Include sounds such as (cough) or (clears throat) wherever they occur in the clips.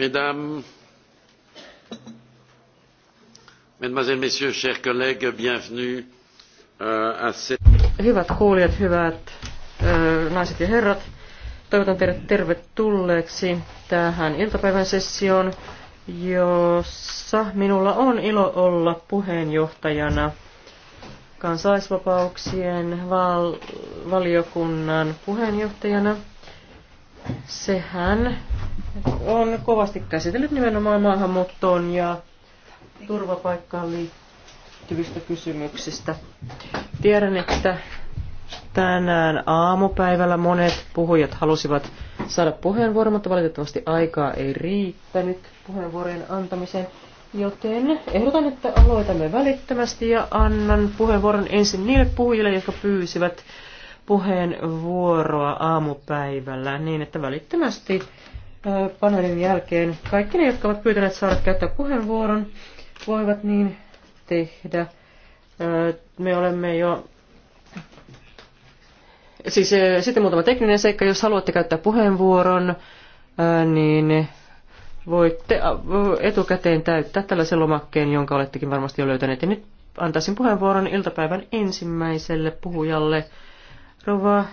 Mesdames, Mesdemoiselles, Messieurs, chers collègues, bienvenue euh, à cette... Hyvät kuulijat, hyvät naiset ja herrat, toivotan teidät tervetulleeksi tähän iltapäivän sessioon, jossa minulla on ilo olla puheenjohtajana kansalaisvapauksien val- valiokunnan puheenjohtajana. Sehän on kovasti käsitellyt nimenomaan maahanmuuttoon ja turvapaikkaan liittyvistä kysymyksistä. Tiedän, että tänään aamupäivällä monet puhujat halusivat saada puheenvuoron, mutta valitettavasti aikaa ei riittänyt puheenvuorojen antamiseen. Joten ehdotan, että aloitamme välittömästi ja annan puheenvuoron ensin niille puhujille, jotka pyysivät puheenvuoroa aamupäivällä niin, että välittömästi paneelin jälkeen kaikki ne, jotka ovat pyytäneet saada käyttää puheenvuoron, voivat niin tehdä. Me olemme jo... Siis sitten muutama tekninen seikka. Jos haluatte käyttää puheenvuoron, niin voitte etukäteen täyttää tällaisen lomakkeen, jonka olettekin varmasti jo löytäneet. Ja nyt antaisin puheenvuoron iltapäivän ensimmäiselle puhujalle, Rova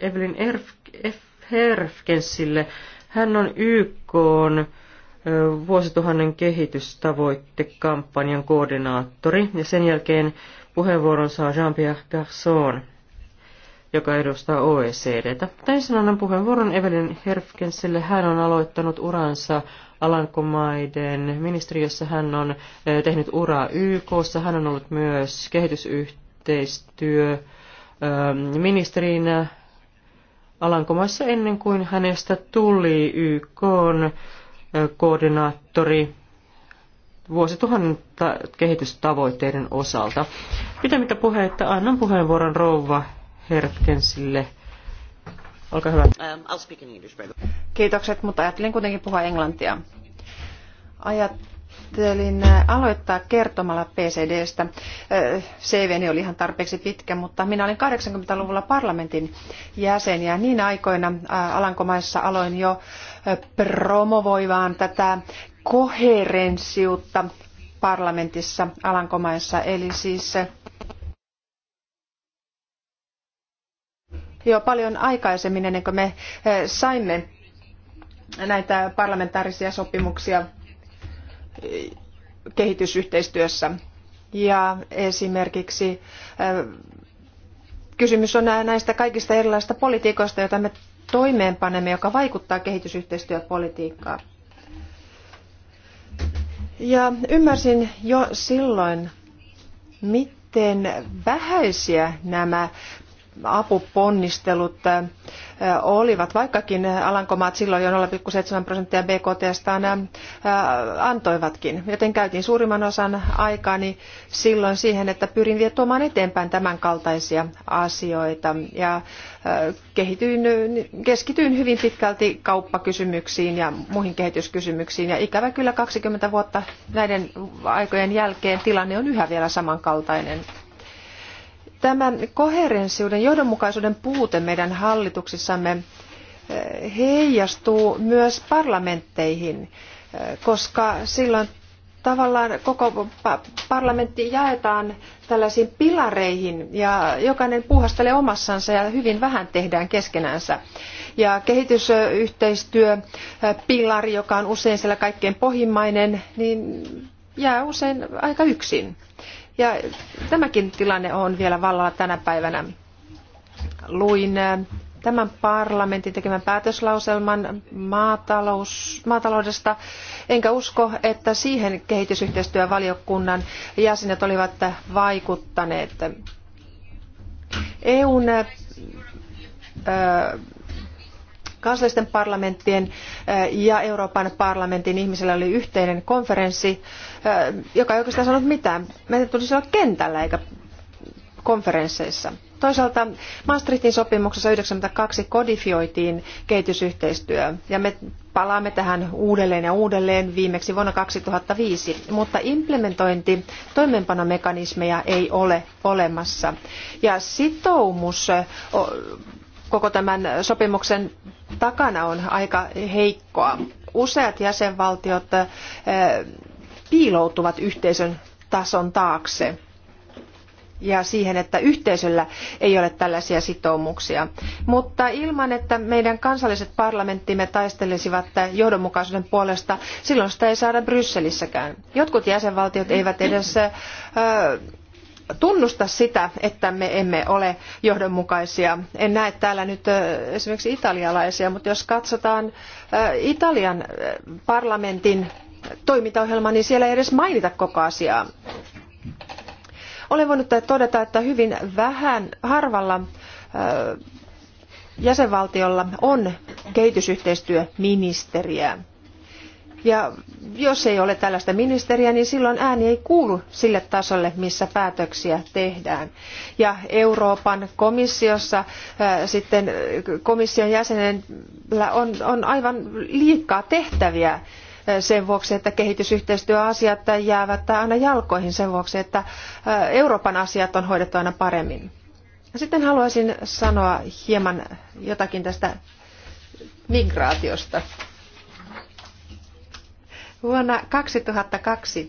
Evelyn Erf, Erf, hän on YK on vuosituhannen kehitystavoittekampanjan koordinaattori ja sen jälkeen puheenvuoron saa Jean-Pierre Garçon, joka edustaa OECDtä. Ensin annan puheenvuoron Evelyn Herfkenselle. Hän on aloittanut uransa Alankomaiden ministeriössä. Hän on tehnyt uraa YKssa. Hän on ollut myös kehitysyhteistyö ministerinä Alankomaissa ennen kuin hänestä tuli YK koordinaattori vuosituhannetta kehitystavoitteiden osalta. Pitämättä puheita annan puheenvuoron rouva Herkensille. Olkaa hyvä. Um, I'll speak in English, Kiitokset, mutta ajattelin kuitenkin puhua englantia. Ajat, ajattelin äh, aloittaa kertomalla PCDstä. Äh, CVni oli ihan tarpeeksi pitkä, mutta minä olin 80-luvulla parlamentin jäsen ja niin aikoina äh, Alankomaissa aloin jo promovoivaan tätä koherenssiutta parlamentissa Alankomaissa, eli siis jo paljon aikaisemmin ennen kuin me saimme näitä parlamentaarisia sopimuksia kehitysyhteistyössä. Ja esimerkiksi äh, kysymys on näistä kaikista erilaisista politiikoista, joita me toimeenpanemme, joka vaikuttaa kehitysyhteistyöpolitiikkaan. Ja ymmärsin jo silloin, miten vähäisiä nämä apuponnistelut äh, olivat, vaikkakin Alankomaat silloin jo 0,7 prosenttia BKTstaan äh, antoivatkin. Joten käytin suurimman osan aikani silloin siihen, että pyrin vietomaan eteenpäin tämän kaltaisia asioita ja äh, kehityin, keskityin hyvin pitkälti kauppakysymyksiin ja muihin kehityskysymyksiin. Ja ikävä kyllä 20 vuotta näiden aikojen jälkeen tilanne on yhä vielä samankaltainen. Tämä koherenssiuden, johdonmukaisuuden puute meidän hallituksissamme eh, heijastuu myös parlamentteihin, eh, koska silloin tavallaan koko parlamentti jaetaan tällaisiin pilareihin ja jokainen puuhastelee omassansa ja hyvin vähän tehdään keskenänsä. Ja kehitysyhteistyöpilari, eh, joka on usein siellä kaikkein pohjimmainen, niin jää usein aika yksin. Ja tämäkin tilanne on vielä vallalla tänä päivänä. Luin äh, tämän parlamentin tekemän päätöslauselman maatalous, maataloudesta, enkä usko, että siihen kehitysyhteistyövaliokunnan jäsenet olivat vaikuttaneet. EUn äh, kansallisten parlamenttien eh, ja Euroopan parlamentin ihmisillä oli yhteinen konferenssi, eh, joka ei oikeastaan sanonut mitään. Meidän tulisi olla kentällä eikä konferensseissa. Toisaalta Maastrichtin sopimuksessa 92 kodifioitiin kehitysyhteistyö ja me palaamme tähän uudelleen ja uudelleen viimeksi vuonna 2005, mutta implementointi toimeenpanomekanismeja ei ole olemassa. Ja sitoumus koko tämän sopimuksen takana on aika heikkoa. Useat jäsenvaltiot eh, piiloutuvat yhteisön tason taakse ja siihen, että yhteisöllä ei ole tällaisia sitoumuksia. Mutta ilman, että meidän kansalliset parlamenttimme taistelisivat johdonmukaisuuden puolesta, silloin sitä ei saada Brysselissäkään. Jotkut jäsenvaltiot eivät edes eh, tunnusta sitä, että me emme ole johdonmukaisia. En näe täällä nyt esimerkiksi italialaisia, mutta jos katsotaan Italian parlamentin toimintaohjelmaa, niin siellä ei edes mainita koko asiaa. Olen voinut todeta, että hyvin vähän harvalla jäsenvaltiolla on kehitysyhteistyöministeriä. Ja jos ei ole tällaista ministeriä, niin silloin ääni ei kuulu sille tasolle, missä päätöksiä tehdään. Ja Euroopan komissiossa ää, sitten komission jäsenellä on, on aivan liikaa tehtäviä sen vuoksi, että kehitysyhteistyöasiat jäävät aina jalkoihin sen vuoksi, että Euroopan asiat on hoidettu aina paremmin. Sitten haluaisin sanoa hieman jotakin tästä migraatiosta. Vuonna 2002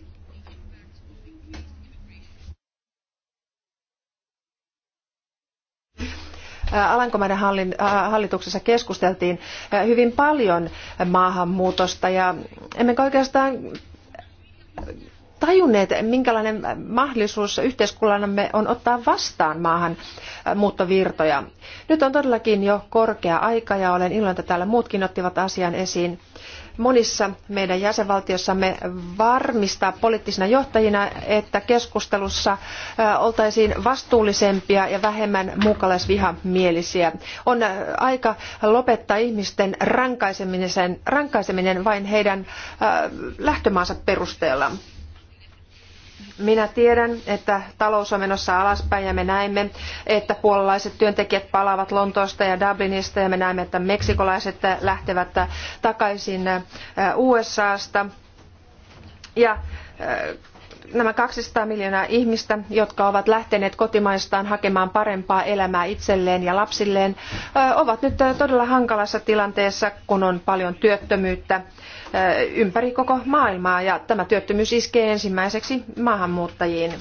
Alankomaiden hallituksessa keskusteltiin hyvin paljon maahanmuutosta ja emme oikeastaan tajunneet, minkälainen mahdollisuus yhteiskunnallamme on ottaa vastaan maahan äh, muuttovirtoja. Nyt on todellakin jo korkea aika ja olen iloinen, että täällä muutkin ottivat asian esiin. Monissa meidän jäsenvaltiossamme varmistaa poliittisina johtajina, että keskustelussa äh, oltaisiin vastuullisempia ja vähemmän muukalaisvihamielisiä. On äh, aika lopettaa ihmisten rankaiseminen vain heidän lähtömaansa perusteella. Minä tiedän, että talous on menossa alaspäin ja me näemme, että puolalaiset työntekijät palaavat Lontoosta ja Dublinista ja me näemme, että meksikolaiset lähtevät takaisin äh, USAsta. Ja äh, nämä 200 miljoonaa ihmistä, jotka ovat lähteneet kotimaistaan hakemaan parempaa elämää itselleen ja lapsilleen, ovat nyt todella hankalassa tilanteessa, kun on paljon työttömyyttä ympäri koko maailmaa ja tämä työttömyys iskee ensimmäiseksi maahanmuuttajiin.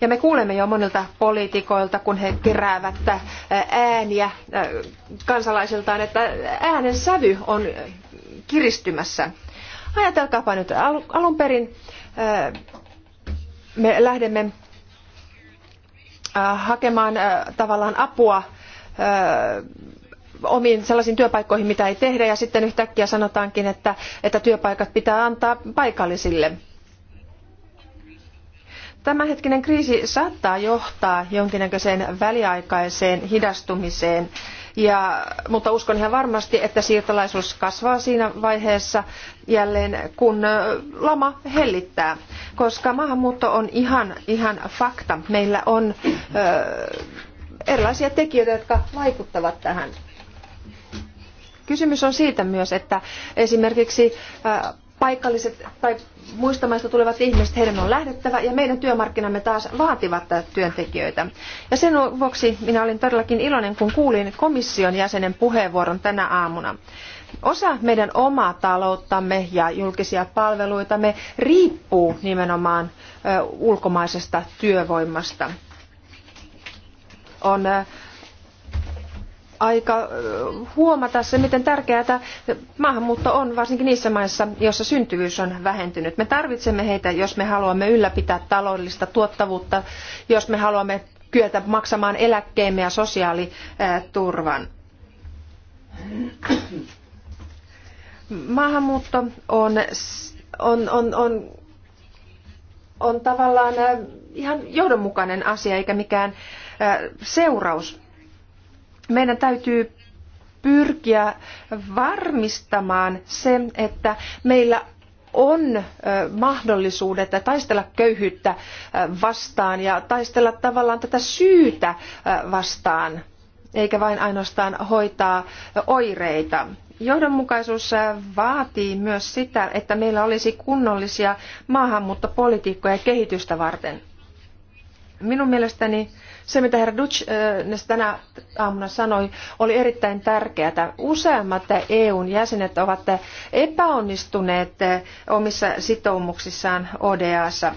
Ja me kuulemme jo monilta poliitikoilta, kun he keräävät ääniä kansalaisiltaan, että äänen sävy on kiristymässä. Ajatelkaapa nyt alun perin me lähdemme äh, hakemaan äh, tavallaan apua äh, omiin sellaisiin työpaikkoihin, mitä ei tehdä ja sitten yhtäkkiä sanotaankin, että, että työpaikat pitää antaa paikallisille. Tämänhetkinen kriisi saattaa johtaa jonkinnäköiseen väliaikaiseen hidastumiseen ja, mutta uskon ihan varmasti, että siirtolaisuus kasvaa siinä vaiheessa jälleen, kun lama hellittää, koska maahanmuutto on ihan, ihan fakta. Meillä on ö, erilaisia tekijöitä, jotka vaikuttavat tähän. Kysymys on siitä myös, että esimerkiksi ö, paikalliset tai muista maista tulevat ihmiset, heidän on lähdettävä ja meidän työmarkkinamme taas vaativat työntekijöitä. Ja sen vuoksi minä olin todellakin iloinen, kun kuulin komission jäsenen puheenvuoron tänä aamuna. Osa meidän omaa talouttamme ja julkisia palveluitamme riippuu nimenomaan ulkomaisesta työvoimasta. On aika huomata se, miten tärkeää maahanmuutto on, varsinkin niissä maissa, joissa syntyvyys on vähentynyt. Me tarvitsemme heitä, jos me haluamme ylläpitää taloudellista tuottavuutta, jos me haluamme kyetä maksamaan eläkkeemme ja sosiaaliturvan. Maahanmuutto on, on, on, on, on tavallaan ihan johdonmukainen asia eikä mikään seuraus meidän täytyy pyrkiä varmistamaan se, että meillä on mahdollisuudet taistella köyhyyttä vastaan ja taistella tavallaan tätä syytä vastaan, eikä vain ainoastaan hoitaa oireita. Johdonmukaisuus vaatii myös sitä, että meillä olisi kunnollisia maahanmuuttopolitiikkoja kehitystä varten. Minun mielestäni se, mitä herra Dutch eh, tänä aamuna sanoi, oli erittäin tärkeää. Useammat EUn jäsenet ovat epäonnistuneet eh, omissa sitoumuksissaan ODAssa.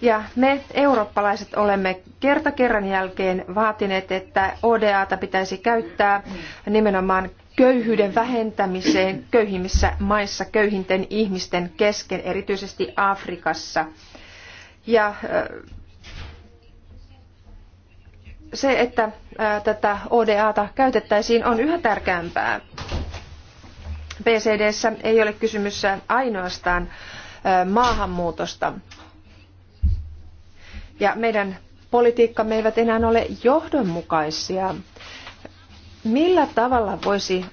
Ja me eurooppalaiset olemme kerta kerran jälkeen vaatineet, että ODAta pitäisi käyttää nimenomaan köyhyyden vähentämiseen köyhimmissä maissa köyhinten ihmisten kesken, erityisesti Afrikassa. Ja eh, se, että tätä ODAta käytettäisiin, on yhä tärkeämpää. PCDssä ei ole kysymys ainoastaan maahanmuutosta. Ja meidän politiikkamme eivät enää ole johdonmukaisia. Millä tavalla voisi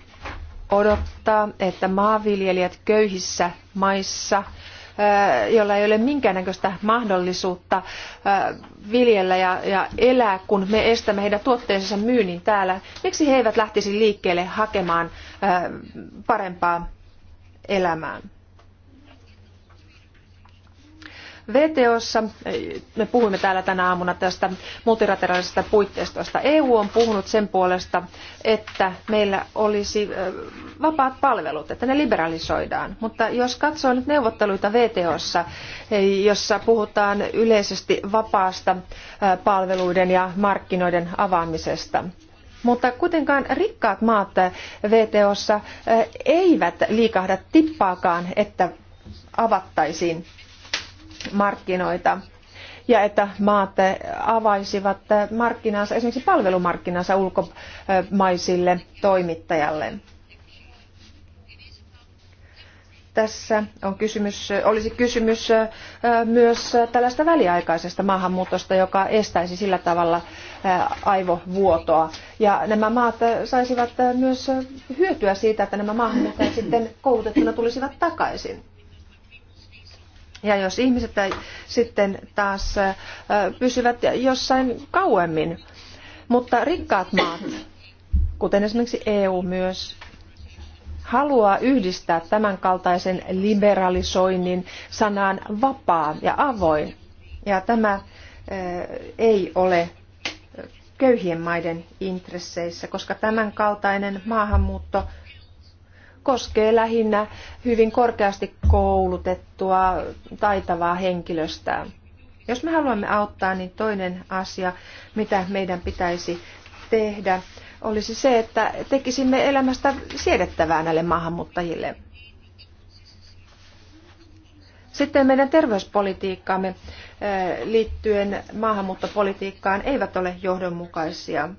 odottaa, että maanviljelijät köyhissä maissa – jolla ei ole minkäännäköistä mahdollisuutta viljellä ja, elää, kun me estämme heidän tuotteensa myynnin täällä. Miksi he eivät lähtisi liikkeelle hakemaan parempaa elämää? VTOssa, me puhuimme täällä tänä aamuna tästä multilateraalisesta puitteistosta. EU on puhunut sen puolesta, että meillä olisi vapaat palvelut, että ne liberalisoidaan. Mutta jos katsoo nyt neuvotteluita VTOssa, jossa puhutaan yleisesti vapaasta palveluiden ja markkinoiden avaamisesta, mutta kuitenkaan rikkaat maat VTOssa eivät liikahda tippaakaan, että avattaisiin markkinoita ja että maat avaisivat markkinansa, esimerkiksi palvelumarkkinansa ulkomaisille toimittajalle. Tässä on kysymys, olisi kysymys myös tällaista väliaikaisesta maahanmuutosta, joka estäisi sillä tavalla aivovuotoa. Ja nämä maat saisivat myös hyötyä siitä, että nämä maahanmuuttajat sitten koulutettuna tulisivat takaisin. Ja jos ihmiset sitten taas pysyvät jossain kauemmin, mutta rikkaat maat, kuten esimerkiksi EU myös, haluaa yhdistää tämän kaltaisen liberalisoinnin sanaan vapaa ja avoin. Ja tämä ei ole köyhien maiden intresseissä, koska tämän kaltainen maahanmuutto – koskee lähinnä hyvin korkeasti koulutettua, taitavaa henkilöstöä. Jos me haluamme auttaa, niin toinen asia, mitä meidän pitäisi tehdä, olisi se, että tekisimme elämästä siedettävää näille maahanmuuttajille. Sitten meidän terveyspolitiikkaamme eh, liittyen maahanmuuttopolitiikkaan eivät ole johdonmukaisia.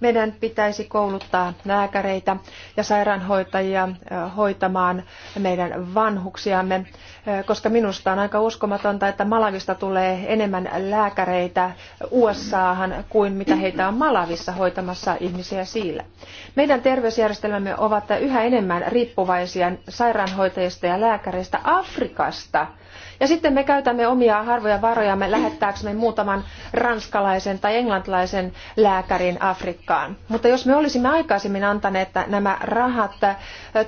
Meidän pitäisi kouluttaa lääkäreitä ja sairaanhoitajia hoitamaan meidän vanhuksiamme, koska minusta on aika uskomatonta, että Malavista tulee enemmän lääkäreitä USAhan kuin mitä heitä on Malavissa hoitamassa ihmisiä siellä. Meidän terveysjärjestelmämme ovat yhä enemmän riippuvaisia sairaanhoitajista ja lääkäreistä Afrikasta ja sitten me käytämme omia harvoja varojamme lähettääksemme muutaman ranskalaisen tai englantilaisen lääkärin Afrikkaan. Mutta jos me olisimme aikaisemmin antaneet nämä rahat äh,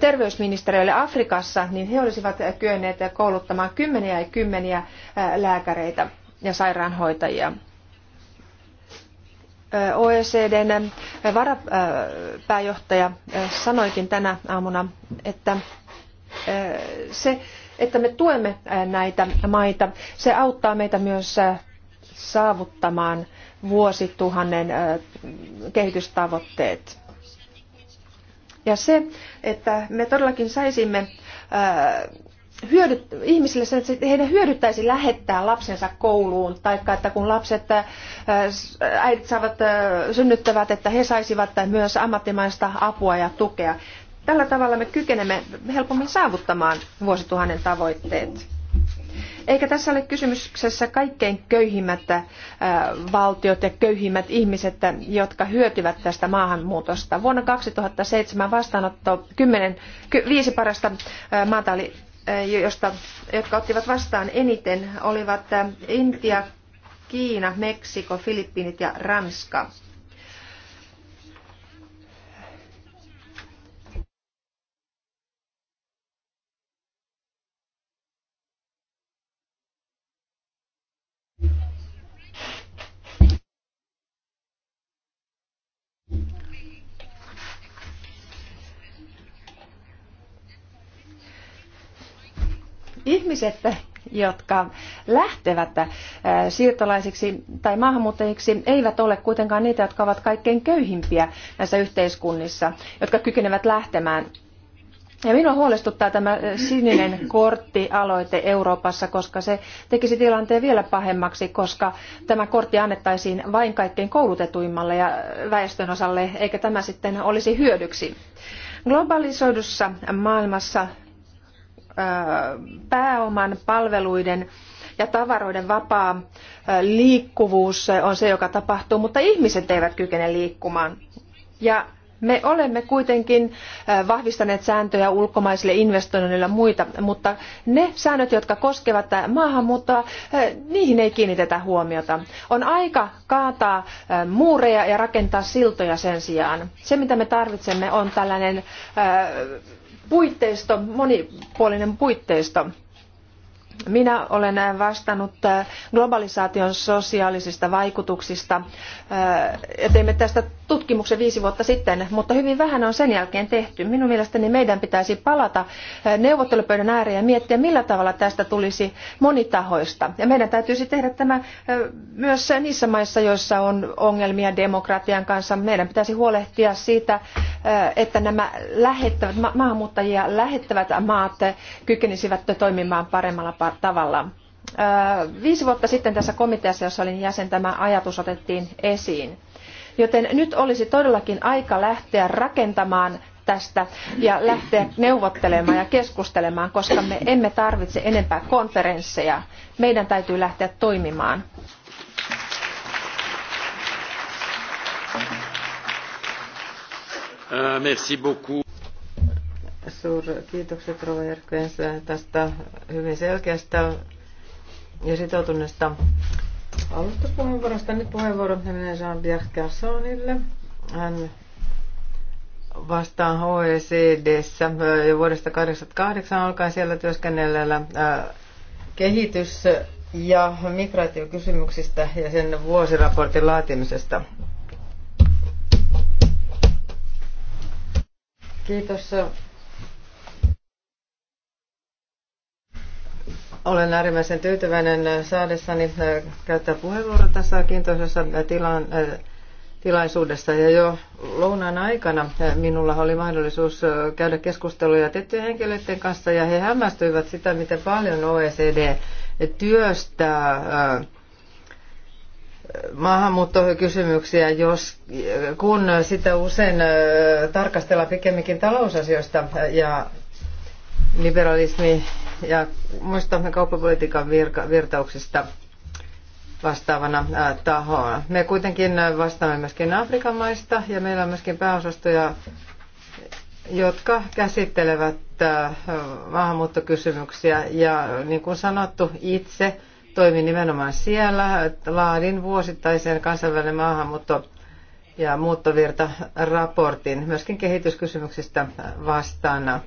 terveysministeriöille Afrikassa, niin he olisivat kyenneet kouluttamaan kymmeniä ja kymmeniä äh, lääkäreitä ja sairaanhoitajia. OECDn äh, varapääjohtaja sanoikin tänä aamuna, että se että me tuemme näitä maita. Se auttaa meitä myös saavuttamaan vuosituhannen kehitystavoitteet. Ja se, että me todellakin saisimme hyödyt, ihmisille sen, että heidän hyödyttäisi lähettää lapsensa kouluun, tai että kun lapset, äidit saavat synnyttävät, että he saisivat myös ammattimaista apua ja tukea. Tällä tavalla me kykenemme helpommin saavuttamaan vuosituhannen tavoitteet. Eikä tässä ole kysymyksessä kaikkein köyhimmät äh, valtiot ja köyhimmät ihmiset, jotka hyötyvät tästä maahanmuutosta. Vuonna 2007 vastaanotto 10, 5 parasta äh, maata, oli, äh, josta, jotka ottivat vastaan eniten, olivat Intia, Kiina, Meksiko, Filippiinit ja Ranska. ihmiset, jotka lähtevät äh, siirtolaisiksi tai maahanmuuttajiksi, eivät ole kuitenkaan niitä, jotka ovat kaikkein köyhimpiä näissä yhteiskunnissa, jotka kykenevät lähtemään. Ja minua huolestuttaa tämä äh, sininen kortti-aloite Euroopassa, koska se tekisi tilanteen vielä pahemmaksi, koska tämä kortti annettaisiin vain kaikkein koulutetuimmalle ja väestönosalle, eikä tämä sitten olisi hyödyksi. Globalisoidussa maailmassa pääoman, palveluiden ja tavaroiden vapaa liikkuvuus on se, joka tapahtuu, mutta ihmiset eivät kykene liikkumaan. Ja me olemme kuitenkin vahvistaneet sääntöjä ulkomaisille investoinneille ja muita, mutta ne säännöt, jotka koskevat maahanmuuttoa, niihin ei kiinnitetä huomiota. On aika kaataa muureja ja rakentaa siltoja sen sijaan. Se, mitä me tarvitsemme, on tällainen puitteisto, monipuolinen puitteisto. Minä olen vastannut äh, globalisaation sosiaalisista vaikutuksista ja äh, teimme tästä tutkimuksen viisi vuotta sitten, mutta hyvin vähän on sen jälkeen tehty. Minun mielestäni meidän pitäisi palata äh, neuvottelupöydän ääreen ja miettiä, millä tavalla tästä tulisi monitahoista. Ja meidän täytyisi tehdä tämä myös niissä maissa, joissa on ongelmia demokratian kanssa. Meidän pitäisi huolehtia siitä, että nämä lähettävät, maahanmuuttajia lähettävät maat kykenisivät toimimaan paremmalla parhaalla tavalla. Viisi vuotta sitten tässä komiteassa, jossa olin jäsen, tämä ajatus otettiin esiin. Joten nyt olisi todellakin aika lähteä rakentamaan tästä ja lähteä neuvottelemaan ja keskustelemaan, koska me emme tarvitse enempää konferensseja. Meidän täytyy lähteä toimimaan. Euh, merci beaucoup. Suurkiitokset Rova Jerkkens tästä hyvin selkeästä ja sitoutuneesta alustuspuheenvuorosta. Nyt puheenvuoro menee Jean-Pierre Hän vastaa HECDssä jo vuodesta 1988 alkaen siellä työskennellellä kehitys- ja migraatiokysymyksistä ja sen vuosiraportin laatimisesta. Kiitos Olen äärimmäisen tyytyväinen saadessani äh, käyttää puheenvuoro tässä kiintoisessa äh, tilan, äh, tilaisuudessa. Ja jo lounaan aikana minulla oli mahdollisuus käydä keskusteluja tiettyjen henkilöiden kanssa, ja he hämmästyivät sitä, miten paljon OECD työstää maahanmuuttokysymyksiä, jos, kun sitä usein tarkastellaan pikemminkin talousasioista ja liberalismi ja muistamme kauppapolitiikan virka, virtauksista vastaavana tahoa. Me kuitenkin vastaamme myöskin Afrikan maista ja meillä on myöskin pääosastoja, jotka käsittelevät maahanmuuttokysymyksiä ja niin kuin sanottu itse toimin nimenomaan siellä. Laadin vuosittaisen kansainvälinen maahanmuutto ja muuttovirta raportin myöskin kehityskysymyksistä vastaana.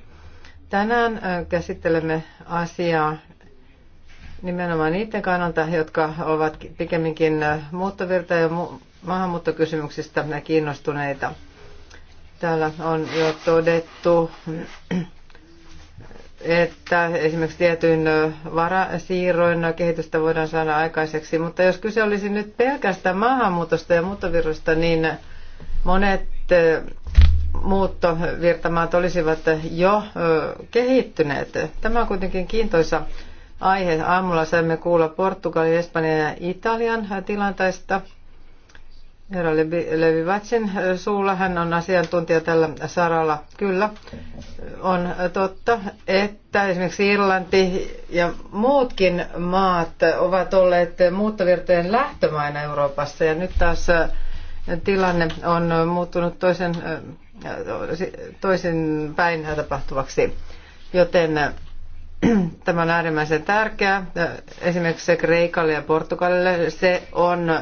Tänään käsittelemme asiaa nimenomaan niiden kannalta, jotka ovat pikemminkin muuttovirta- ja maahanmuuttokysymyksistä kiinnostuneita. Täällä on jo todettu, että esimerkiksi tietyin varasiirroin kehitystä voidaan saada aikaiseksi, mutta jos kyse olisi nyt pelkästään maahanmuutosta ja muuttovirroista, niin monet muuttovirtamaat olisivat jo kehittyneet. Tämä on kuitenkin kiintoisa aihe. Aamulla saimme kuulla Portugalin, Espanjan ja Italian tilanteesta. Herra Vatsin suulla, hän on asiantuntija tällä saralla. Kyllä, on totta, että esimerkiksi Irlanti ja muutkin maat ovat olleet muuttovirtojen lähtömaina Euroopassa ja nyt taas tilanne on muuttunut toisen, toisen päin tapahtuvaksi, joten tämä on äärimmäisen tärkeää. Esimerkiksi Kreikalle ja Portugalille se on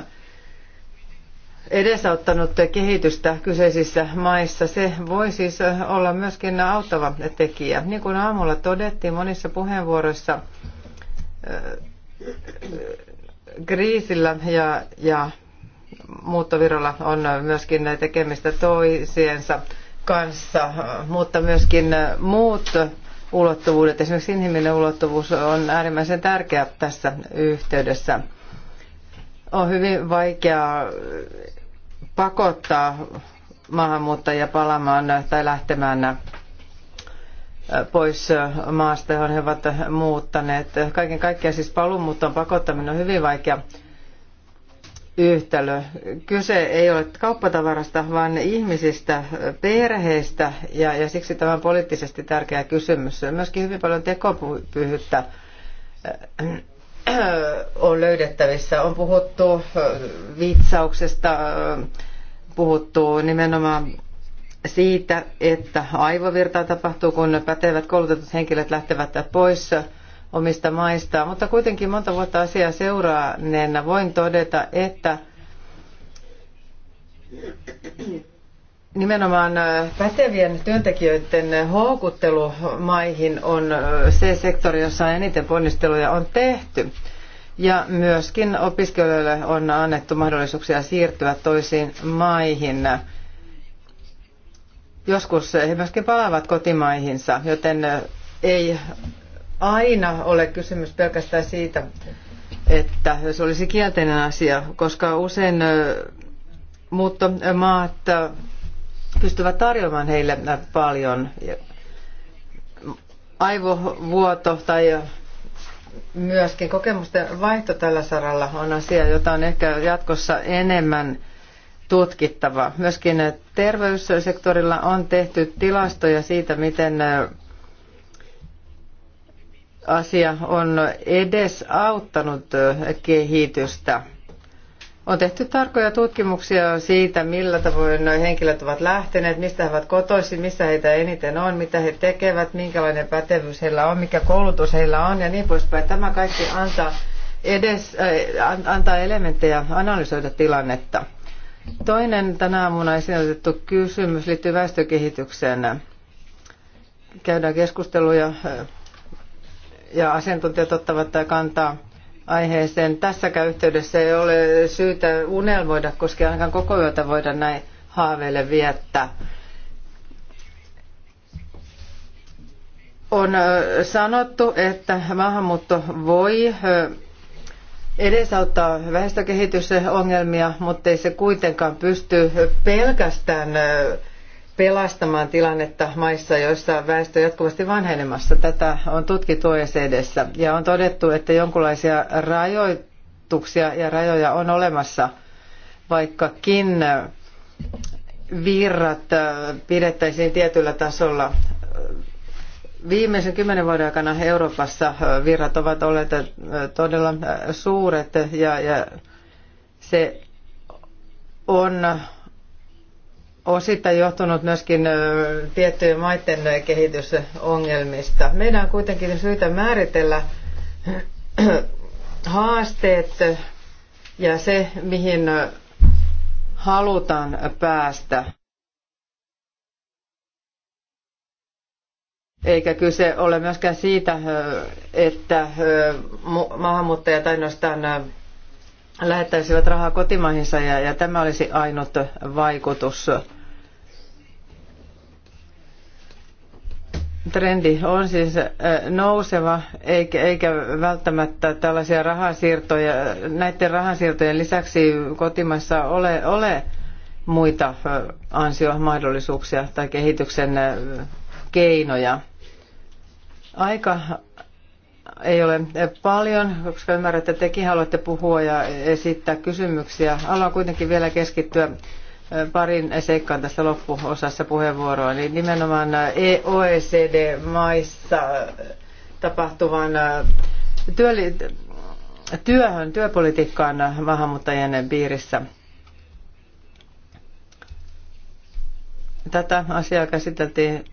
edesauttanut kehitystä kyseisissä maissa. Se voi siis olla myöskin auttava tekijä. Niin kuin aamulla todettiin monissa puheenvuoroissa, kriisillä ja, ja muuttovirolla on myöskin tekemistä toisiensa kanssa, mutta myöskin muut ulottuvuudet, esimerkiksi inhimillinen ulottuvuus on äärimmäisen tärkeä tässä yhteydessä. On hyvin vaikea pakottaa maahanmuuttajia palaamaan tai lähtemään pois maasta, johon he ovat muuttaneet. Kaiken kaikkiaan siis paluumuuton pakottaminen on hyvin vaikea yhtälö. Kyse ei ole kauppatavarasta, vaan ihmisistä, perheistä ja, ja siksi tämä on poliittisesti tärkeä kysymys. Myöskin hyvin paljon tekopyhyyttä äh, on löydettävissä. On puhuttu äh, vitsauksesta, äh, puhuttu nimenomaan siitä, että aivovirtaa tapahtuu, kun pätevät koulutetut henkilöt lähtevät pois omista maistaan. Mutta kuitenkin monta vuotta asiaa seuraaneena voin todeta, että nimenomaan pätevien työntekijöiden houkuttelu maihin on se sektori, jossa eniten ponnisteluja on tehty. Ja myöskin opiskelijoille on annettu mahdollisuuksia siirtyä toisiin maihin. Joskus he myöskin palaavat kotimaihinsa, joten ei aina ole kysymys pelkästään siitä, että se olisi kielteinen asia, koska usein muuttomaat pystyvät tarjoamaan heille paljon aivovuoto tai myöskin kokemusten vaihto tällä saralla on asia, jota on ehkä jatkossa enemmän tutkittava. Myöskin terveyssektorilla on tehty tilastoja siitä, miten asia on edes auttanut kehitystä. On tehty tarkoja tutkimuksia siitä, millä tavoin henkilöt ovat lähteneet, mistä he ovat kotoisin, missä heitä eniten on, mitä he tekevät, minkälainen pätevyys heillä on, mikä koulutus heillä on ja niin poispäin. Tämä kaikki antaa, edes, äh, antaa elementtejä analysoida tilannetta. Toinen tänä aamuna esiin otettu kysymys liittyy väestökehitykseen. Käydään keskusteluja äh, ja asiantuntijat ottavat kantaa aiheeseen. Tässäkään yhteydessä ei ole syytä unelmoida, koska ainakaan koko yötä voida näin haaveille viettää. On sanottu, että maahanmuutto voi edesauttaa väestökehitysongelmia, mutta ei se kuitenkaan pysty pelkästään pelastamaan tilannetta maissa, joissa väestö on jatkuvasti vanhenemassa. Tätä on tutkittu OECDssä ja on todettu, että jonkinlaisia rajoituksia ja rajoja on olemassa, vaikkakin virrat pidettäisiin tietyllä tasolla. Viimeisen kymmenen vuoden aikana Euroopassa virrat ovat olleet todella suuret ja, ja se on osittain johtunut myöskin tiettyjen maiden kehitysongelmista. Meidän on kuitenkin syytä määritellä (clears throat) haasteet ja se, mihin halutaan päästä. Eikä kyse ole myöskään siitä, että maahanmuuttajat ainoastaan lähettäisivät rahaa kotimaihinsa ja, ja tämä olisi ainut vaikutus. trendi on siis äh, nouseva, eikä, eikä välttämättä tällaisia rahansiirtoja. näiden rahansiirtojen lisäksi kotimassa ole, ole muita äh, ansiomahdollisuuksia tai kehityksen äh, keinoja. Aika ei ole paljon, koska ymmärrän, että tekin haluatte puhua ja esittää kysymyksiä. Haluan kuitenkin vielä keskittyä parin seikkaan tässä loppuosassa puheenvuoroa, niin nimenomaan e OECD-maissa tapahtuvan työli, työhön, työpolitiikkaan maahanmuuttajien piirissä. Tätä asiaa käsiteltiin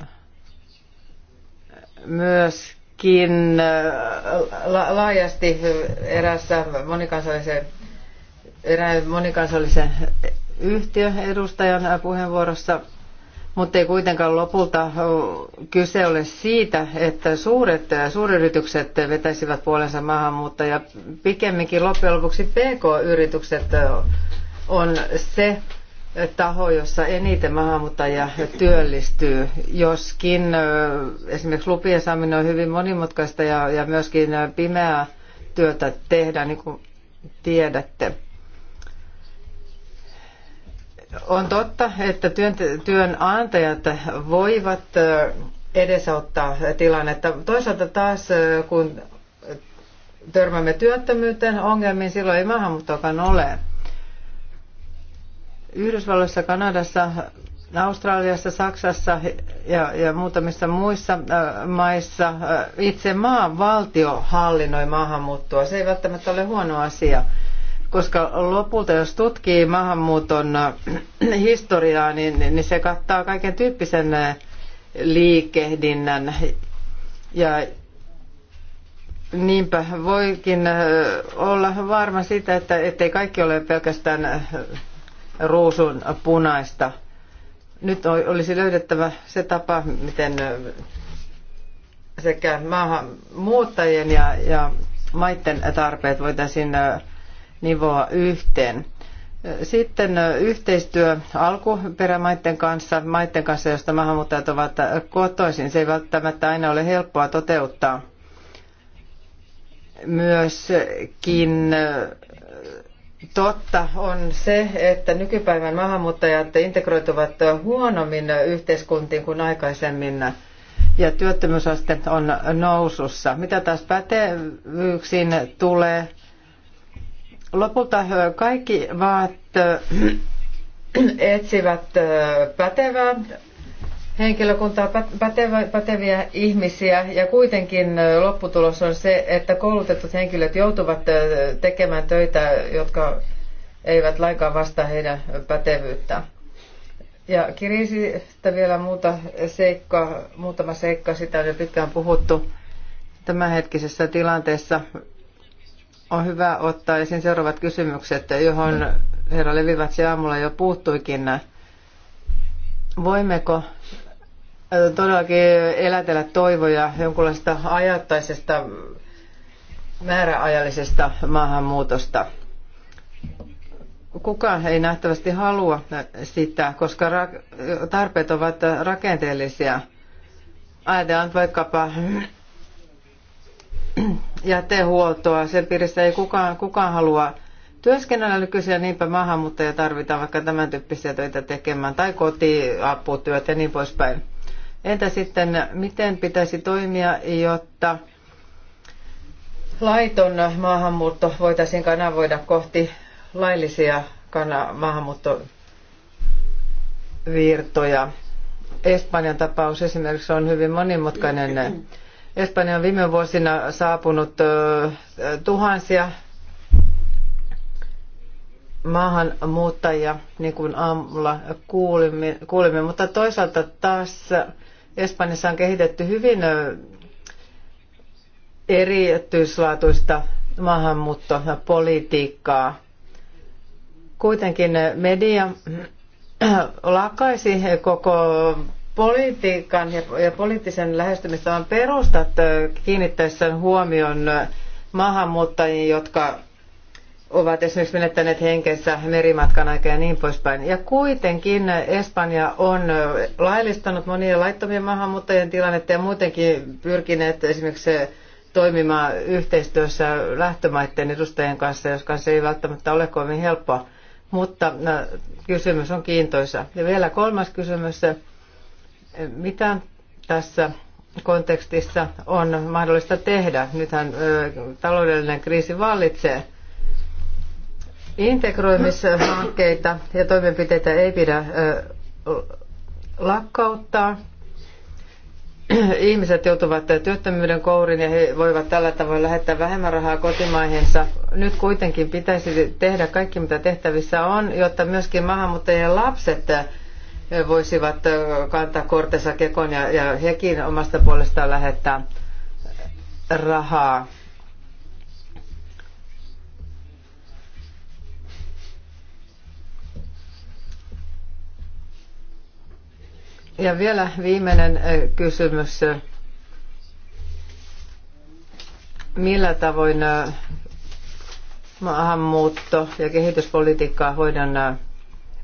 myöskin laajasti erässä monikansallisen, erään monikansallisen yhtiöedustajan puheenvuorossa, mutta ei kuitenkaan lopulta kyse ole siitä, että suuret suuryritykset vetäisivät puolensa maahanmuuttajia. Pikemminkin loppujen lopuksi PK-yritykset on se taho, jossa eniten maahanmuuttajia työllistyy, joskin esimerkiksi lupien saaminen on hyvin monimutkaista ja, ja myöskin pimeää työtä tehdään, niin kuin tiedätte. On totta, että työnantajat voivat edesauttaa tilannetta. Toisaalta taas, kun törmäämme työttömyyteen ongelmiin, silloin ei maahanmuuttoakaan ole. Yhdysvalloissa, Kanadassa, Australiassa, Saksassa ja, ja muutamissa muissa maissa itse maan valtio hallinnoi maahanmuuttoa. Se ei välttämättä ole huono asia koska lopulta jos tutkii maahanmuuton äh, (clears throat) historiaa, niin, niin, niin se kattaa kaiken tyyppisen äh, liikehdinnän. Ja niinpä voikin äh, olla varma siitä, että ettei kaikki ole pelkästään ruusun punaista. Nyt olisi löydettävä se tapa, miten sekä maahanmuuttajien ja, ja maiden tarpeet voitaisiin nivoa yhteen. Sitten yhteistyö alkuperämaiden kanssa, maiden kanssa, joista maahanmuuttajat ovat kotoisin. Se ei välttämättä aina ole helppoa toteuttaa. Myöskin totta on se, että nykypäivän maahanmuuttajat integroituvat huonommin yhteiskuntiin kuin aikaisemmin ja työttömyysaste on nousussa. Mitä taas pätevyyksiin tulee, Lopulta kaikki vaat (clears throat) etsivät pätevää henkilökuntaa, pätevä, päteviä ihmisiä ja kuitenkin lopputulos on se, että koulutetut henkilöt joutuvat tekemään töitä, jotka eivät lainkaan vastaa heidän pätevyyttään. Ja kriisistä vielä muuta seikka, muutama seikka, sitä on jo pitkään puhuttu tämänhetkisessä tilanteessa on hyvä ottaa esiin seuraavat kysymykset, johon herra Levivatsi aamulla jo puuttuikin. Voimmeko todellakin elätellä toivoja jonkunlaista ajattaisesta määräajallisesta maahanmuutosta? Kukaan ei nähtävästi halua sitä, koska tarpeet ovat rakenteellisia. Ajatellaan vaikkapa (clears throat) jätehuoltoa. Sen piirissä ei kukaan, kukaan halua työskennellä nykyisiä niinpä maahanmuuttajia tarvitaan vaikka tämän tyyppisiä töitä tekemään tai kotiaputyöt ja niin poispäin. Entä sitten, miten pitäisi toimia, jotta laiton maahanmuutto voitaisiin kanavoida kohti laillisia maahanmuuttovirtoja? Espanjan tapaus esimerkiksi on hyvin monimutkainen Espanjaan viime vuosina saapunut tuhansia maahanmuuttajia, niin kuin aamulla kuulimme, kuulimme. mutta toisaalta taas Espanjassa on kehitetty hyvin erityislaatuista maahanmuuttopolitiikkaa. Kuitenkin media lakaisi koko politiikan ja, poliittisen lähestymistavan perustat kiinnittäessään huomion maahanmuuttajiin, jotka ovat esimerkiksi menettäneet henkensä merimatkan aikana ja niin poispäin. Ja kuitenkin Espanja on laillistanut monien laittomien maahanmuuttajien tilannetta ja muutenkin pyrkineet esimerkiksi toimimaan yhteistyössä lähtömaiden edustajien kanssa, jos se ei välttämättä ole kovin helppoa. Mutta kysymys on kiintoisa. Ja vielä kolmas kysymys. Mitä tässä kontekstissa on mahdollista tehdä? Nythän taloudellinen kriisi vallitsee. Integroimishankkeita ja toimenpiteitä ei pidä lakkauttaa. Ihmiset joutuvat työttömyyden kouriin ja he voivat tällä tavoin lähettää vähemmän rahaa kotimaihinsa. Nyt kuitenkin pitäisi tehdä kaikki, mitä tehtävissä on, jotta myöskin maahanmuuttajien lapset voisivat kantaa kortensa kekon ja, ja hekin omasta puolestaan lähettää rahaa. Ja vielä viimeinen kysymys. Millä tavoin maahanmuutto ja kehityspolitiikkaa hoidon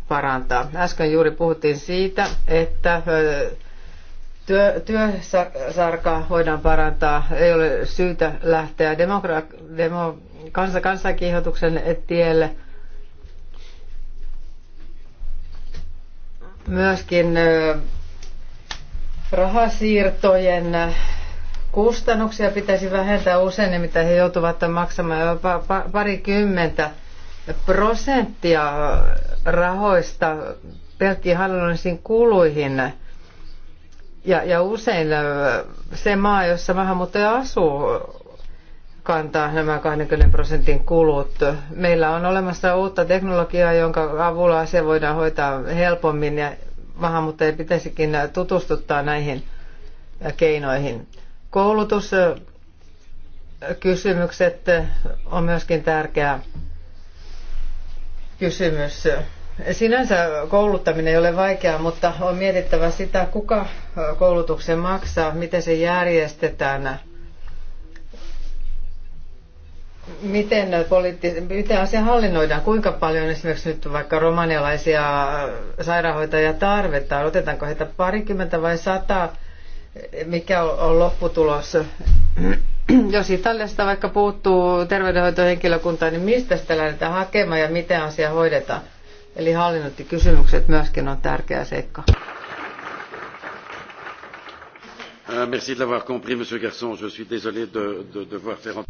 parantaa. Äsken juuri puhuttiin siitä, että työ, työsarkaa voidaan parantaa. Ei ole syytä lähteä demokra- demo, kansa kansankiihotuksen tielle. Myöskin rahasiirtojen kustannuksia pitäisi vähentää usein, mitä he joutuvat maksamaan jopa parikymmentä prosenttia rahoista pelkkiin hallinnollisiin kuluihin. Ja, ja usein se maa, jossa maahanmuuttaja asuu, kantaa nämä 20 prosentin kulut. Meillä on olemassa uutta teknologiaa, jonka avulla se voidaan hoitaa helpommin ja maahanmuuttajien pitäisikin tutustuttaa näihin keinoihin. Koulutuskysymykset on myöskin tärkeää kysymys. Sinänsä kouluttaminen ei ole vaikeaa, mutta on mietittävä sitä, kuka koulutuksen maksaa, miten se järjestetään, miten, poliittis- miten asia hallinnoidaan, kuinka paljon esimerkiksi nyt vaikka romanialaisia sairaanhoitajia tarvitaan, otetaanko heitä parikymmentä vai sata mikä on lopputulos. Jos Italiasta vaikka puuttuu terveydenhoitohenkilökuntaa, niin mistä sitä lähdetään hakemaan ja miten asia hoidetaan? Eli hallinnointikysymykset myöskin on tärkeä seikka. Ah, merci de l'avoir compris, monsieur Garçon. Je suis désolé de, de faire...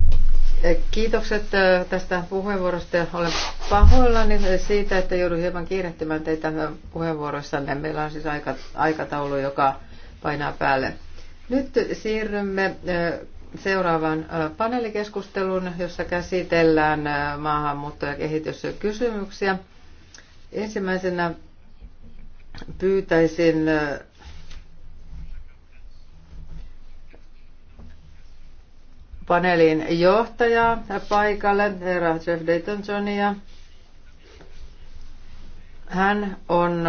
Eh, kiitokset eh, tästä puheenvuorosta ja olen pahoillani siitä, että joudun hieman kiirehtimään teitä puheenvuorossanne. Meillä on siis aikataulu, joka painaa päälle. Nyt siirrymme seuraavaan paneelikeskusteluun, jossa käsitellään maahanmuutto- ja kehityskysymyksiä. Ensimmäisenä pyytäisin paneelin johtajaa paikalle, herra Jeff Daytonsonia. Hän on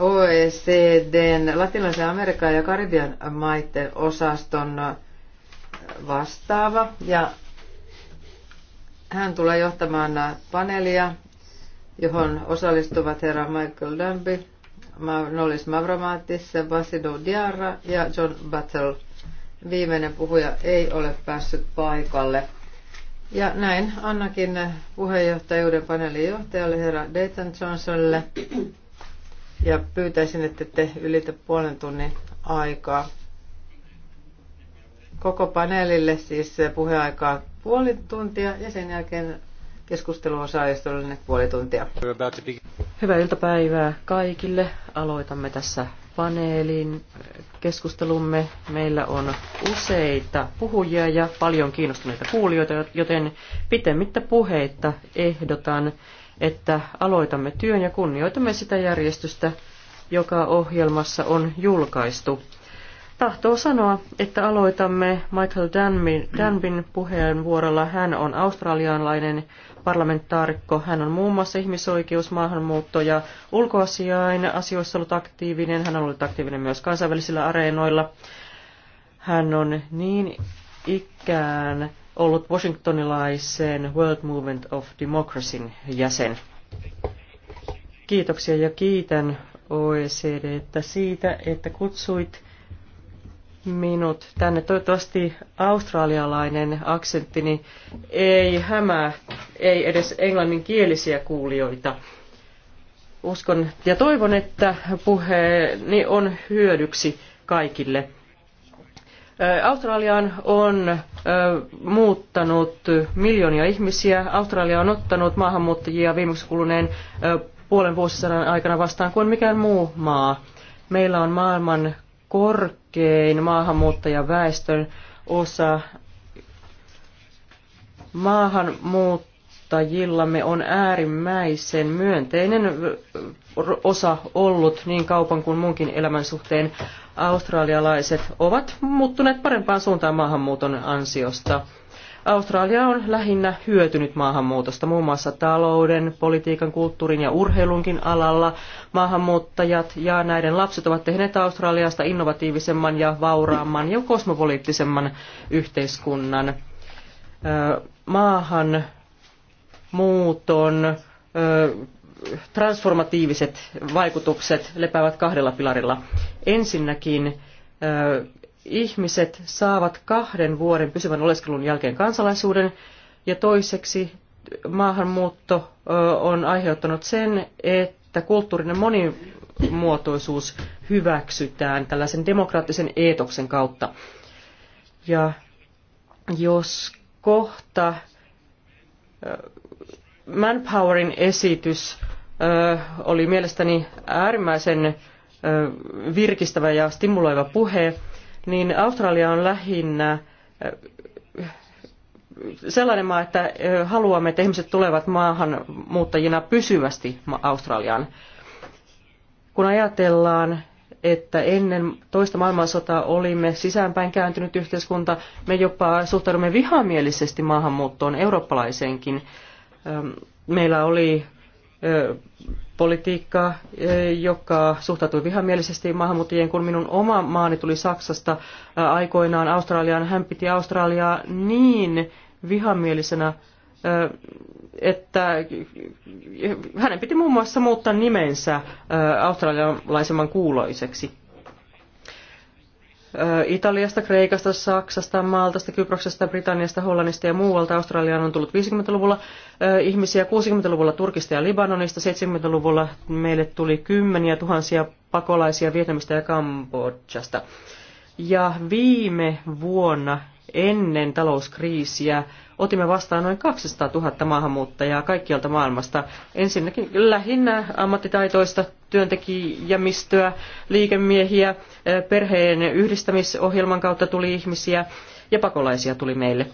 OECDn Latinalaisen Amerikan ja Karibian maiden osaston vastaava ja hän tulee johtamaan paneelia, johon osallistuvat herra Michael Dunby, Nolis Mavromatis, Basido Diarra ja John Battle. Viimeinen puhuja ei ole päässyt paikalle. Ja näin annakin puheenjohtajuuden paneelin johtajalle herra Dayton Johnsonille ja pyytäisin, että te ylitä puolen tunnin aikaa. Koko paneelille siis puheaikaa puoli tuntia ja sen jälkeen keskustelu osallistuneelle puoli tuntia. Hyvää iltapäivää kaikille. Aloitamme tässä paneelin keskustelumme. Meillä on useita puhujia ja paljon kiinnostuneita kuulijoita, joten pitemmittä puheita ehdotan, että aloitamme työn ja kunnioitamme sitä järjestystä, joka ohjelmassa on julkaistu. Tahtoo sanoa, että aloitamme Michael Danbin, Danbin puheenvuorolla. Hän on australialainen parlamentaarikko. Hän on muun muassa ihmisoikeus, maahanmuutto ja ulkoasiain asioissa ollut aktiivinen. Hän on ollut aktiivinen myös kansainvälisillä areenoilla. Hän on niin ikään ollut washingtonilaisen World Movement of Democracyn jäsen. Kiitoksia ja kiitän OECD siitä, että kutsuit minut tänne. Toivottavasti australialainen aksenttini ei hämää, ei edes englanninkielisiä kuulijoita. Uskon ja toivon, että puheeni on hyödyksi kaikille. Australiaan on muuttanut miljoonia ihmisiä. Australia on ottanut maahanmuuttajia viimeksi kuluneen puolen vuosisadan aikana vastaan kuin mikään muu maa. Meillä on maailman korkein maahanmuuttajaväestön osa. Maahanmuuttajillamme on äärimmäisen myönteinen osa ollut niin kaupan kuin muunkin elämän suhteen australialaiset ovat muuttuneet parempaan suuntaan maahanmuuton ansiosta. Australia on lähinnä hyötynyt maahanmuutosta muun muassa talouden, politiikan, kulttuurin ja urheilunkin alalla. Maahanmuuttajat ja näiden lapset ovat tehneet Australiasta innovatiivisemman ja vauraamman ja kosmopoliittisemman yhteiskunnan. Maahanmuuton transformatiiviset vaikutukset lepäävät kahdella pilarilla. Ensinnäkin ihmiset saavat kahden vuoden pysyvän oleskelun jälkeen kansalaisuuden ja toiseksi maahanmuutto on aiheuttanut sen, että kulttuurinen monimuotoisuus hyväksytään tällaisen demokraattisen eetoksen kautta. Ja jos kohta Manpowerin esitys oli mielestäni äärimmäisen virkistävä ja stimuloiva puhe, niin Australia on lähinnä sellainen maa, että haluamme, että ihmiset tulevat muuttajina pysyvästi Australiaan. Kun ajatellaan, että ennen toista maailmansotaa olimme sisäänpäin kääntynyt yhteiskunta, me jopa suhtaudumme vihamielisesti maahanmuuttoon eurooppalaiseenkin Ähm, meillä oli politiikka, joka suhtautui vihamielisesti maahanmuuttajien, kun minun oma maani tuli Saksasta aikoinaan Australiaan. Hän piti Australiaa niin vihamielisenä, että hänen piti muun muassa muuttaa nimensä australialaisemman kuuloiseksi. Italiasta, Kreikasta, Saksasta, Maltasta, Kyproksesta, Britanniasta, Hollannista ja muualta Australiaan on tullut 50-luvulla ihmisiä, 60-luvulla Turkista ja Libanonista, 70-luvulla meille tuli kymmeniä tuhansia pakolaisia Vietnamista ja Kambodžasta. Ja viime vuonna ennen talouskriisiä otimme vastaan noin 200 000 maahanmuuttajaa kaikkialta maailmasta. Ensinnäkin lähinnä ammattitaitoista työntekijämistöä, liikemiehiä, perheen yhdistämisohjelman kautta tuli ihmisiä ja pakolaisia tuli meille.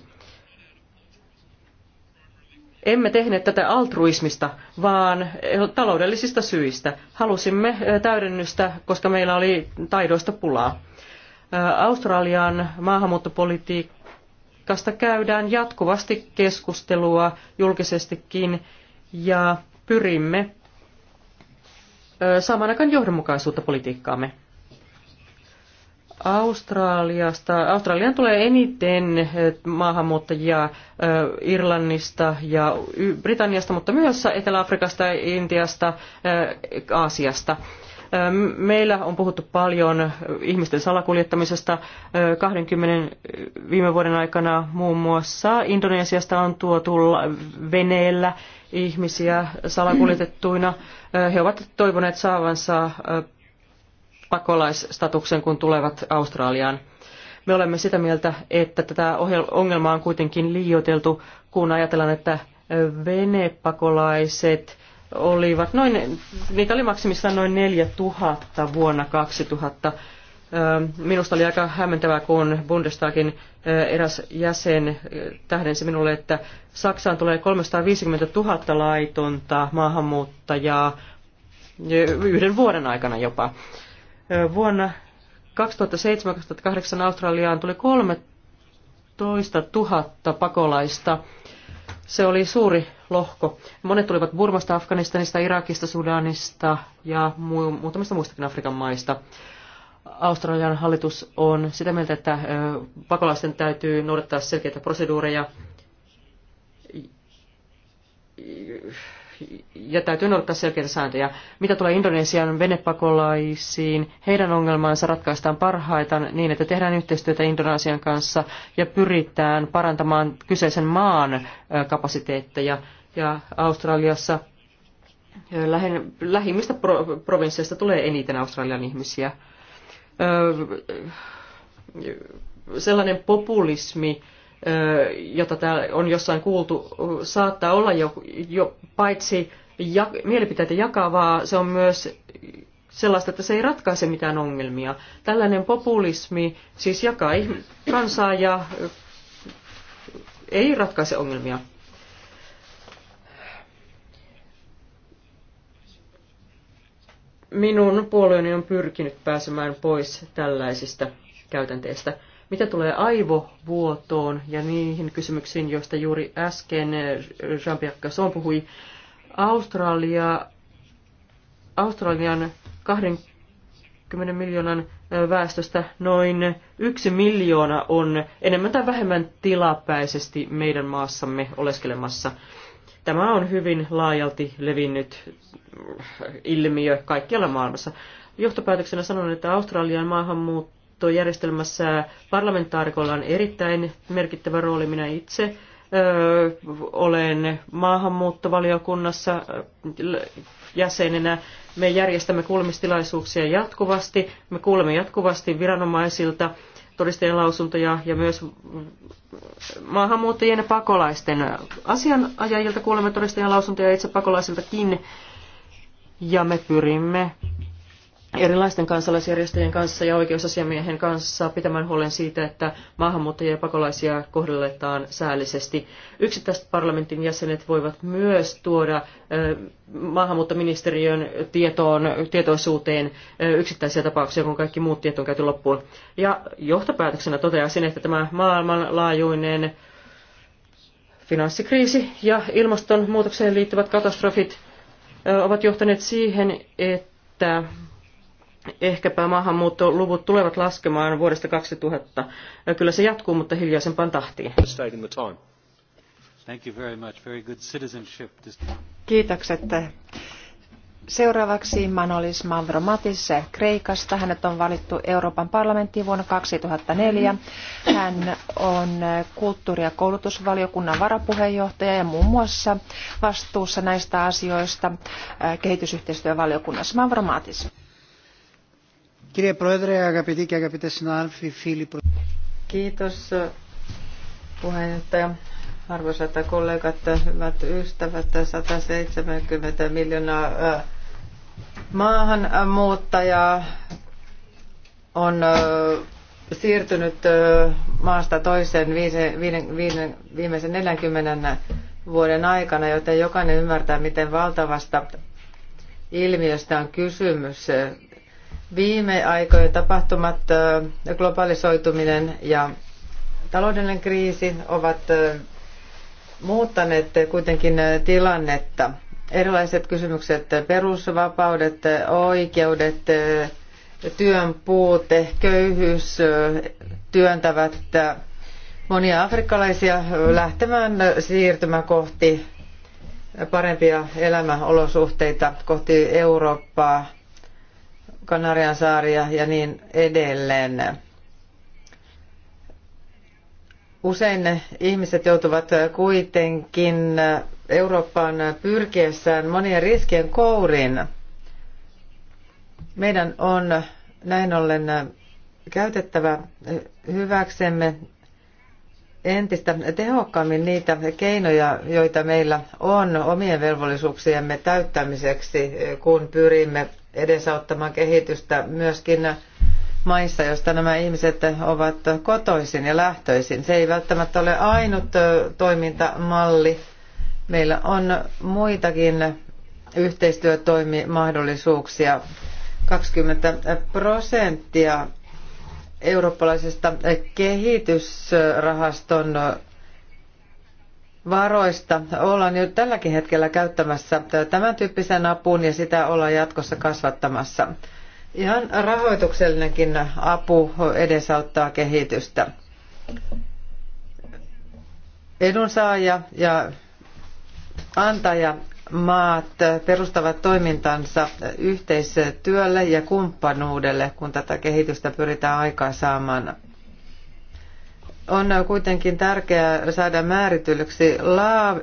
Emme tehneet tätä altruismista, vaan taloudellisista syistä. Halusimme täydennystä, koska meillä oli taidoista pulaa. Australian maahanmuuttopolitiikasta käydään jatkuvasti keskustelua julkisestikin ja pyrimme saamaan aikaan johdonmukaisuutta politiikkaamme. Australiasta, Australian tulee eniten maahanmuuttajia Irlannista ja Britanniasta, mutta myös Etelä-Afrikasta, Intiasta, Aasiasta. Meillä on puhuttu paljon ihmisten salakuljettamisesta. 20 viime vuoden aikana muun muassa Indonesiasta on tuotu veneellä ihmisiä salakuljetettuina. He ovat toivoneet saavansa pakolaisstatuksen, kun tulevat Australiaan. Me olemme sitä mieltä, että tätä ongelmaa on kuitenkin liioiteltu, kun ajatellaan, että venepakolaiset – olivat noin, niitä oli maksimissaan noin 4000 vuonna 2000. Minusta oli aika hämmentävää, kun Bundestagin eräs jäsen tähdensi minulle, että Saksaan tulee 350 000 laitonta maahanmuuttajaa yhden vuoden aikana jopa. Vuonna 2007-2008 Australiaan tuli 13 000 pakolaista se oli suuri lohko. Monet tulivat Burmasta, Afganistanista, Irakista, Sudanista ja muutamista muistakin Afrikan maista. Australian hallitus on sitä mieltä, että pakolaisten täytyy noudattaa selkeitä proseduureja ja täytyy noudattaa selkeitä sääntöjä. Mitä tulee Indonesian venepakolaisiin, heidän ongelmaansa ratkaistaan parhaiten niin, että tehdään yhteistyötä Indonesian kanssa ja pyritään parantamaan kyseisen maan kapasiteetteja. Ja Australiassa lähin, lähimmistä pro, provinsseista tulee eniten Australian ihmisiä. Sellainen populismi, jota täällä on jossain kuultu, saattaa olla jo, jo paitsi ja, mielipiteitä jakavaa, se on myös sellaista, että se ei ratkaise mitään ongelmia. Tällainen populismi siis jakaa kansaa ja ei ratkaise ongelmia. Minun puolueeni on pyrkinyt pääsemään pois tällaisista käytänteistä. Mitä tulee aivovuotoon ja niihin kysymyksiin, joista juuri äsken Jean-Pierre Casson puhui, Australia, Australian 20 miljoonan väestöstä noin yksi miljoona on enemmän tai vähemmän tilapäisesti meidän maassamme oleskelemassa. Tämä on hyvin laajalti levinnyt ilmiö kaikkialla maailmassa. Johtopäätöksenä sanon, että Australian maahanmuutto Järjestelmässä parlamentaarikolla on erittäin merkittävä rooli. Minä itse ö, olen maahanmuuttovaliokunnassa jäsenenä. Me järjestämme kuulemistilaisuuksia jatkuvasti. Me kuulemme jatkuvasti viranomaisilta todistajien lausuntoja ja myös maahanmuuttajien ja pakolaisten asianajajilta kuulemme todistajien lausuntoja itse pakolaisiltakin. Ja me pyrimme erilaisten kansalaisjärjestöjen kanssa ja oikeusasiamiehen kanssa pitämään huolen siitä, että maahanmuuttajia ja pakolaisia kohdelletaan säällisesti. Yksittäiset parlamentin jäsenet voivat myös tuoda maahanmuuttoministeriön tietoon, tietoisuuteen yksittäisiä tapauksia, kun kaikki muut tiet on käyty loppuun. Ja johtopäätöksenä toteaisin, että tämä maailmanlaajuinen finanssikriisi ja ilmastonmuutokseen liittyvät katastrofit ovat johtaneet siihen, että että ehkäpä maahanmuuttoluvut tulevat laskemaan vuodesta 2000. Kyllä se jatkuu, mutta hiljaisempaan tahtiin. Kiitokset. Seuraavaksi Manolis Mavromatis Kreikasta. Hänet on valittu Euroopan parlamenttiin vuonna 2004. Hän on kulttuuri- ja koulutusvaliokunnan varapuheenjohtaja ja muun muassa vastuussa näistä asioista eh, kehitysyhteistyövaliokunnassa. Mavromatis. Kirje Proedre, agapiti ja agapite sinalfi, Kiitos puheenjohtaja. Arvoisat kollegat, hyvät ystävät, 170 miljoonaa maahanmuuttajaa on siirtynyt maasta toiseen viimeisen 40 vuoden aikana, joten jokainen ymmärtää, miten valtavasta ilmiöstä on kysymys. Viime aikojen tapahtumat, globalisoituminen ja taloudellinen kriisi ovat muuttaneet kuitenkin tilannetta. Erilaiset kysymykset, perusvapaudet, oikeudet, työn puute, köyhyys työntävät monia afrikkalaisia lähtemään siirtymään kohti parempia elämäolosuhteita, kohti Eurooppaa, Kanarian saaria ja niin edelleen. Usein ihmiset joutuvat kuitenkin Eurooppaan pyrkiessään monien riskien kouriin. Meidän on näin ollen käytettävä hyväksemme entistä tehokkaammin niitä keinoja, joita meillä on omien velvollisuuksiemme täyttämiseksi, kun pyrimme edesauttamaan kehitystä myöskin maissa, joista nämä ihmiset ovat kotoisin ja lähtöisin. Se ei välttämättä ole ainut toimintamalli. Meillä on muitakin yhteistyötoimimahdollisuuksia. 20 prosenttia eurooppalaisesta kehitysrahaston varoista ollaan jo tälläkin hetkellä käyttämässä tämän tyyppiseen apuun ja sitä ollaan jatkossa kasvattamassa. Ihan rahoituksellinenkin apu edesauttaa kehitystä. Edunsaaja ja antaja maat perustavat toimintansa yhteistyölle ja kumppanuudelle, kun tätä kehitystä pyritään aikaan saamaan. On kuitenkin tärkeää saada määritellyksi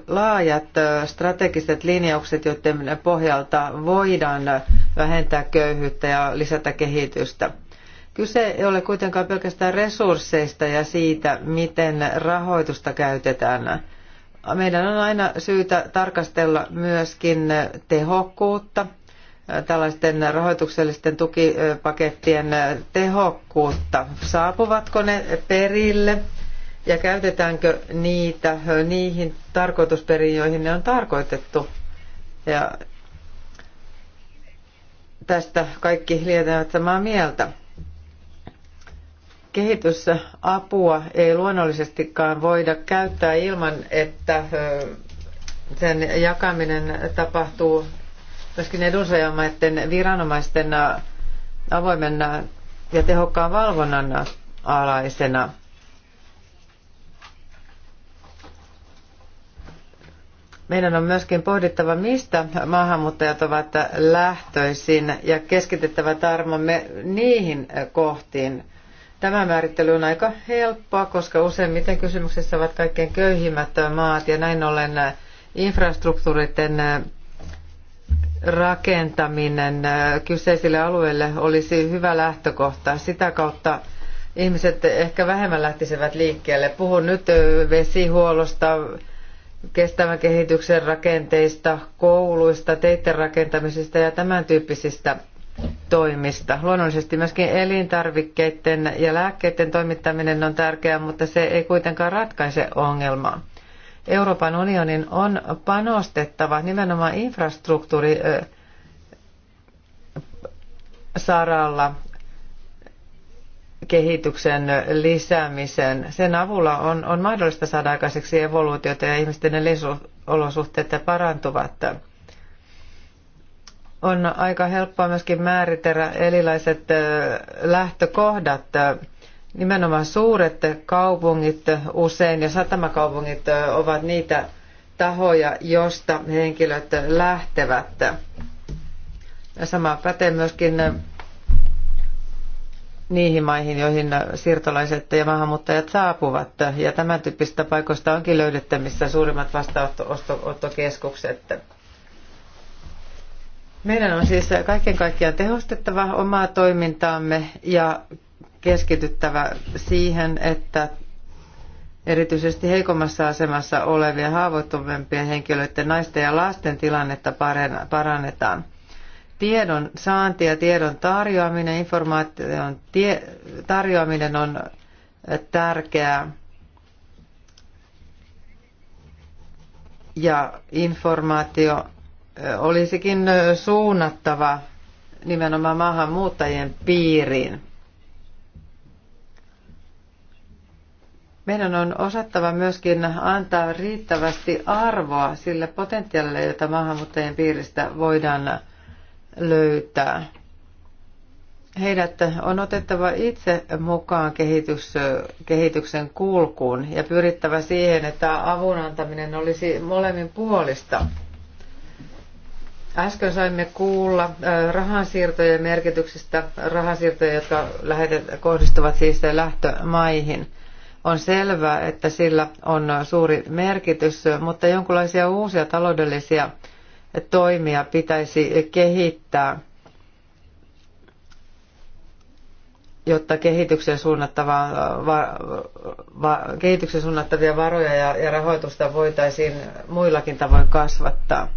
laajat strategiset linjaukset, joiden pohjalta voidaan vähentää köyhyyttä ja lisätä kehitystä. Kyse ei ole kuitenkaan pelkästään resursseista ja siitä, miten rahoitusta käytetään. Meidän on aina syytä tarkastella myöskin tehokkuutta – tällaisten rahoituksellisten tukipakettien tehokkuutta. Saapuvatko ne perille ja käytetäänkö niitä niihin tarkoitusperiin, joihin ne on tarkoitettu? Ja tästä kaikki lietävät samaa mieltä. Kehitysapua ei luonnollisestikaan voida käyttää ilman, että sen jakaminen tapahtuu myöskin edunsaajamaiden viranomaisten avoimen ja tehokkaan valvonnan alaisena. Meidän on myöskin pohdittava, mistä maahanmuuttajat ovat lähtöisin ja keskitettävä tarmomme niihin kohtiin. Tämä määrittely on aika helppoa, koska useimmiten kysymyksessä ovat kaikkein köyhimmät maat ja näin ollen infrastruktuuriten rakentaminen äh, kyseisille alueille olisi hyvä lähtökohta. Sitä kautta ihmiset ehkä vähemmän lähtisivät liikkeelle. Puhun nyt äh, vesihuollosta, kestävän kehityksen rakenteista, kouluista, teiden rakentamisesta ja tämän tyyppisistä toimista. Luonnollisesti myöskin elintarvikkeiden ja lääkkeiden toimittaminen on tärkeää, mutta se ei kuitenkaan ratkaise ongelmaa. Euroopan unionin on panostettava nimenomaan infrastruktuuri saralla kehityksen lisäämisen. Sen avulla on, on mahdollista saada aikaiseksi evoluutiota ja ihmisten elinolosuhteet parantuvat. On aika helppoa myöskin määritellä erilaiset lähtökohdat Nimenomaan suuret kaupungit usein ja satamakaupungit ovat niitä tahoja, josta henkilöt lähtevät. Ja sama pätee myöskin niihin maihin, joihin siirtolaiset ja maahanmuuttajat saapuvat. Ja tämän tyyppistä paikoista onkin löydettävissä suurimmat vastaanottokeskukset. Meidän on siis kaiken kaikkiaan tehostettava omaa toimintaamme ja keskityttävä siihen, että erityisesti heikommassa asemassa olevien haavoittuvimpien henkilöiden, naisten ja lasten tilannetta parannetaan. Tiedon saanti ja tiedon tarjoaminen, informaation tie, tarjoaminen on tärkeää. Ja informaatio olisikin suunnattava nimenomaan maahanmuuttajien piiriin. Meidän on osattava myöskin antaa riittävästi arvoa sille potentiaalille, jota maahanmuuttajien piiristä voidaan löytää. Heidät on otettava itse mukaan kehitys, kehityksen kulkuun ja pyrittävä siihen, että avun antaminen olisi molemmin puolista. Äsken saimme kuulla rahansiirtojen merkityksestä, rahansiirtoja, jotka lähetet, kohdistuvat siis lähtömaihin – on selvää, että sillä on suuri merkitys, mutta jonkinlaisia uusia taloudellisia toimia pitäisi kehittää, jotta kehityksen, va, va, suunnattavia varoja ja, ja rahoitusta voitaisiin muillakin tavoin kasvattaa.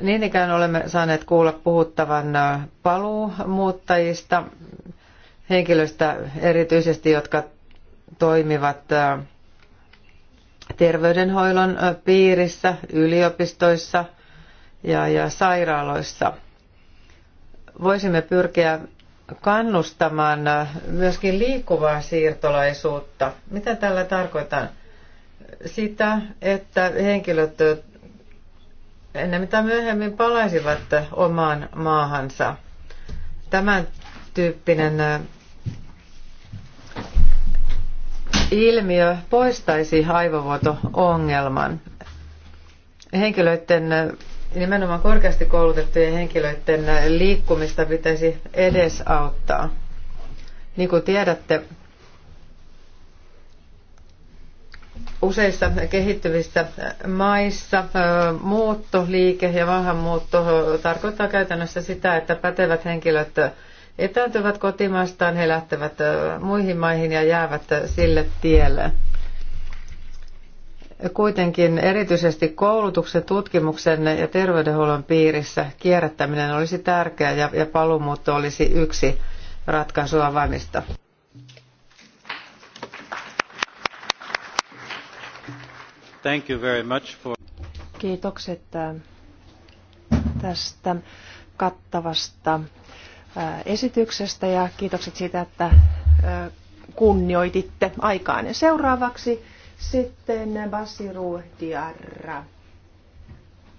Niin ikään olemme saaneet kuulla puhuttavan paluumuuttajista, henkilöistä erityisesti, jotka toimivat terveydenhoidon piirissä, yliopistoissa ja, ja sairaaloissa. Voisimme pyrkiä kannustamaan myöskin liikkuvaa siirtolaisuutta. Mitä tällä tarkoitan? Sitä, että henkilöt ennen mitä myöhemmin palaisivat omaan maahansa. Tämän tyyppinen ilmiö poistaisi aivovuoto-ongelman. Henkilöiden, nimenomaan korkeasti koulutettujen henkilöiden liikkumista pitäisi edesauttaa. Niin kuin tiedätte, useissa kehittyvissä maissa muuttoliike ja maahanmuutto tarkoittaa käytännössä sitä, että pätevät henkilöt etääntyvät kotimaastaan, he lähtevät muihin maihin ja jäävät sille tielle. Kuitenkin erityisesti koulutuksen, tutkimuksen ja terveydenhuollon piirissä kierrättäminen olisi tärkeää ja, ja paluumuutto olisi yksi ratkaisua vanista. Thank you very much for... Kiitokset tästä kattavasta esityksestä ja kiitokset siitä, että kunnioititte aikaa. Seuraavaksi sitten Basiru Diarra,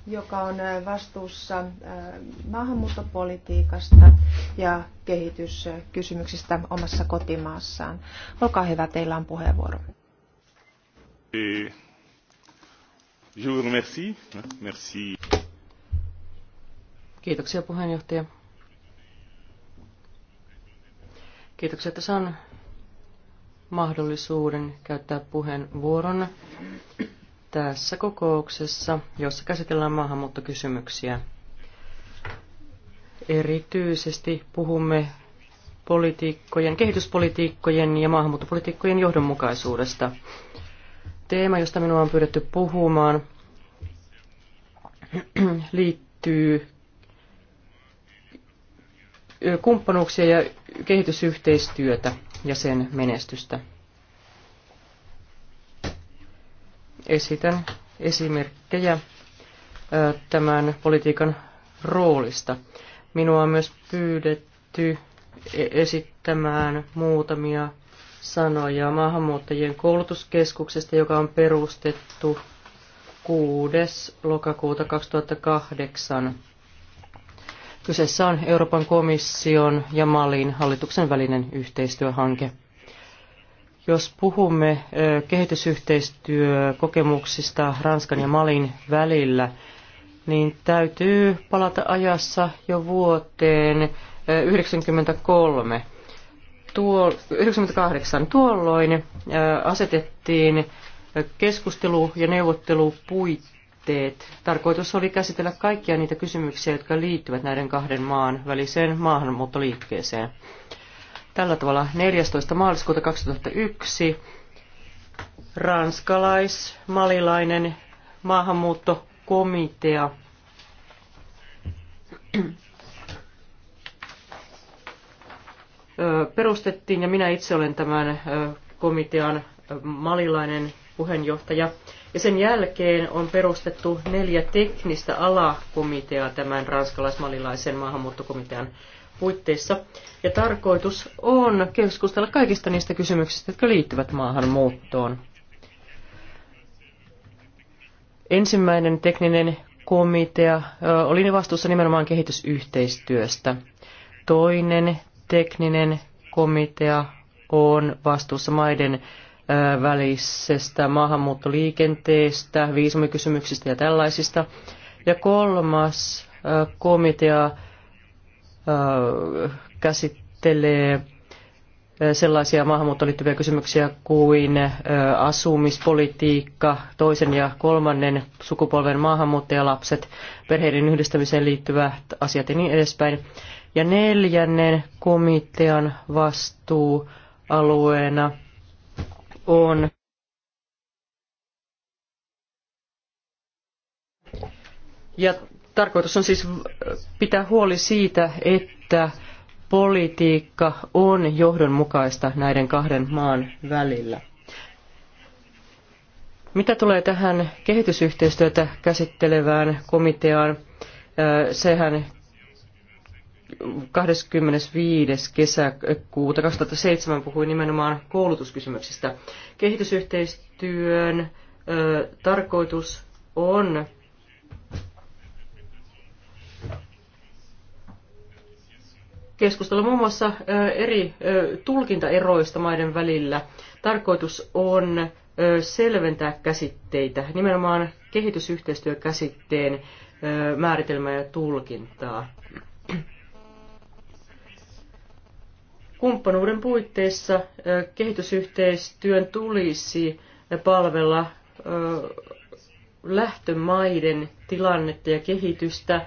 joka on vastuussa maahanmuuttopolitiikasta ja kehityskysymyksistä omassa kotimaassaan. Olkaa hyvä, teillä on puheenvuoro. Kiitoksia puheenjohtaja. Kiitoksia, että saan mahdollisuuden käyttää puheenvuoron tässä kokouksessa, jossa käsitellään maahanmuuttokysymyksiä. Erityisesti puhumme politiikkojen, kehityspolitiikkojen ja maahanmuuttopolitiikkojen johdonmukaisuudesta. Teema, josta minua on pyydetty puhumaan, (clears throat) liittyy kumppanuuksia ja kehitysyhteistyötä ja sen menestystä. Esitän esimerkkejä tämän politiikan roolista. Minua on myös pyydetty e- esittämään muutamia sanoja maahanmuuttajien koulutuskeskuksesta, joka on perustettu 6. lokakuuta 2008 Kyseessä on Euroopan komission ja Malin hallituksen välinen yhteistyöhanke. Jos puhumme kehitysyhteistyökokemuksista Ranskan ja Malin välillä, niin täytyy palata ajassa jo vuoteen 1993. Tuo, 98. Tuolloin asetettiin keskustelu- ja neuvottelupuitteet teet Tarkoitus oli käsitellä kaikkia niitä kysymyksiä, jotka liittyvät näiden kahden maan väliseen maahanmuuttoliikkeeseen. Tällä tavalla 14. maaliskuuta 2001 ranskalais-malilainen maahanmuuttokomitea perustettiin ja minä itse olen tämän komitean malilainen puheenjohtaja. Ja sen jälkeen on perustettu neljä teknistä alakomiteaa tämän ranskalaismallilaisen maahanmuuttokomitean puitteissa. Ja tarkoitus on keskustella kaikista niistä kysymyksistä, jotka liittyvät maahanmuuttoon. Ensimmäinen tekninen komitea oli vastuussa nimenomaan kehitysyhteistyöstä. Toinen tekninen komitea on vastuussa maiden välisestä maahanmuuttoliikenteestä, viisumikysymyksistä ja tällaisista. Ja kolmas komitea käsittelee sellaisia maahanmuuttoon liittyviä kysymyksiä kuin asumispolitiikka, toisen ja kolmannen sukupolven maahanmuuttajalapset, perheiden yhdistämiseen liittyvät asiat ja niin edespäin. Ja neljännen komitean vastuualueena on Ja tarkoitus on siis pitää huoli siitä, että politiikka on johdonmukaista näiden kahden maan välillä. Mitä tulee tähän kehitysyhteistyötä käsittelevään komiteaan, sehän 25. kesäkuuta 2007 puhui nimenomaan koulutuskysymyksistä. Kehitysyhteistyön ö, tarkoitus on keskustella muun muassa eri tulkintaeroista maiden välillä. Tarkoitus on selventää käsitteitä, nimenomaan kehitysyhteistyökäsitteen määritelmää ja tulkintaa. Kumppanuuden puitteissa kehitysyhteistyön tulisi palvella lähtömaiden tilannetta ja kehitystä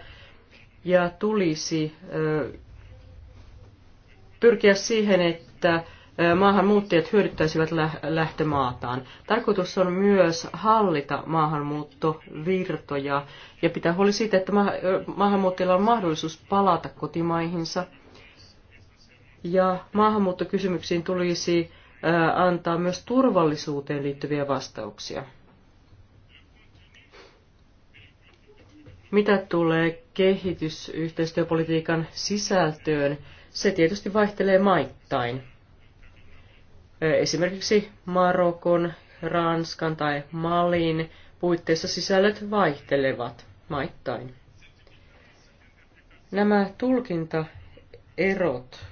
ja tulisi pyrkiä siihen, että maahanmuuttajat hyödyttäisivät lähtömaataan. Tarkoitus on myös hallita maahanmuuttovirtoja ja pitää huoli siitä, että maahanmuuttajilla on mahdollisuus palata kotimaihinsa – ja maahanmuuttokysymyksiin tulisi antaa myös turvallisuuteen liittyviä vastauksia. Mitä tulee kehitysyhteistyöpolitiikan sisältöön, se tietysti vaihtelee maittain. Esimerkiksi Marokon, Ranskan tai Malin puitteissa sisällöt vaihtelevat maittain. Nämä tulkintaerot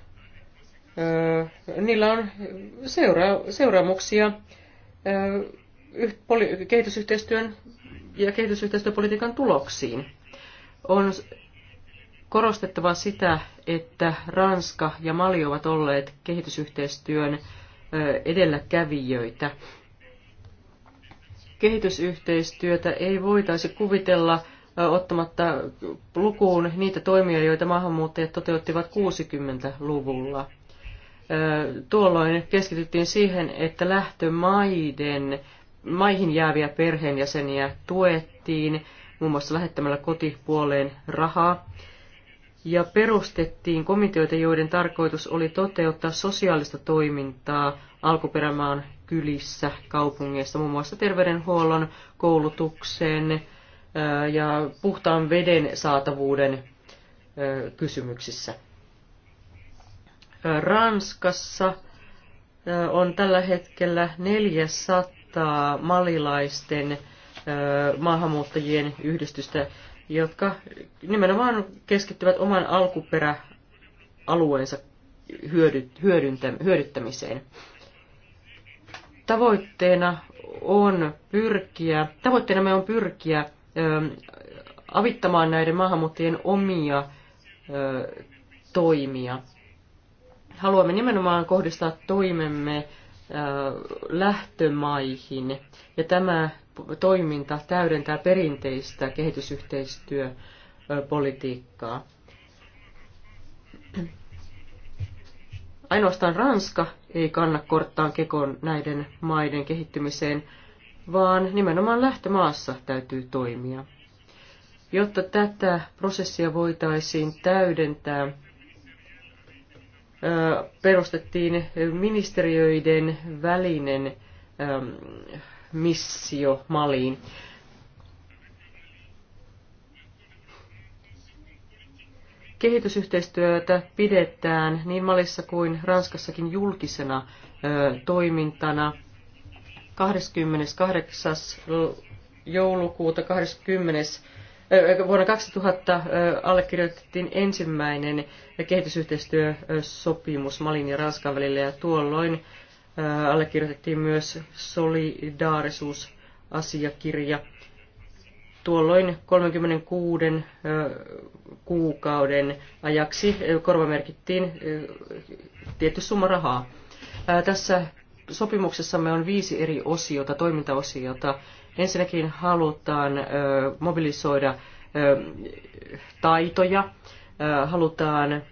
niillä on seura- seuraamuksia kehitysyhteistyön ja kehitysyhteistyöpolitiikan tuloksiin. On korostettava sitä, että Ranska ja Mali ovat olleet kehitysyhteistyön edelläkävijöitä. Kehitysyhteistyötä ei voitaisi kuvitella ottamatta lukuun niitä toimia, joita maahanmuuttajat toteuttivat 60-luvulla. Tuolloin keskityttiin siihen, että lähtömaiden maihin jääviä perheenjäseniä tuettiin muun muassa lähettämällä kotipuoleen rahaa ja perustettiin komiteoita, joiden tarkoitus oli toteuttaa sosiaalista toimintaa alkuperämaan kylissä, kaupungeissa, muun muassa terveydenhuollon, koulutuksen ja puhtaan veden saatavuuden kysymyksissä. Ranskassa on tällä hetkellä 400 malilaisten maahanmuuttajien yhdistystä, jotka nimenomaan keskittyvät oman alkuperäalueensa hyödyttämiseen. Tavoitteena on pyrkiä, tavoitteenamme on pyrkiä avittamaan näiden maahanmuuttajien omia toimia haluamme nimenomaan kohdistaa toimemme lähtömaihin, ja tämä toiminta täydentää perinteistä kehitysyhteistyöpolitiikkaa. Ainoastaan Ranska ei kanna korttaan kekon näiden maiden kehittymiseen, vaan nimenomaan lähtömaassa täytyy toimia. Jotta tätä prosessia voitaisiin täydentää perustettiin ministeriöiden välinen missio Maliin. Kehitysyhteistyötä pidetään niin Malissa kuin Ranskassakin julkisena toimintana. 28. joulukuuta 20 vuonna 2000 allekirjoitettiin ensimmäinen kehitysyhteistyösopimus Malin ja Ranskan välillä ja tuolloin allekirjoitettiin myös solidaarisuusasiakirja. Tuolloin 36 kuukauden ajaksi korvamerkittiin tietty summa rahaa. Tässä sopimuksessamme on viisi eri osiota, toimintaosiota Ensinnäkin halutaan mobilisoida taitoja, halutaan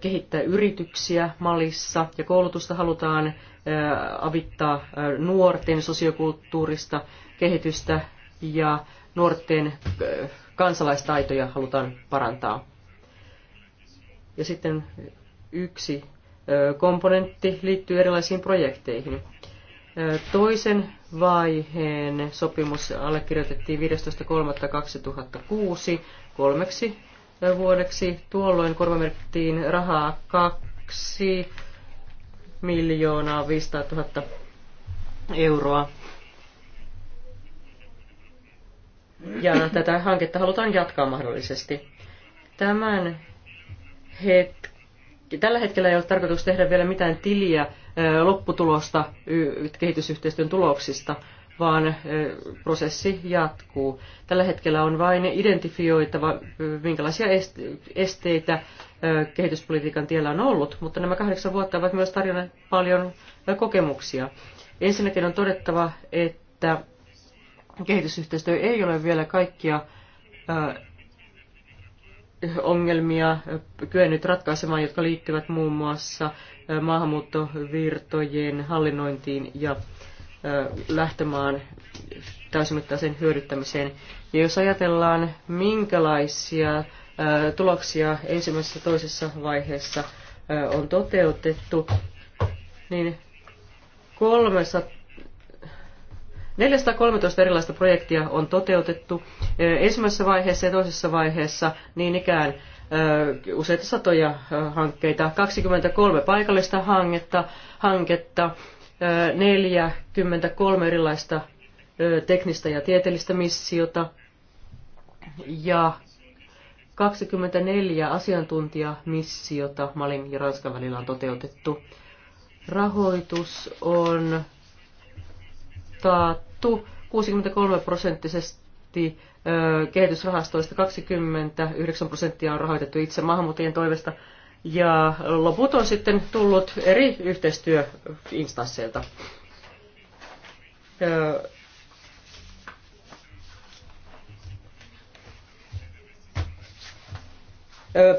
kehittää yrityksiä Malissa ja koulutusta halutaan avittaa nuorten sosiokulttuurista kehitystä ja nuorten kansalaistaitoja halutaan parantaa. Ja sitten yksi komponentti liittyy erilaisiin projekteihin. Toisen vaiheen sopimus allekirjoitettiin 15.3.2006 kolmeksi vuodeksi. Tuolloin korvamerkittiin rahaa 2 miljoonaa 500 000 euroa. Ja tätä hanketta halutaan jatkaa mahdollisesti. Tämän hetken tällä hetkellä ei ole tarkoitus tehdä vielä mitään tiliä lopputulosta kehitysyhteistyön tuloksista, vaan prosessi jatkuu. Tällä hetkellä on vain identifioitava, minkälaisia esteitä kehityspolitiikan tiellä on ollut, mutta nämä kahdeksan vuotta ovat myös tarjonneet paljon kokemuksia. Ensinnäkin on todettava, että kehitysyhteistyö ei ole vielä kaikkia ongelmia kyennyt ratkaisemaan, jotka liittyvät muun muassa maahanmuuttovirtojen hallinnointiin ja lähtemään täysimittaiseen hyödyttämiseen. Ja jos ajatellaan, minkälaisia tuloksia ensimmäisessä toisessa vaiheessa on toteutettu, niin 300 413 erilaista projektia on toteutettu eh, ensimmäisessä vaiheessa ja toisessa vaiheessa niin ikään eh, useita satoja eh, hankkeita, 23 paikallista hanketta, hanketta 43 erilaista teknistä ja tieteellistä missiota ja 24 asiantuntijamissiota Malin ja Ranskan välillä on toteutettu. Rahoitus on taattu 63 prosenttisesti kehitysrahastoista 29 prosenttia on rahoitettu itse maahanmuuttajien toivesta ja loput on sitten tullut eri yhteistyöinstansseilta.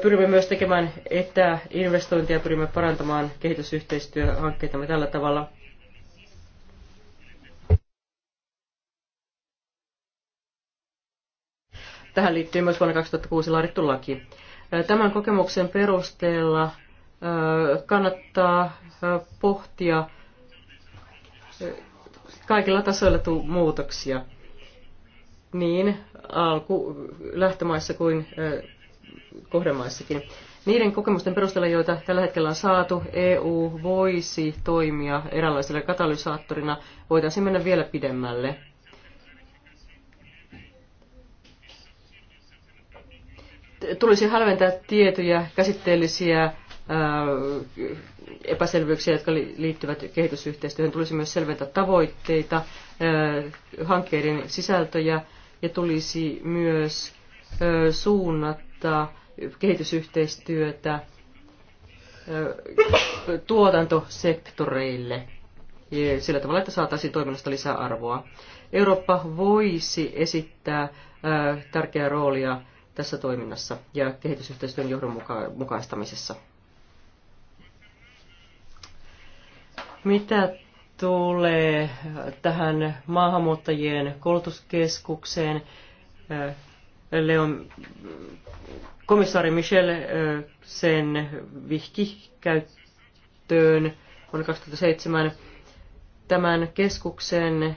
Pyrimme myös tekemään etäinvestointia, pyrimme parantamaan kehitysyhteistyöhankkeita tällä tavalla. Tähän liittyy myös vuonna 2006 laadittu laki. Tämän kokemuksen perusteella kannattaa pohtia kaikilla tasoilla muutoksia niin alku, lähtömaissa kuin kohdemaissakin. Niiden kokemusten perusteella, joita tällä hetkellä on saatu, EU voisi toimia eräänlaisella katalysaattorina. Voitaisiin mennä vielä pidemmälle tulisi hälventää tietoja, käsitteellisiä äh, epäselvyyksiä, jotka liittyvät kehitysyhteistyöhön. Tulisi myös selventää tavoitteita, äh, hankkeiden sisältöjä ja tulisi myös äh, suunnata kehitysyhteistyötä tuotantosektoreille sillä tavalla, että saataisiin toiminnasta lisää arvoa. Eurooppa voisi esittää tärkeää roolia tässä toiminnassa ja kehitysyhteistyön johdonmukaistamisessa. Mitä tulee tähän maahanmuuttajien koulutuskeskukseen, äh, Leon, komissaari Michel äh, sen vihki käyttöön vuonna 2007 tämän keskuksen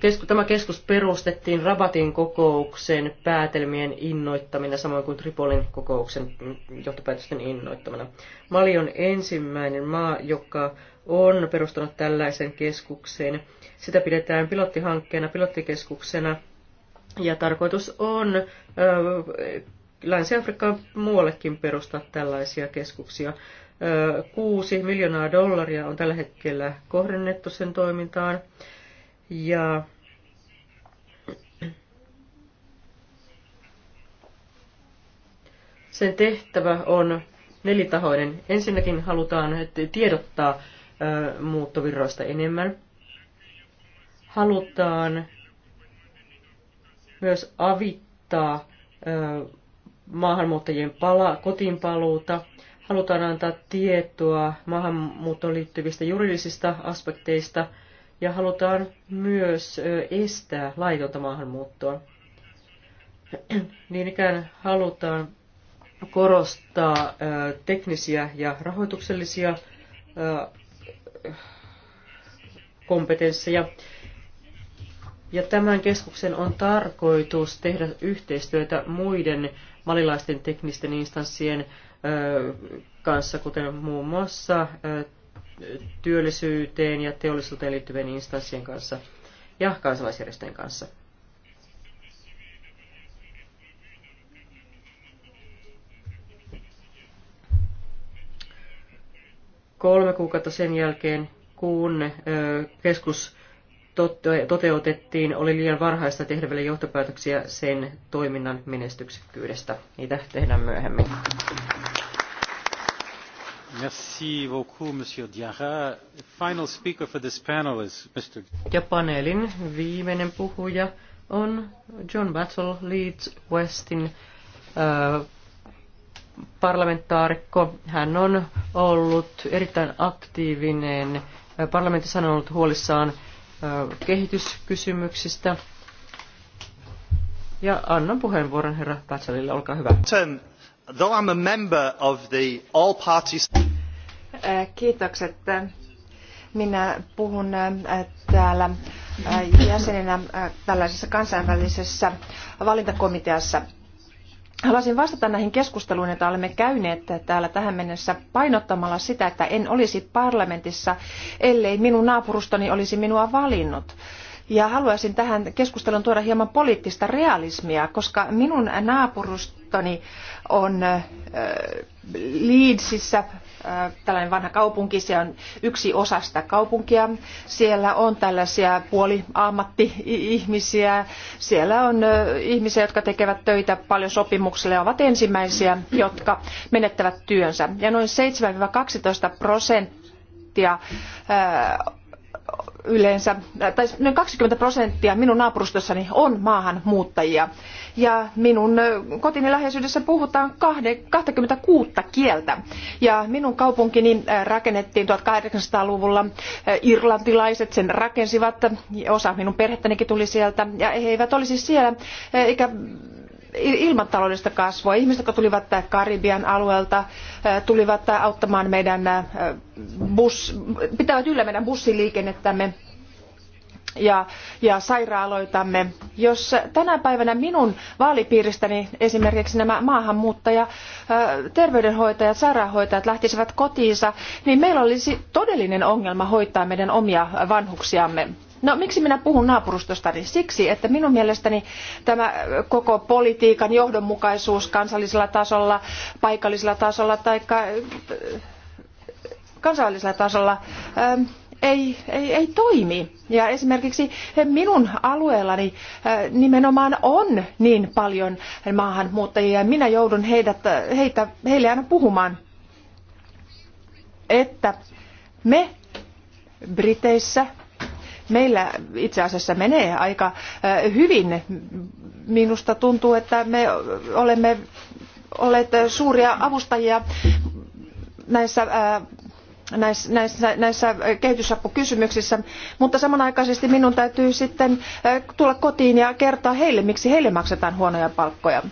kesku, tämä keskus perustettiin Rabatin kokouksen päätelmien innoittamina, samoin kuin Tripolin kokouksen johtopäätösten innoittamana. Mali on ensimmäinen maa, joka on perustanut tällaisen keskuksen. Sitä pidetään pilottihankkeena, pilottikeskuksena, ja tarkoitus on ö, Länsi-Afrikkaan muuallekin perustaa tällaisia keskuksia. Ö, kuusi miljoonaa dollaria on tällä hetkellä kohdennettu sen toimintaan. Ja sen tehtävä on nelitahoinen. Ensinnäkin halutaan tiedottaa muuttovirroista enemmän. Halutaan myös avittaa maahanmuuttajien pala, kotiinpaluuta. Halutaan antaa tietoa maahanmuuttoon liittyvistä juridisista aspekteista – ja halutaan myös estää laitonta maahanmuuttoa. Niin ikään halutaan korostaa teknisiä ja rahoituksellisia kompetensseja. Ja tämän keskuksen on tarkoitus tehdä yhteistyötä muiden malilaisten teknisten instanssien kanssa, kuten muun muassa työllisyyteen ja teollisuuteen liittyvien instanssien kanssa ja kansalaisjärjestöjen kanssa. Kolme kuukautta sen jälkeen, kun keskus toteutettiin, oli liian varhaista tehdä vielä johtopäätöksiä sen toiminnan menestyksekkyydestä. Niitä tehdään myöhemmin. Ja paneelin viimeinen puhuja on John Battle Leeds Westin äh, parlamentaarikko. Hän on ollut erittäin aktiivinen. Äh, parlamentissa on ollut huolissaan äh, kehityskysymyksistä. Ja annan puheenvuoron herra Batchelille, olkaa hyvä. Though I'm a member of the all parties... Äh, kiitokset. Minä puhun äh, täällä äh, jäsenenä tällaisessa kansainvälisessä valintakomiteassa. Haluaisin vastata näihin keskusteluihin, joita olemme käyneet täällä tähän mennessä painottamalla sitä, että en olisi parlamentissa, ellei minun naapurustoni olisi minua valinnut. Ja haluaisin tähän keskusteluun tuoda hieman poliittista realismia, koska minun naapurustoni on Leedsissä Äh, tällainen vanha kaupunki, se on yksi osa sitä kaupunkia. Siellä on tällaisia puoliammatti-ihmisiä, siellä on äh, ihmisiä, jotka tekevät töitä paljon sopimuksella ja ovat ensimmäisiä, jotka menettävät työnsä. Ja noin 7-12 prosenttia äh, yleensä, tai noin 20 prosenttia minun naapurustossani on maahanmuuttajia. Ja minun kotini läheisyydessä puhutaan 26 kieltä. Ja minun kaupunkini rakennettiin 1800-luvulla. Irlantilaiset sen rakensivat. Osa minun perhettänikin tuli sieltä. Ja he eivät olisi siellä, eikä ilmataloudellista kasvua. Ihmiset, jotka tulivat äh, Karibian alueelta, äh, tulivat äh, auttamaan meidän bus, pitävät yllä meidän bussiliikennettämme ja, ja sairaaloitamme. Jos tänä päivänä minun vaalipiiristäni esimerkiksi nämä maahanmuuttaja, terveydenhoitajat, sairaanhoitajat lähtisivät kotiinsa, niin meillä olisi todellinen ongelma hoitaa meidän omia vanhuksiamme. No miksi minä puhun naapurustostani? Niin siksi, että minun mielestäni tämä koko politiikan johdonmukaisuus kansallisella tasolla, paikallisella tasolla tai kansallisella tasolla ähm, ei, ei, ei toimi. Ja esimerkiksi minun alueellani äh, nimenomaan on niin paljon maahanmuuttajia ja minä joudun heidät, äh, heitä, heille aina puhumaan, että me Briteissä Meillä itse asiassa menee aika hyvin. Minusta tuntuu, että me olemme olleet suuria avustajia näissä näissä, näissä, näissä kehitysapukysymyksissä, mutta samanaikaisesti minun täytyy sitten tulla kotiin ja kertoa heille, miksi heille maksetaan huonoja palkkoja.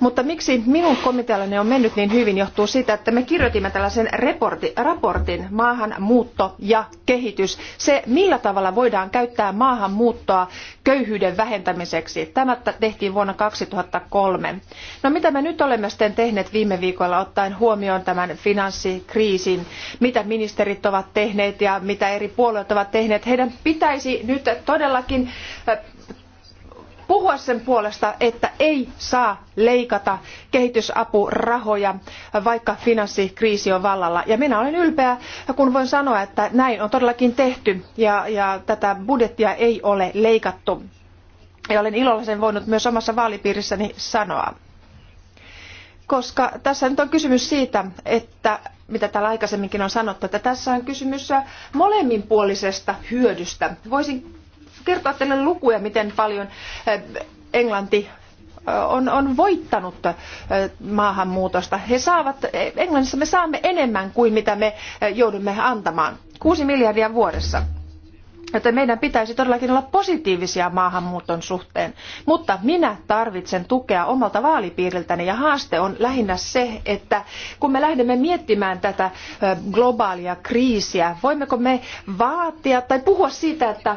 Mutta miksi minun komiteallani on mennyt niin hyvin johtuu siitä, että me kirjoitimme tällaisen raportin, raportin maahanmuutto ja kehitys. Se, millä tavalla voidaan käyttää maahanmuuttoa köyhyyden vähentämiseksi. Tämä tehtiin vuonna 2003. No mitä me nyt olemme sitten tehneet viime viikolla ottaen huomioon tämän finanssikriisin, mitä ministerit ovat tehneet ja mitä eri puolueet ovat tehneet. Heidän pitäisi nyt todellakin puhua sen puolesta, että ei saa leikata kehitysapurahoja, vaikka finanssikriisi on vallalla. Ja minä olen ylpeä, kun voin sanoa, että näin on todellakin tehty ja, ja tätä budjettia ei ole leikattu. Ja olen ilolla sen voinut myös omassa vaalipiirissäni sanoa koska tässä nyt on kysymys siitä, että mitä täällä aikaisemminkin on sanottu, että tässä on kysymys molemminpuolisesta hyödystä. Voisin kertoa teille lukuja, miten paljon eh, Englanti eh, on, on voittanut eh, maahanmuutosta. He saavat, Englannissa me saamme enemmän kuin mitä me joudumme antamaan. 6 miljardia vuodessa. Joten meidän pitäisi todellakin olla positiivisia maahanmuuton suhteen. Mutta minä tarvitsen tukea omalta vaalipiiriltäni ja haaste on lähinnä se, että kun me lähdemme miettimään tätä globaalia kriisiä, voimmeko me vaatia tai puhua siitä, että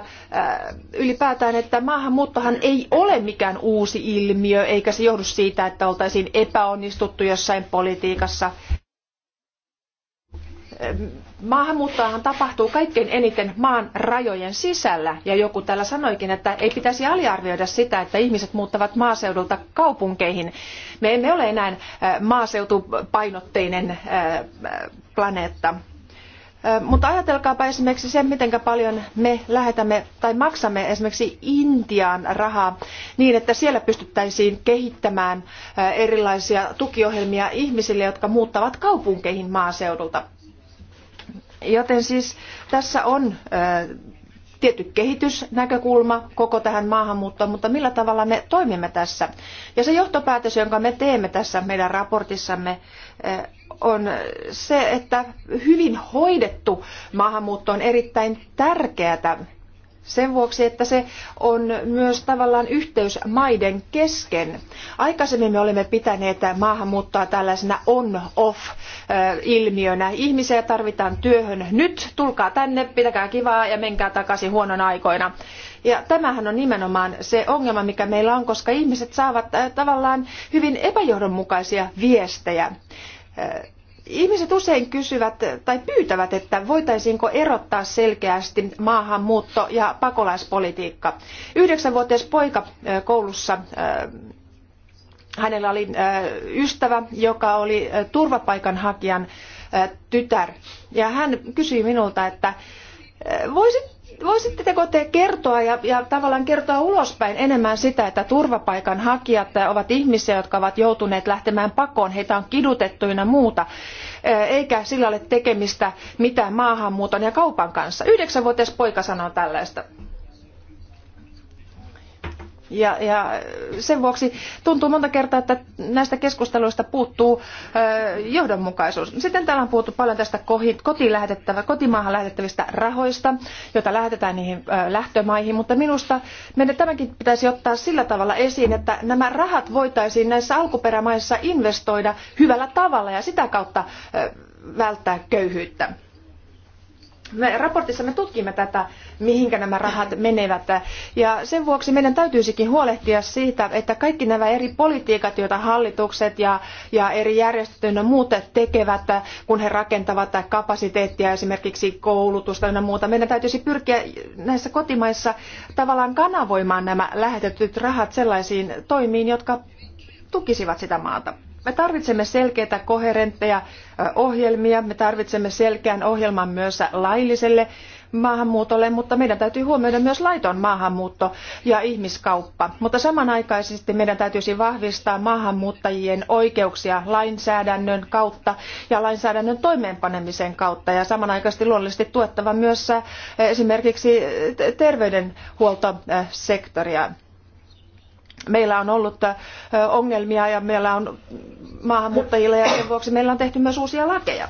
ylipäätään, että maahanmuuttohan ei ole mikään uusi ilmiö, eikä se johdu siitä, että oltaisiin epäonnistuttu jossain politiikassa Maahanmuuttoahan tapahtuu kaikkein eniten maan rajojen sisällä, ja joku täällä sanoikin, että ei pitäisi aliarvioida sitä, että ihmiset muuttavat maaseudulta kaupunkeihin. Me emme ole enää maaseutupainotteinen planeetta. Mutta ajatelkaapa esimerkiksi se, miten paljon me lähetämme tai maksamme esimerkiksi Intiaan rahaa niin, että siellä pystyttäisiin kehittämään erilaisia tukiohjelmia ihmisille, jotka muuttavat kaupunkeihin maaseudulta Joten siis tässä on tietty kehitysnäkökulma koko tähän maahanmuuttoon, mutta millä tavalla me toimimme tässä. Ja se johtopäätös, jonka me teemme tässä meidän raportissamme, on se, että hyvin hoidettu maahanmuutto on erittäin tärkeää sen vuoksi, että se on myös tavallaan yhteys maiden kesken. Aikaisemmin me olemme pitäneet maahanmuuttoa tällaisena on-off-ilmiönä. Ihmisiä tarvitaan työhön nyt, tulkaa tänne, pitäkää kivaa ja menkää takaisin huonona aikoina. Ja tämähän on nimenomaan se ongelma, mikä meillä on, koska ihmiset saavat tavallaan hyvin epäjohdonmukaisia viestejä Ihmiset usein kysyvät tai pyytävät, että voitaisiinko erottaa selkeästi maahanmuutto- ja pakolaispolitiikka. Yhdeksänvuotias poika koulussa, hänellä oli ystävä, joka oli turvapaikanhakijan tytär. Ja hän kysyi minulta, että voisit Voisitteko te kertoa ja, ja tavallaan kertoa ulospäin enemmän sitä, että turvapaikanhakijat ovat ihmisiä, jotka ovat joutuneet lähtemään pakoon, heitä on kidutettuina muuta, eh, eikä sillä ole tekemistä mitään maahanmuuton ja kaupan kanssa. Yhdeksänvuotias poika sanoo tällaista. Ja, ja sen vuoksi tuntuu monta kertaa, että näistä keskusteluista puuttuu ö, johdonmukaisuus. Sitten täällä on puhuttu paljon tästä kotiin lähetettävä, kotimaahan lähetettävistä rahoista, joita lähetetään niihin ö, lähtömaihin, mutta minusta meidän tämäkin pitäisi ottaa sillä tavalla esiin, että nämä rahat voitaisiin näissä alkuperämaissa investoida hyvällä tavalla ja sitä kautta ö, välttää köyhyyttä. Me raportissa me tutkimme tätä, mihinkä nämä rahat menevät. Ja sen vuoksi meidän täytyisikin huolehtia siitä, että kaikki nämä eri politiikat, joita hallitukset ja, ja eri järjestöt ja muut tekevät, kun he rakentavat kapasiteettia, esimerkiksi koulutusta ja muuta, meidän täytyisi pyrkiä näissä kotimaissa tavallaan kanavoimaan nämä lähetetyt rahat sellaisiin toimiin, jotka tukisivat sitä maata. Me tarvitsemme selkeitä, koherentteja ohjelmia, me tarvitsemme selkeän ohjelman myös lailliselle maahanmuutolle, mutta meidän täytyy huomioida myös laiton maahanmuutto ja ihmiskauppa. Mutta samanaikaisesti meidän täytyisi vahvistaa maahanmuuttajien oikeuksia lainsäädännön kautta ja lainsäädännön toimeenpanemisen kautta ja samanaikaisesti luonnollisesti tuettava myös esimerkiksi terveydenhuoltosektoria meillä on ollut ongelmia ja meillä on maahanmuuttajilla ja sen vuoksi meillä on tehty myös uusia lakeja.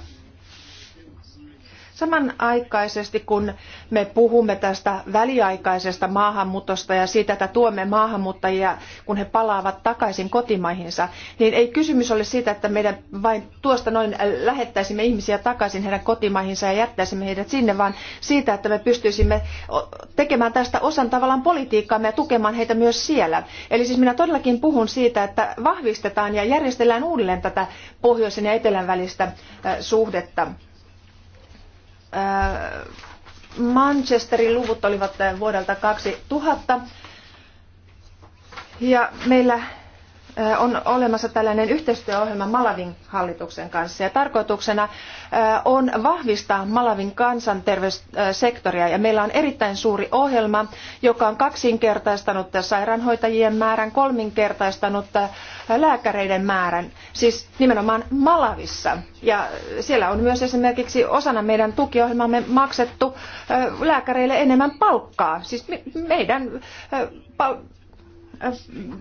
Samanaikaisesti kun me puhumme tästä väliaikaisesta maahanmuutosta ja siitä, että tuomme maahanmuuttajia, kun he palaavat takaisin kotimaihinsa, niin ei kysymys ole siitä, että meidän vain tuosta noin lähettäisimme ihmisiä takaisin heidän kotimaihinsa ja jättäisimme heidät sinne, vaan siitä, että me pystyisimme tekemään tästä osan tavallaan politiikkaamme ja tukemaan heitä myös siellä. Eli siis minä todellakin puhun siitä, että vahvistetaan ja järjestellään uudelleen tätä pohjoisen ja etelän välistä suhdetta. Äh, Manchesterin luvut olivat vuodelta 2000. Ja meillä on olemassa tällainen yhteistyöohjelma Malavin hallituksen kanssa ja tarkoituksena on vahvistaa Malavin kansanterveyssektoria ja meillä on erittäin suuri ohjelma, joka on kaksinkertaistanut sairaanhoitajien määrän, kolminkertaistanut lääkäreiden määrän, siis nimenomaan Malavissa. Ja siellä on myös esimerkiksi osana meidän tukiohjelmamme maksettu lääkäreille enemmän palkkaa, siis meidän Äh,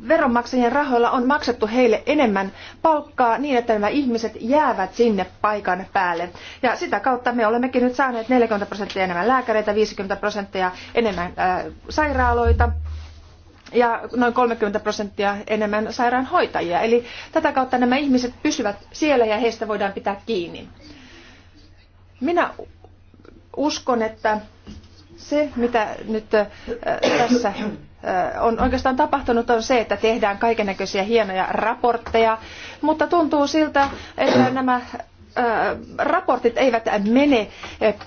veronmaksajien rahoilla on maksettu heille enemmän palkkaa niin, että nämä ihmiset jäävät sinne paikan päälle. Ja sitä kautta me olemmekin nyt saaneet 40 prosenttia enemmän lääkäreitä, 50 prosenttia enemmän äh, sairaaloita ja noin 30 prosenttia enemmän sairaanhoitajia. Eli tätä kautta nämä ihmiset pysyvät siellä ja heistä voidaan pitää kiinni. Minä uskon, että se, mitä nyt tässä on oikeastaan tapahtunut, on se, että tehdään kaikennäköisiä hienoja raportteja, mutta tuntuu siltä, että nämä raportit eivät mene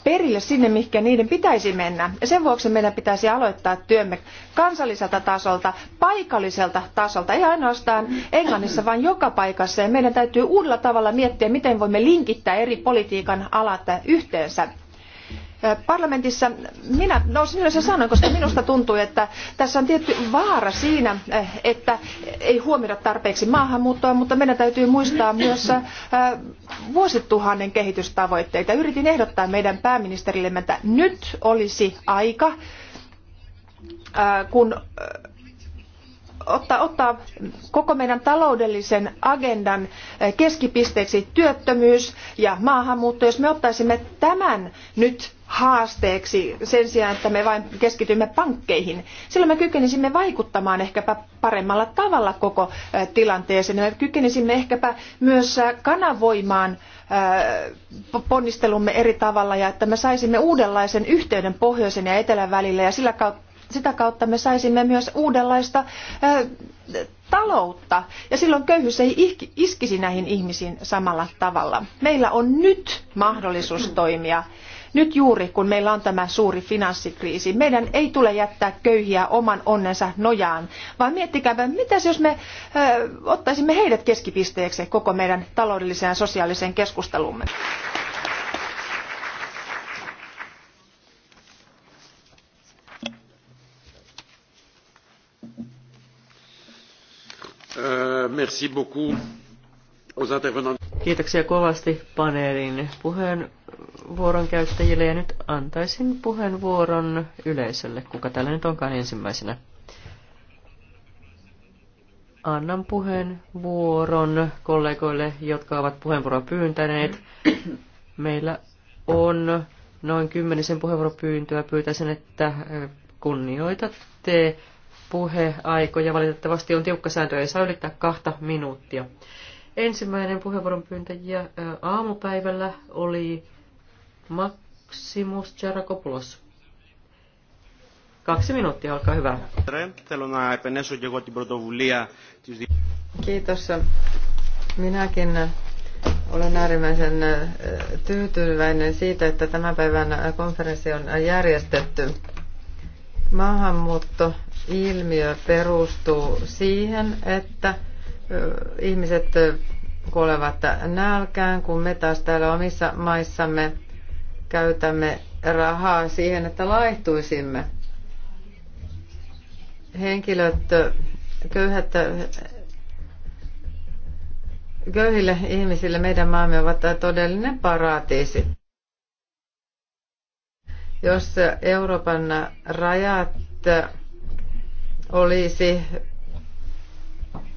perille sinne, mihinkä niiden pitäisi mennä. Sen vuoksi meidän pitäisi aloittaa työmme kansalliselta tasolta, paikalliselta tasolta, ei ainoastaan Englannissa, vaan joka paikassa. Ja meidän täytyy uudella tavalla miettiä, miten voimme linkittää eri politiikan alat yhteensä parlamentissa minä nousin ylös ja sanoin, koska minusta tuntui, että tässä on tietty vaara siinä, että ei huomioida tarpeeksi maahanmuuttoa, mutta meidän täytyy muistaa myös vuosituhannen kehitystavoitteita. Yritin ehdottaa meidän pääministerillemme, että nyt olisi aika, kun ottaa, ottaa koko meidän taloudellisen agendan keskipisteeksi työttömyys ja maahanmuutto. Jos me ottaisimme tämän nyt haasteeksi sen sijaan, että me vain keskitymme pankkeihin. Silloin me kykenisimme vaikuttamaan ehkäpä paremmalla tavalla koko tilanteeseen. Me kykenisimme ehkäpä myös kanavoimaan ponnistelumme eri tavalla ja että me saisimme uudenlaisen yhteyden pohjoisen ja etelän välillä ja sillä kautta sitä kautta me saisimme myös uudenlaista taloutta ja silloin köyhyys ei iskisi näihin ihmisiin samalla tavalla. Meillä on nyt mahdollisuus toimia nyt juuri, kun meillä on tämä suuri finanssikriisi, meidän ei tule jättää köyhiä oman onnensa nojaan, vaan miettikääpä, mitäs jos me ö, ottaisimme heidät keskipisteeksi koko meidän taloudelliseen ja sosiaaliseen keskustelumme. Euh, merci beaucoup. Kiitoksia kovasti paneelin puheenvuoron käyttäjille ja nyt antaisin puheenvuoron yleisölle, kuka täällä nyt onkaan ensimmäisenä. Annan puheenvuoron kollegoille, jotka ovat puheenvuoroa pyyntäneet. Meillä on noin kymmenisen puheenvuoropyyntöä. Pyytäisin, että kunnioitatte puheaikoja. Valitettavasti on tiukka sääntö, ei saa ylittää kahta minuuttia. Ensimmäinen puheenvuoron pyyntäjiä aamupäivällä oli Maximus Charakopoulos. Kaksi minuuttia, olkaa hyvä. Kiitos. Minäkin olen äärimmäisen tyytyväinen siitä, että tämän päivän konferenssi on järjestetty. Maahanmuuttoilmiö perustuu siihen, että ihmiset kuolevat nälkään, kun me taas täällä omissa maissamme käytämme rahaa siihen, että laihtuisimme. Henkilöt, köyhät, köyhille ihmisille meidän maamme ovat todellinen paratiisi. Jos Euroopan rajat olisi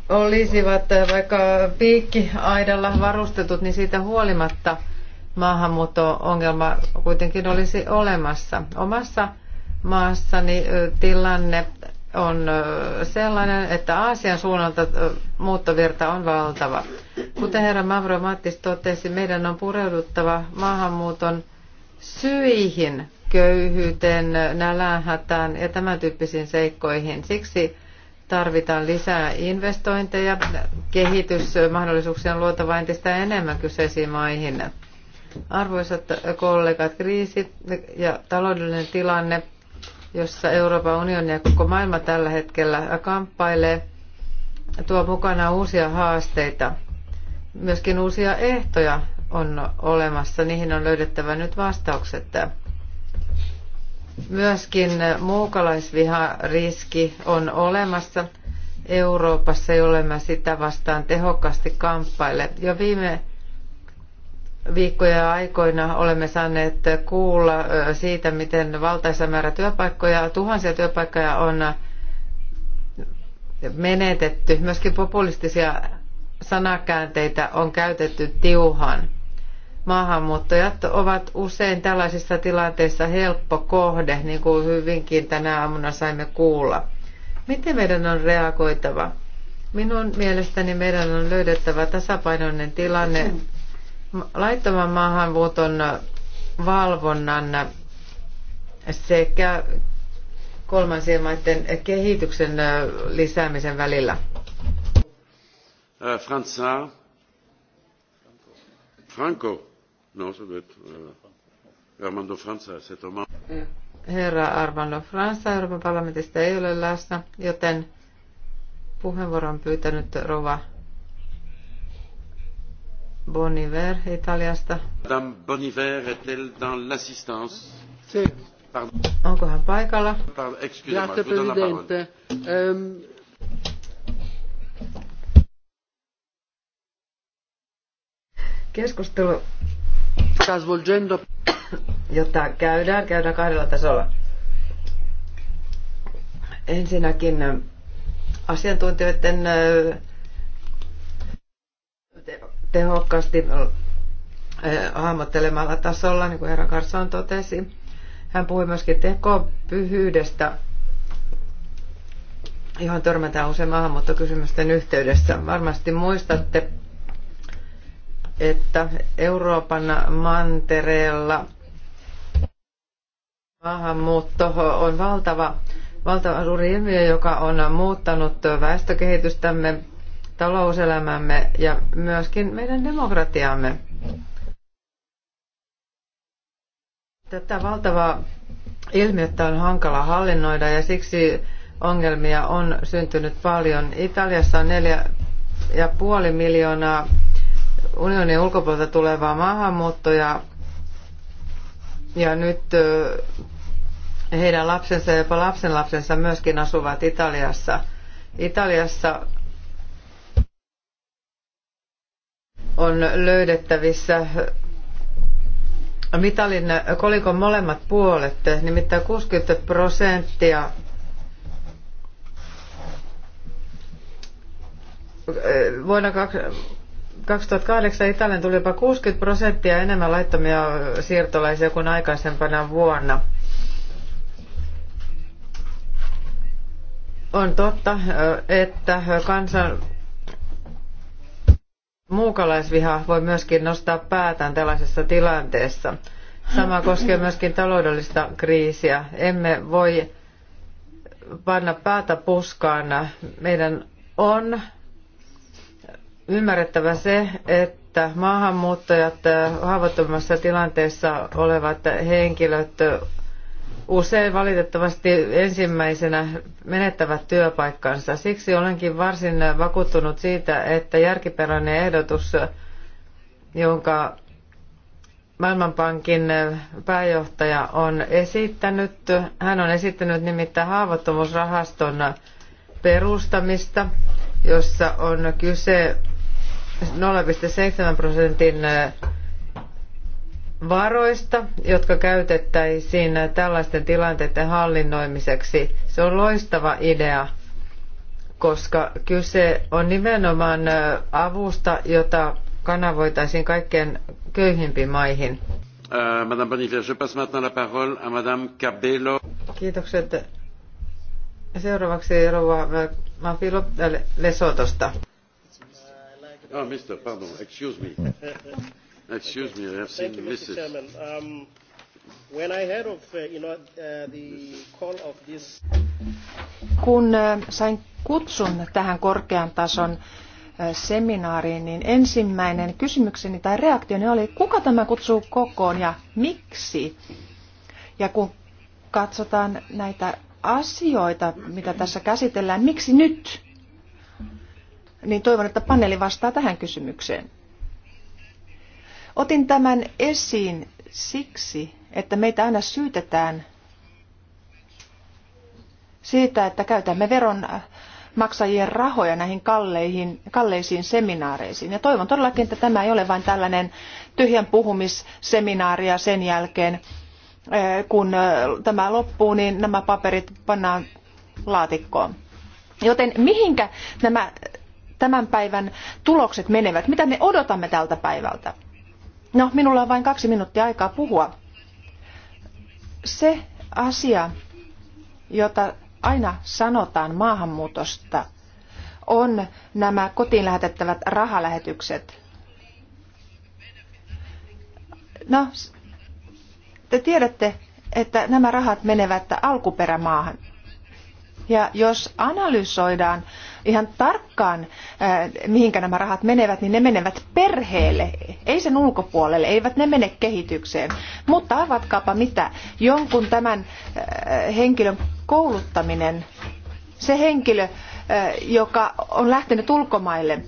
olisivat eh, vaikka piikkiaidalla varustetut, niin siitä huolimatta maahanmuutto-ongelma kuitenkin olisi olemassa. Omassa maassani eh, tilanne on eh, sellainen, että Aasian suunnalta muuttovirta on valtava. Kuten herra Mavro Mattis totesi, meidän on pureuduttava maahanmuuton syihin, köyhyyteen, nälänhätään ja tämän tyyppisiin seikkoihin. Siksi tarvitaan lisää investointeja. Kehitysmahdollisuuksia on luotava entistä enemmän kyseisiin maihin. Arvoisat kollegat, kriisi ja taloudellinen tilanne, jossa Euroopan unioni ja koko maailma tällä hetkellä kamppailee, tuo mukana uusia haasteita. Myöskin uusia ehtoja on olemassa, niihin on löydettävä nyt vastaukset. Myöskin muukalaisvihariski on olemassa Euroopassa, jolle mä sitä vastaan tehokkaasti kamppaile. Jo viime viikkoja aikoina olemme saaneet kuulla siitä, miten valtaisa määrä työpaikkoja, tuhansia työpaikkoja on menetetty. Myöskin populistisia sanakäänteitä on käytetty tiuhan. Maahanmuuttajat ovat usein tällaisissa tilanteissa helppo kohde, niin kuin hyvinkin tänä aamuna saimme kuulla. Miten meidän on reagoitava? Minun mielestäni meidän on löydettävä tasapainoinen tilanne laittoman maahanmuuton valvonnan sekä kolmansien maiden kehityksen lisäämisen välillä. Äh, Franz Franco. Non, ça doit Armando Franza, c'est Thomas. Herra Armando Franza Euroopan parlamentista ei ole läsnä, joten puheenvuoron pyytänyt rova Boniver Italiasta. Madame Boniver est-elle dans l'assistance? Si. Onko hän paikalla? Pardon, excusez-moi, je vous donne la parole. Ehm. keskustelu jota käydään, käydään kahdella tasolla. Ensinnäkin asiantuntijoiden tehokkaasti hahmottelemalla tasolla, niin kuin herra Karsson totesi. Hän puhui myöskin tekopyhyydestä, johon törmätään usein maahanmuuttokysymysten yhteydessä. Varmasti muistatte että Euroopan mantereella maahanmuutto on valtava, valtava suuri ilmiö, joka on muuttanut väestökehitystämme, talouselämämme ja myöskin meidän demokratiamme. Tätä valtavaa ilmiötä on hankala hallinnoida ja siksi ongelmia on syntynyt paljon. Italiassa on neljä ja puoli miljoonaa unionin ulkopuolelta tulevaa maahanmuuttoja ja nyt heidän lapsensa ja jopa lapsenlapsensa myöskin asuvat Italiassa. Italiassa on löydettävissä mitalin kolikon molemmat puolet, nimittäin 60 prosenttia vuonna 2008 Italian tuli jopa 60 prosenttia enemmän laittomia siirtolaisia kuin aikaisempana vuonna. On totta, että kansan muukalaisviha voi myöskin nostaa päätään tällaisessa tilanteessa. Sama koskee myöskin taloudellista kriisiä. Emme voi panna päätä puskaan. Meidän on ymmärrettävä se, että maahanmuuttajat, haavoittuvimmassa tilanteessa olevat henkilöt usein valitettavasti ensimmäisenä menettävät työpaikkansa. Siksi olenkin varsin vakuuttunut siitä, että järkiperäinen ehdotus, jonka Maailmanpankin pääjohtaja on esittänyt, hän on esittänyt nimittäin haavoittuvuusrahaston perustamista, jossa on kyse 0,7 prosentin varoista, jotka käytettäisiin tällaisten tilanteiden hallinnoimiseksi. Se on loistava idea, koska kyse on nimenomaan avusta, jota kanavoitaisiin kaikkein köyhimpiin maihin. Madame Bonifay, je passe maintenant la parole à Madame Cabello. Kiitokset. Seuraavaksi rouva Mafilo Lesotosta. Ah, mm. Kun sain kutsun tähän korkean tason uh, seminaariin, niin ensimmäinen kysymykseni tai reaktioni oli, kuka tämä kutsuu kokoon ja miksi? Ja kun katsotaan näitä asioita, mitä tässä käsitellään, miksi nyt? niin toivon, että paneeli vastaa tähän kysymykseen. Otin tämän esiin siksi, että meitä aina syytetään siitä, että käytämme veron maksajien rahoja näihin kalleihin, kalleisiin seminaareisiin. Ja toivon todellakin, että tämä ei ole vain tällainen tyhjän puhumisseminaaria sen jälkeen, eh, kun eh, tämä loppuu, niin nämä paperit pannaan laatikkoon. Joten mihinkä nämä tämän päivän tulokset menevät, mitä me odotamme tältä päivältä. No, minulla on vain kaksi minuuttia aikaa puhua. Se asia, jota aina sanotaan maahanmuutosta, on nämä kotiin lähetettävät rahalähetykset. No, te tiedätte, että nämä rahat menevät alkuperämaahan. Ja jos analysoidaan ihan tarkkaan, eh, mihinkä nämä rahat menevät, niin ne menevät perheelle, ei sen ulkopuolelle, eivät ne mene kehitykseen. Mutta arvatkaapa mitä, jonkun tämän eh, henkilön kouluttaminen, se henkilö, eh, joka on lähtenyt ulkomaille,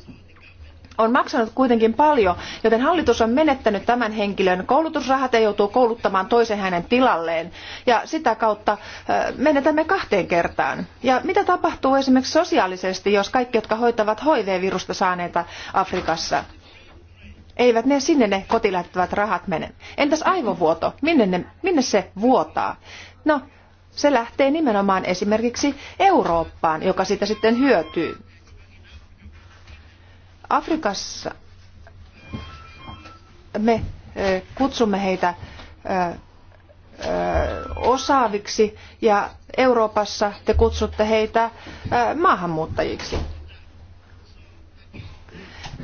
on maksanut kuitenkin paljon, joten hallitus on menettänyt tämän henkilön koulutusrahat ja joutuu kouluttamaan toisen hänen tilalleen. Ja sitä kautta menetämme kahteen kertaan. Ja mitä tapahtuu esimerkiksi sosiaalisesti, jos kaikki, jotka hoitavat HIV-virusta saaneita Afrikassa, eivät ne sinne ne kotilähtävät rahat mene. Entäs aivovuoto? Minne, ne, minne se vuotaa? No, se lähtee nimenomaan esimerkiksi Eurooppaan, joka siitä sitten hyötyy. Afrikassa me kutsumme heitä osaaviksi ja Euroopassa te kutsutte heitä maahanmuuttajiksi.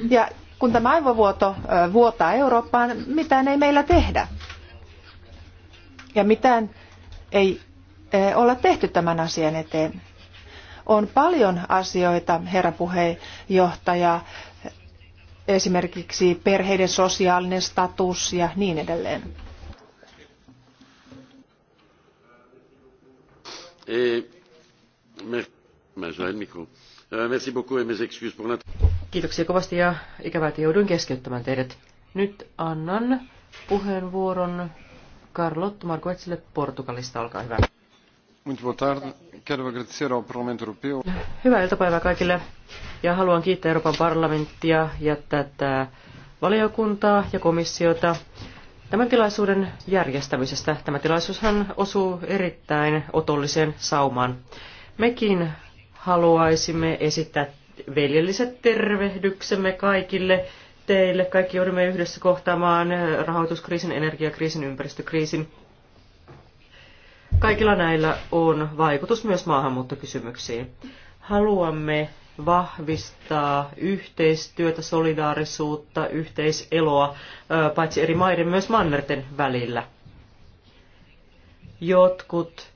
Ja kun tämä aivovuoto vuotaa Eurooppaan, mitään ei meillä tehdä. Ja mitään ei olla tehty tämän asian eteen. On paljon asioita, herra puheenjohtaja, esimerkiksi perheiden sosiaalinen status ja niin edelleen. Euh, Kiitoksia kovasti ja ikävää, että jouduin keskeyttämään teidät. Nyt annan puheenvuoron Carlotto Markoetsille Portugalista, olkaa hyvä. Hyvää iltapäivää kaikille ja haluan kiittää Euroopan parlamenttia ja tätä valiokuntaa ja komissiota tämän tilaisuuden järjestämisestä. Tämä tilaisuushan osuu erittäin otolliseen saumaan. Mekin haluaisimme esittää veljelliset tervehdyksemme kaikille teille. Kaikki joudumme yhdessä kohtaamaan rahoituskriisin, energiakriisin, ympäristökriisin Kaikilla näillä on vaikutus myös maahanmuuttokysymyksiin. Haluamme vahvistaa yhteistyötä, solidaarisuutta, yhteiseloa, paitsi eri maiden myös mannerten välillä. Jotkut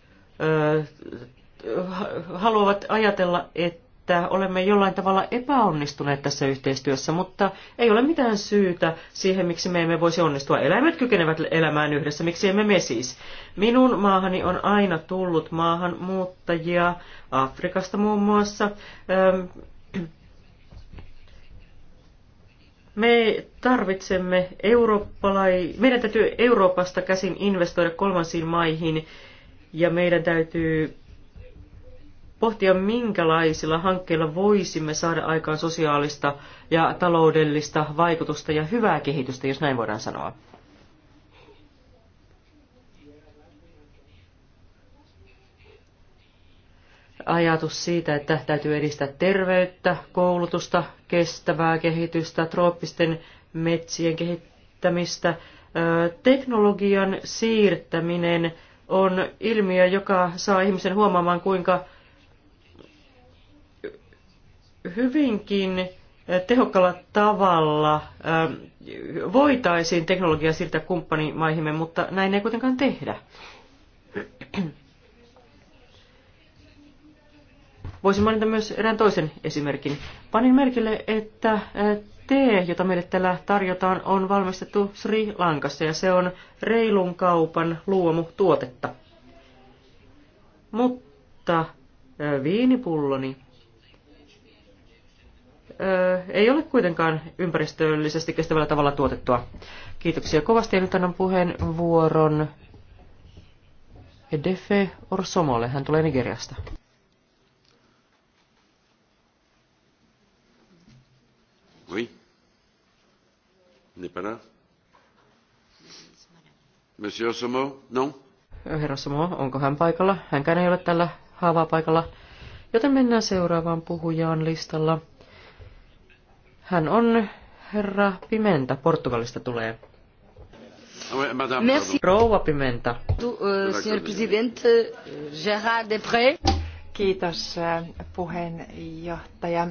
haluavat ajatella, että että olemme jollain tavalla epäonnistuneet tässä yhteistyössä, mutta ei ole mitään syytä siihen, miksi me emme voisi onnistua. Eläimet kykenevät elämään yhdessä, miksi emme me siis. Minun maahani on aina tullut maahanmuuttajia, Afrikasta muun muassa. Me tarvitsemme eurooppalai... Meidän täytyy Euroopasta käsin investoida kolmansiin maihin ja meidän täytyy pohtia, minkälaisilla hankkeilla voisimme saada aikaan sosiaalista ja taloudellista vaikutusta ja hyvää kehitystä, jos näin voidaan sanoa. Ajatus siitä, että täytyy edistää terveyttä, koulutusta, kestävää kehitystä, trooppisten metsien kehittämistä, teknologian siirtäminen on ilmiö, joka saa ihmisen huomaamaan, kuinka hyvinkin eh, tehokkaalla tavalla eh, voitaisiin teknologiaa siirtää kumppanimaihimme, mutta näin ei kuitenkaan tehdä. Voisin mainita myös erään toisen esimerkin. Panin merkille, että eh, tee, jota meille täällä tarjotaan, on valmistettu Sri Lankassa ja se on reilun kaupan luomu tuotetta. Mutta viinipulloni ei ole kuitenkaan ympäristöllisesti kestävällä tavalla tuotettua. Kiitoksia kovasti ja nyt annan puheenvuoron Edefe Orsomolle. Hän tulee Nigeriasta. Oui. N'est pas là. Monsieur Osomo, non? Herra Osomo, onko hän paikalla? Hänkään ei ole tällä haavaa paikalla. Joten mennään seuraavaan puhujaan listalla. Hän on herra Pimenta, Portugalista tulee. Merci. Rouva Pimenta. Tu, uh, president, euh, Gérard Depré. Kiitos äh, puheenjohtaja.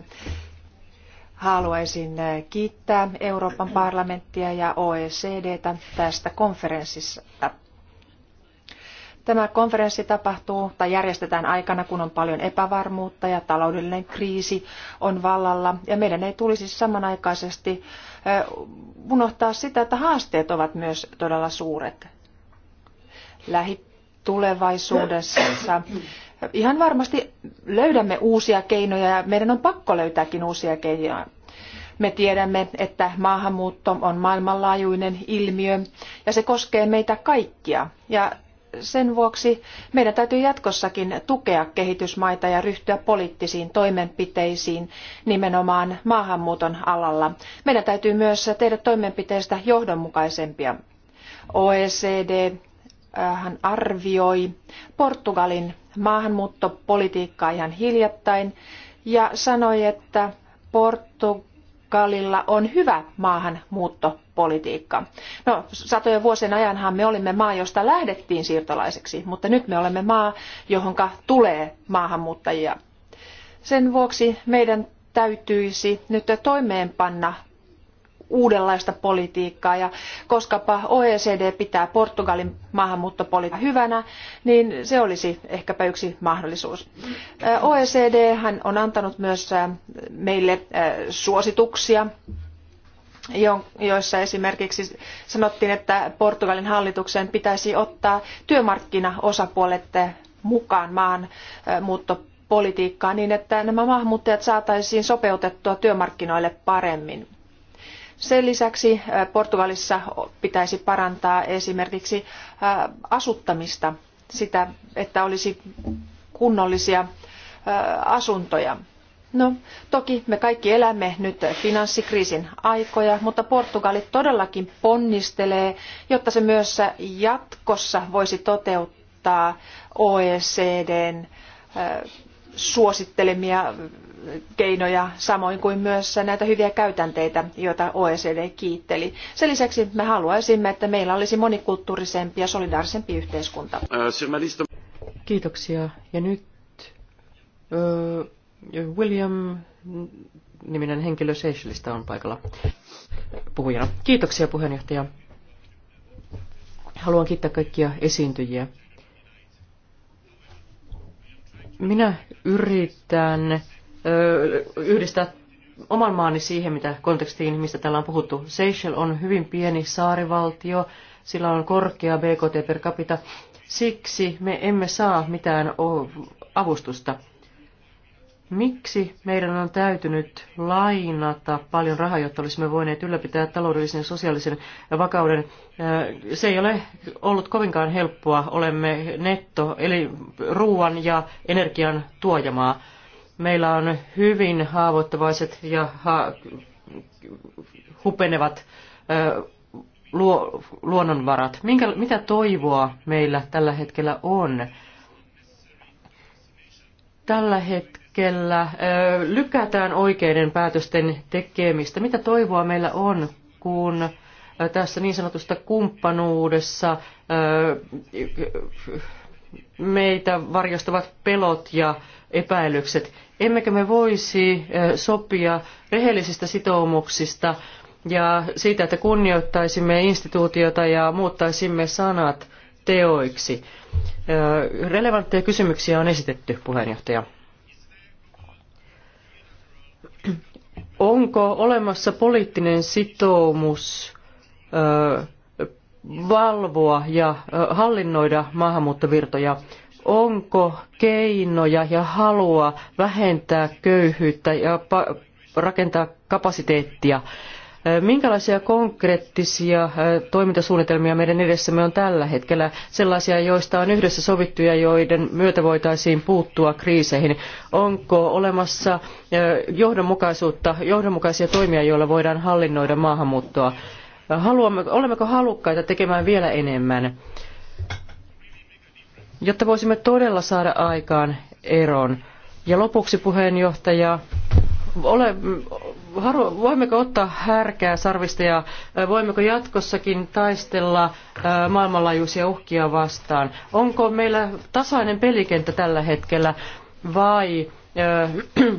Haluaisin äh, kiittää Euroopan parlamenttia ja OECDtä tästä konferenssista. Tämä konferenssi tapahtuu tai järjestetään aikana, kun on paljon epävarmuutta ja taloudellinen kriisi on vallalla. Ja meidän ei tulisi samanaikaisesti unohtaa sitä, että haasteet ovat myös todella suuret. Lähitulevaisuudessa ihan varmasti löydämme uusia keinoja ja meidän on pakko löytääkin uusia keinoja. Me tiedämme, että maahanmuutto on maailmanlaajuinen ilmiö ja se koskee meitä kaikkia. Ja sen vuoksi meidän täytyy jatkossakin tukea kehitysmaita ja ryhtyä poliittisiin toimenpiteisiin nimenomaan maahanmuuton alalla. Meidän täytyy myös tehdä toimenpiteistä johdonmukaisempia. OECD äh, hän arvioi Portugalin maahanmuuttopolitiikkaa ihan hiljattain ja sanoi, että portugali Portugalilla on hyvä maahanmuuttopolitiikka. No, satojen vuosien ajanhan me olimme maa, josta lähdettiin siirtolaiseksi, mutta nyt me olemme maa, johon tulee maahanmuuttajia. Sen vuoksi meidän täytyisi nyt toimeenpanna uudenlaista politiikkaa ja koskapa OECD pitää Portugalin maahanmuuttopolitiikkaa hyvänä, niin se olisi ehkäpä yksi mahdollisuus. OECD on antanut myös meille suosituksia joissa esimerkiksi sanottiin, että Portugalin hallituksen pitäisi ottaa työmarkkinaosapuolet mukaan maahanmuuttopolitiikkaan niin, että nämä maahanmuuttajat saataisiin sopeutettua työmarkkinoille paremmin. Sen lisäksi Portugalissa pitäisi parantaa esimerkiksi asuttamista, sitä, että olisi kunnollisia asuntoja. No, toki me kaikki elämme nyt finanssikriisin aikoja, mutta Portugali todellakin ponnistelee, jotta se myös jatkossa voisi toteuttaa OECDn suosittelemia keinoja, samoin kuin myös näitä hyviä käytänteitä, joita OECD kiitteli. Sen lisäksi me haluaisimme, että meillä olisi monikulttuurisempi ja solidaarisempi yhteiskunta. Kiitoksia. Ja nyt William niminen henkilö Seychellistä on paikalla puhujana. Kiitoksia puheenjohtaja. Haluan kiittää kaikkia esiintyjiä. Minä yritän yhdistää oman maani siihen, mitä kontekstiin, mistä täällä on puhuttu. Seychelles on hyvin pieni saarivaltio, sillä on korkea BKT per capita, siksi me emme saa mitään avustusta. Miksi meidän on täytynyt lainata paljon rahaa, jotta olisimme voineet ylläpitää taloudellisen ja sosiaalisen vakauden? Se ei ole ollut kovinkaan helppoa. Olemme netto, eli ruoan ja energian tuojamaa meillä on hyvin haavoittuvaiset ja ha- hupenevat ö, luo, luonnonvarat. Minkä, mitä toivoa meillä tällä hetkellä on? Tällä hetkellä ö, lykätään oikeiden päätösten tekemistä. Mitä toivoa meillä on, kun ö, tässä niin sanotusta kumppanuudessa ö, meitä varjostavat pelot ja ö, epäilykset. Emmekö me voisi sopia rehellisistä sitoumuksista ja siitä, että kunnioittaisimme instituutiota ja muuttaisimme sanat teoiksi? Relevantteja kysymyksiä on esitetty, puheenjohtaja. Onko olemassa poliittinen sitoumus valvoa ja hallinnoida maahanmuuttovirtoja onko keinoja ja halua vähentää köyhyyttä ja rakentaa kapasiteettia. Minkälaisia konkreettisia toimintasuunnitelmia meidän edessämme on tällä hetkellä, sellaisia, joista on yhdessä sovittu ja joiden myötä voitaisiin puuttua kriiseihin? Onko olemassa johdonmukaisuutta, johdonmukaisia toimia, joilla voidaan hallinnoida maahanmuuttoa? Haluamme, olemmeko halukkaita tekemään vielä enemmän? jotta voisimme todella saada aikaan eron. Ja lopuksi puheenjohtaja, ole, haru, voimmeko ottaa härkää sarvista ja voimmeko jatkossakin taistella maailmanlaajuisia uhkia vastaan? Onko meillä tasainen pelikenttä tällä hetkellä vai (clears throat)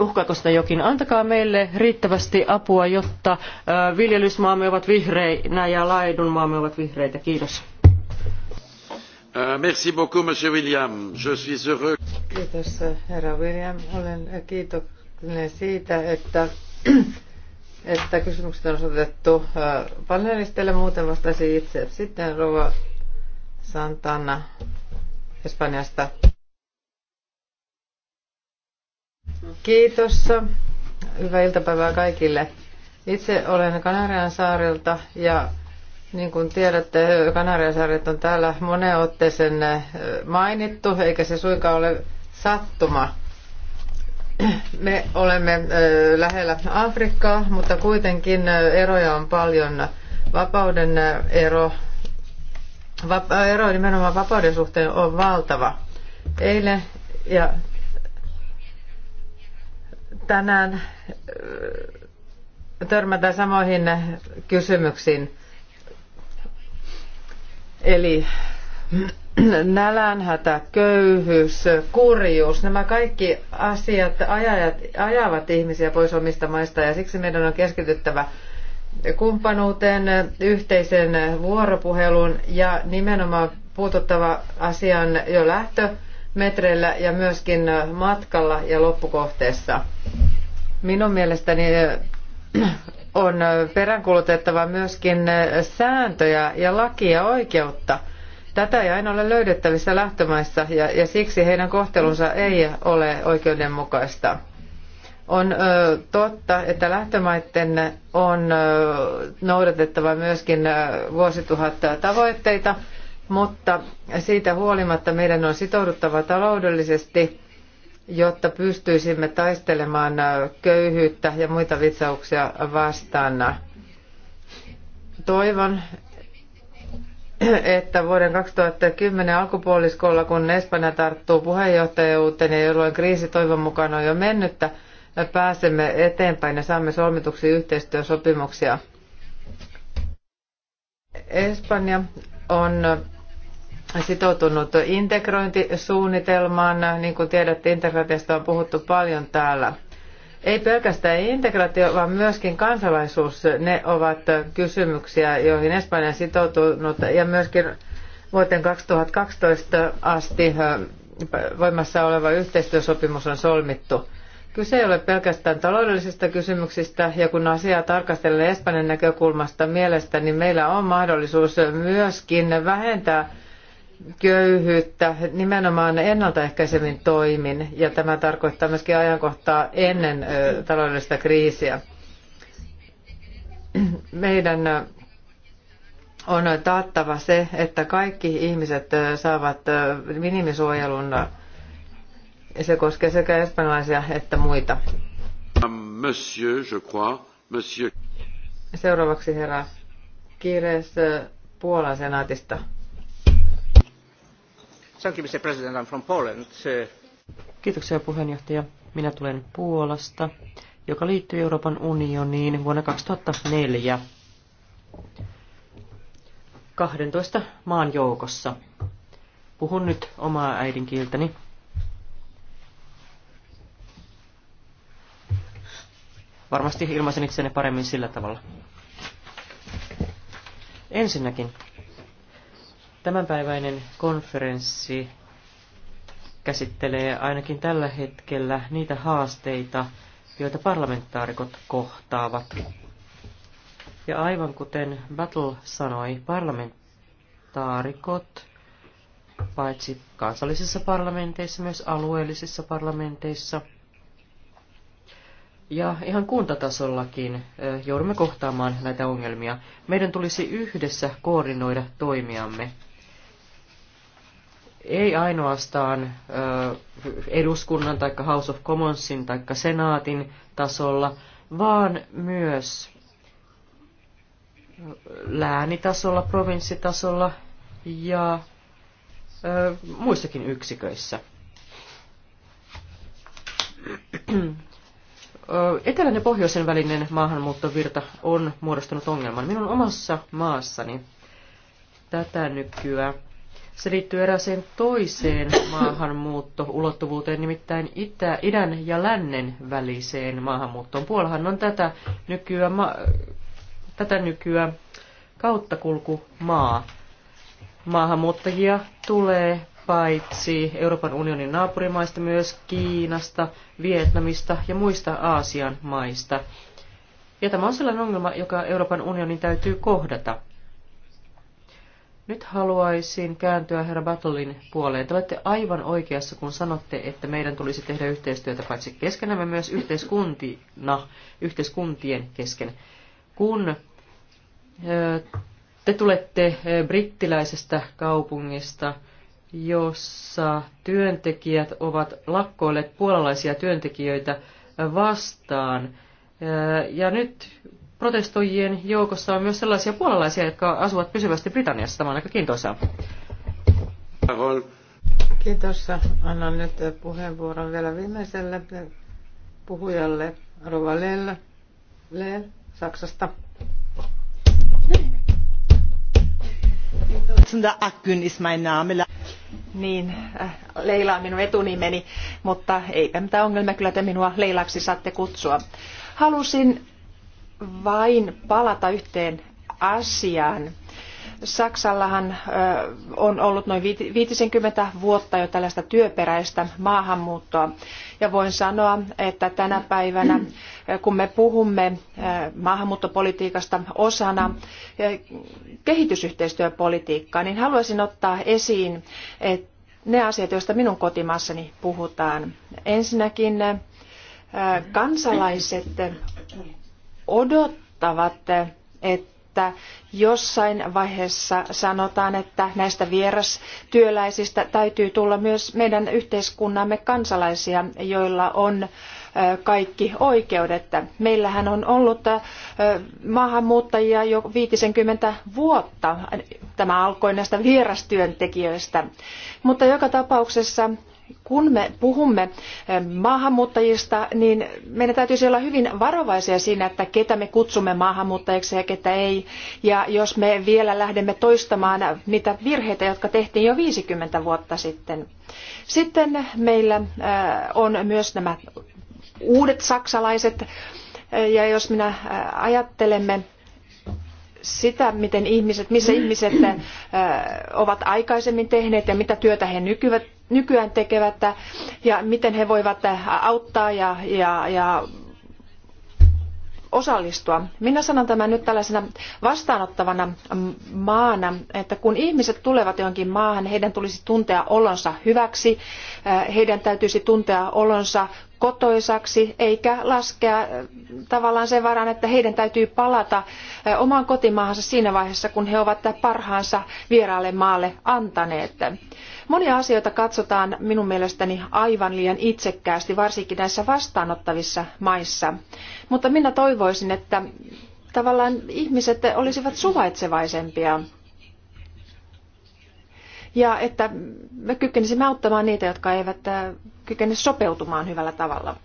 uhkaako sitä jokin? Antakaa meille riittävästi apua, jotta viljelysmaamme ovat vihreinä ja laidunmaamme ovat vihreitä. Kiitos. Euh, merci beaucoup, monsieur William. Je suis heureux. Kiitos, herra William. Olen kiitollinen siitä, että, (clears throat) kysymykset on otettu äh, panelisteille. Muuten vastasi itse. Sitten rouva Santana Espanjasta. Kiitos. Hyvää iltapäivää kaikille. Itse olen Kanarian saarilta ja niin kuin tiedätte, Kanariasaaret on täällä moneen otteeseen eh, mainittu, eikä se suinkaan ole sattuma. Me olemme eh, lähellä Afrikkaa, mutta kuitenkin eh, eroja on paljon. Vapauden ero, vapa, ero nimenomaan vapauden suhteen on valtava. Eilen ja tänään törmätään samoihin kysymyksiin. Eli nälänhätä, köyhyys, kurjuus, nämä kaikki asiat ajajat, ajavat ihmisiä pois omista maista ja siksi meidän on keskityttävä kumppanuuteen, yhteisen vuoropuhelun ja nimenomaan puututtava asian jo lähtömetreillä ja myöskin matkalla ja loppukohteessa. Minun mielestäni on peräänkuulutettava myöskin sääntöjä ja lakia oikeutta. Tätä ei aina ole löydettävissä lähtömaissa ja, ja siksi heidän kohtelunsa ei ole oikeudenmukaista. On ö, totta, että lähtömaiden on ö, noudatettava myöskin vuosituhatta vuosituhat tavoitteita, mutta siitä huolimatta meidän on sitouduttava taloudellisesti jotta pystyisimme taistelemaan köyhyyttä ja muita vitsauksia vastaan. Toivon, että vuoden 2010 alkupuoliskolla, kun Espanja tarttuu puheenjohtajuuteen ja jolloin kriisi toivon mukaan on jo mennyttä, pääsemme eteenpäin ja saamme solmituksi yhteistyösopimuksia. Espanja on sitoutunut integrointisuunnitelmaan. Niin kuin tiedätte, integraatiosta on puhuttu paljon täällä. Ei pelkästään integraatio, vaan myöskin kansalaisuus, ne ovat kysymyksiä, joihin Espanja on sitoutunut ja myöskin vuoteen 2012 asti voimassa oleva yhteistyösopimus on solmittu. Kyse ei ole pelkästään taloudellisista kysymyksistä, ja kun asiaa tarkastellaan Espanjan näkökulmasta mielestä, niin meillä on mahdollisuus myöskin vähentää köyhyyttä nimenomaan ennaltaehkäisemmin toimin, ja tämä tarkoittaa myöskin ajankohtaa ennen taloudellista kriisiä. Meidän on taattava se, että kaikki ihmiset saavat minimisuojelun. Se koskee sekä espanjalaisia että muita. Monsieur, je crois, monsieur. Seuraavaksi herra Kires Puolan senaatista. Mr. President. Kiitoksia puheenjohtaja. Minä tulen Puolasta, joka liittyi Euroopan unioniin vuonna 2004 12 maan joukossa. Puhun nyt omaa äidinkieltäni. Varmasti ilmaisen itseni paremmin sillä tavalla. Ensinnäkin Tämänpäiväinen konferenssi käsittelee ainakin tällä hetkellä niitä haasteita, joita parlamentaarikot kohtaavat. Ja aivan kuten Battle sanoi, parlamentaarikot paitsi kansallisissa parlamenteissa, myös alueellisissa parlamenteissa ja ihan kuntatasollakin joudumme kohtaamaan näitä ongelmia. Meidän tulisi yhdessä koordinoida toimiamme ei ainoastaan eduskunnan tai House of Commonsin tai senaatin tasolla, vaan myös läänitasolla, provinssitasolla ja muissakin yksiköissä. Etelän ja pohjoisen välinen maahanmuuttovirta on muodostanut ongelman. Minun omassa maassani tätä nykyään se liittyy eräseen toiseen maahanmuuttoulottuvuuteen, nimittäin itä, idän ja lännen väliseen maahanmuuttoon. Puolahan on tätä nykyä, ma, tätä nykyä kauttakulkumaa. Maahanmuuttajia tulee paitsi Euroopan unionin naapurimaista myös Kiinasta, Vietnamista ja muista Aasian maista. Ja tämä on sellainen ongelma, joka Euroopan unionin täytyy kohdata. Nyt haluaisin kääntyä herra Battlin puoleen. Te olette aivan oikeassa, kun sanotte, että meidän tulisi tehdä yhteistyötä paitsi keskenämme myös yhteiskuntina, yhteiskuntien kesken. Kun te tulette brittiläisestä kaupungista, jossa työntekijät ovat lakkoilleet puolalaisia työntekijöitä vastaan. Ja nyt protestoijien joukossa on myös sellaisia puolalaisia, jotka asuvat pysyvästi Britanniassa. Tämä on aika kiintoisaa. Kiitos. Annan nyt puheenvuoron vielä viimeiselle puhujalle, Rova Lell, Lell Saksasta. Akkyn is mein Name. Niin, äh, Leila on minun etunimeni, mutta eipä mitään ongelmia, kyllä te minua Leilaksi saatte kutsua. Halusin vain palata yhteen asiaan. Saksallahan on ollut noin 50 vuotta jo tällaista työperäistä maahanmuuttoa. Ja voin sanoa, että tänä päivänä, kun me puhumme maahanmuuttopolitiikasta osana kehitysyhteistyöpolitiikkaa, niin haluaisin ottaa esiin ne asiat, joista minun kotimaassani puhutaan. Ensinnäkin kansalaiset odottavat, että jossain vaiheessa sanotaan, että näistä vierastyöläisistä täytyy tulla myös meidän yhteiskunnamme kansalaisia, joilla on kaikki oikeudet. Meillähän on ollut maahanmuuttajia jo 50 vuotta. Tämä alkoi näistä vierastyöntekijöistä. Mutta joka tapauksessa kun me puhumme eh, maahanmuuttajista, niin meidän täytyisi olla hyvin varovaisia siinä, että ketä me kutsumme maahanmuuttajiksi ja ketä ei. Ja jos me vielä lähdemme toistamaan niitä virheitä, jotka tehtiin jo 50 vuotta sitten. Sitten meillä eh, on myös nämä uudet saksalaiset. Eh, ja jos minä ajattelemme sitä, miten ihmiset, missä ihmiset ovat aikaisemmin tehneet ja mitä työtä he nykyvät, nykyään tekevät ja miten he voivat auttaa ja, ja, ja osallistua. Minä sanon tämän nyt tällaisena vastaanottavana maana, että kun ihmiset tulevat johonkin maahan, heidän tulisi tuntea olonsa hyväksi, heidän täytyisi tuntea olonsa kotoisaksi eikä laskea äh, tavallaan sen varaan, että heidän täytyy palata äh, omaan kotimaahansa siinä vaiheessa, kun he ovat parhaansa vieraalle maalle antaneet. Monia asioita katsotaan minun mielestäni aivan liian itsekkäästi, varsinkin näissä vastaanottavissa maissa. Mutta minä toivoisin, että tavallaan ihmiset olisivat suvaitsevaisempia ja että me kykenisimme auttamaan niitä, jotka eivät äh, kykene sopeutumaan hyvällä tavalla.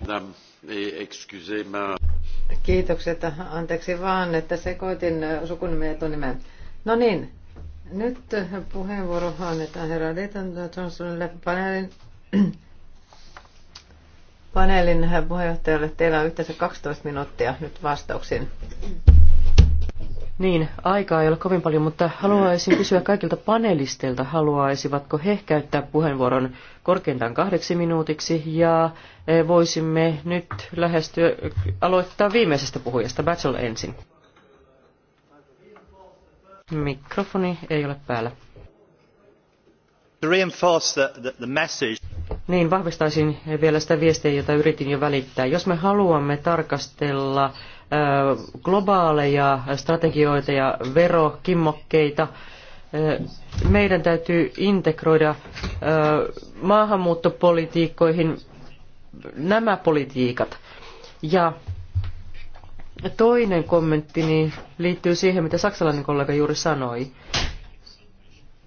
Kiitokset. Anteeksi vaan, että sekoitin äh, sukunimen ja etunimen. No niin, nyt puheenvuoro annetaan herra Leiton Johnsonille paneelin, paneelin puheenjohtajalle. Teillä on yhteensä 12 minuuttia nyt vastauksiin. Niin, aikaa ei ole kovin paljon, mutta haluaisin kysyä kaikilta panelisteilta, haluaisivatko he käyttää puheenvuoron korkeintaan kahdeksi minuutiksi ja e, voisimme nyt lähestyä, aloittaa viimeisestä puhujasta, Batchel ensin. Mikrofoni ei ole päällä. Niin, vahvistaisin vielä sitä viestiä, jota yritin jo välittää. Jos me haluamme tarkastella globaaleja strategioita ja verokimmokkeita. Meidän täytyy integroida maahanmuuttopolitiikkoihin nämä politiikat. Ja toinen kommentti niin liittyy siihen, mitä saksalainen kollega juuri sanoi.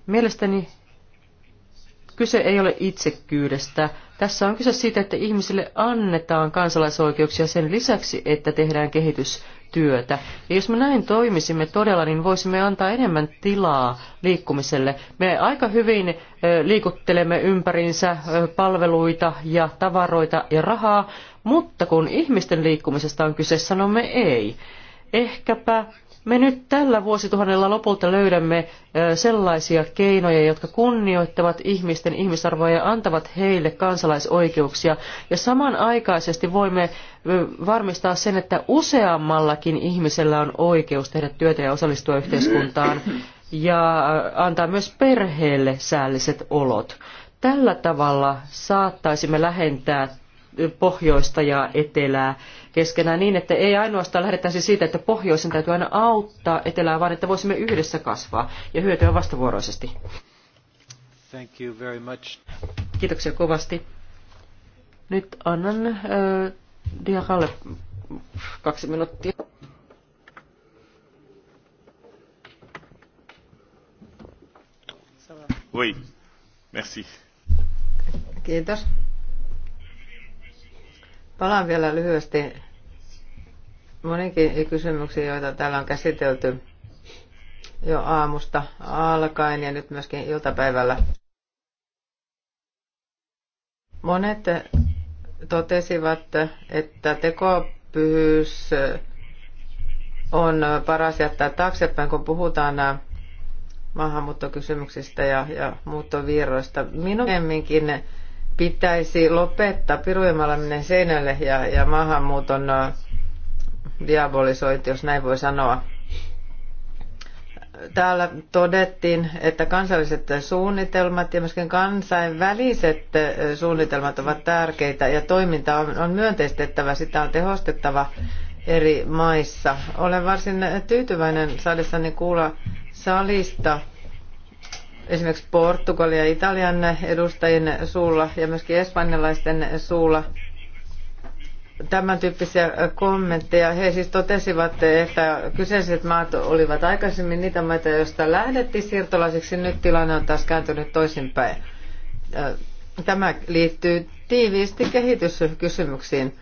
Mielestäni Kyse ei ole itsekkyydestä. Tässä on kyse siitä, että ihmisille annetaan kansalaisoikeuksia sen lisäksi, että tehdään kehitystyötä. Ja jos me näin toimisimme todella, niin voisimme antaa enemmän tilaa liikkumiselle. Me aika hyvin liikuttelemme ympäriinsä palveluita ja tavaroita ja rahaa, mutta kun ihmisten liikkumisesta on kyse, sanomme ei. Ehkäpä me nyt tällä vuosituhannella lopulta löydämme sellaisia keinoja, jotka kunnioittavat ihmisten ihmisarvoa ja antavat heille kansalaisoikeuksia. Ja samanaikaisesti voimme varmistaa sen, että useammallakin ihmisellä on oikeus tehdä työtä ja osallistua yhteiskuntaan ja antaa myös perheelle säälliset olot. Tällä tavalla saattaisimme lähentää pohjoista ja etelää keskenään niin, että ei ainoastaan lähdettäisi siitä, että pohjoisen täytyy aina auttaa etelää, vaan että voisimme yhdessä kasvaa ja hyötyä vastavuoroisesti. Thank you very much. Kiitoksia kovasti. Nyt annan äh, Diakalle kaksi minuuttia. Oui, merci. Kiitos. Palaan vielä lyhyesti moninkin kysymyksiin, joita täällä on käsitelty jo aamusta alkaen ja nyt myöskin iltapäivällä. Monet totesivat, että tekopyhyys on paras jättää taaksepäin, kun puhutaan maahanmuuttokysymyksistä ja, ja muuttovirroista. Minun pitäisi lopettaa piruimalaminen seinälle ja, ja maahanmuuton äh, diabolisointi, jos näin voi sanoa. Täällä todettiin, että kansalliset suunnitelmat ja myöskin kansainväliset äh, suunnitelmat ovat tärkeitä ja toiminta on, on myönteistettävä, sitä on tehostettava eri maissa. Olen varsin tyytyväinen saadessani kuulla salista esimerkiksi Portugalin ja Italian edustajien suulla ja myöskin espanjalaisten suulla tämän tyyppisiä kommentteja. He siis totesivat, että kyseiset maat olivat aikaisemmin niitä maita, joista lähdettiin siirtolaisiksi. Nyt tilanne on taas kääntynyt toisinpäin. Tämä liittyy tiiviisti kehityskysymyksiin.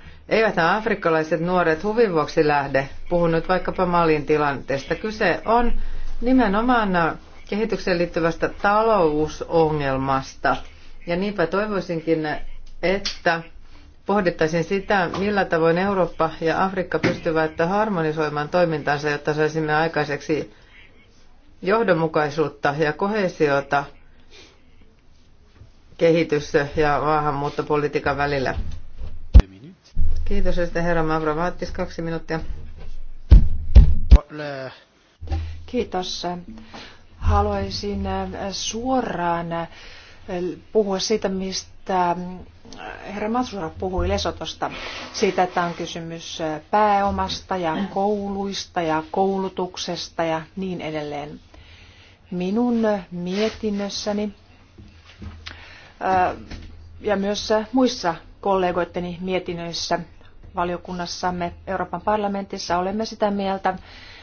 nämä afrikkalaiset nuoret huvin vuoksi lähde. Puhun nyt vaikkapa Malin tilanteesta. Kyse on nimenomaan kehitykseen liittyvästä talousongelmasta. Ja niinpä toivoisinkin, että pohdittaisiin sitä, millä tavoin Eurooppa ja Afrikka pystyvät harmonisoimaan toimintansa, jotta saisimme aikaiseksi johdonmukaisuutta ja kohesiota kehitys- ja maahanmuuttopolitiikan välillä. Kiitos, että herra Mavromaattis, kaksi minuuttia. Kiitos haluaisin äh, suoraan äh, puhua siitä, mistä äh, herra Matsura puhui Lesotosta, siitä, että on kysymys pääomasta ja kouluista ja koulutuksesta ja niin edelleen. Minun mietinnössäni ja myös muissa kollegoitteni mietinnöissä valiokunnassamme Euroopan parlamentissa olemme sitä mieltä,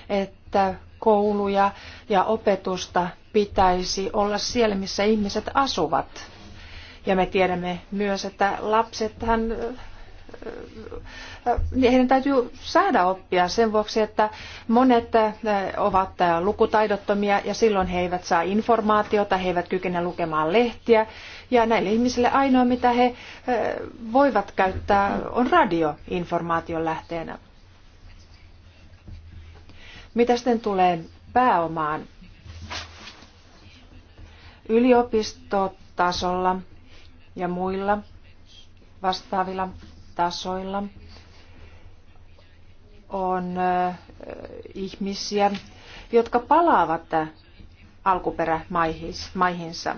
että kouluja ja opetusta pitäisi olla siellä, missä ihmiset asuvat. Ja me tiedämme myös, että lapsethan niin heidän täytyy saada oppia sen vuoksi, että monet ovat lukutaidottomia ja silloin he eivät saa informaatiota, he eivät kykene lukemaan lehtiä. Ja näille ihmisille ainoa, mitä he voivat käyttää, on radioinformaation lähteenä. Mitä sitten tulee pääomaan? Yliopistotasolla ja muilla vastaavilla tasoilla on ihmisiä, jotka palaavat alkuperämaihinsa.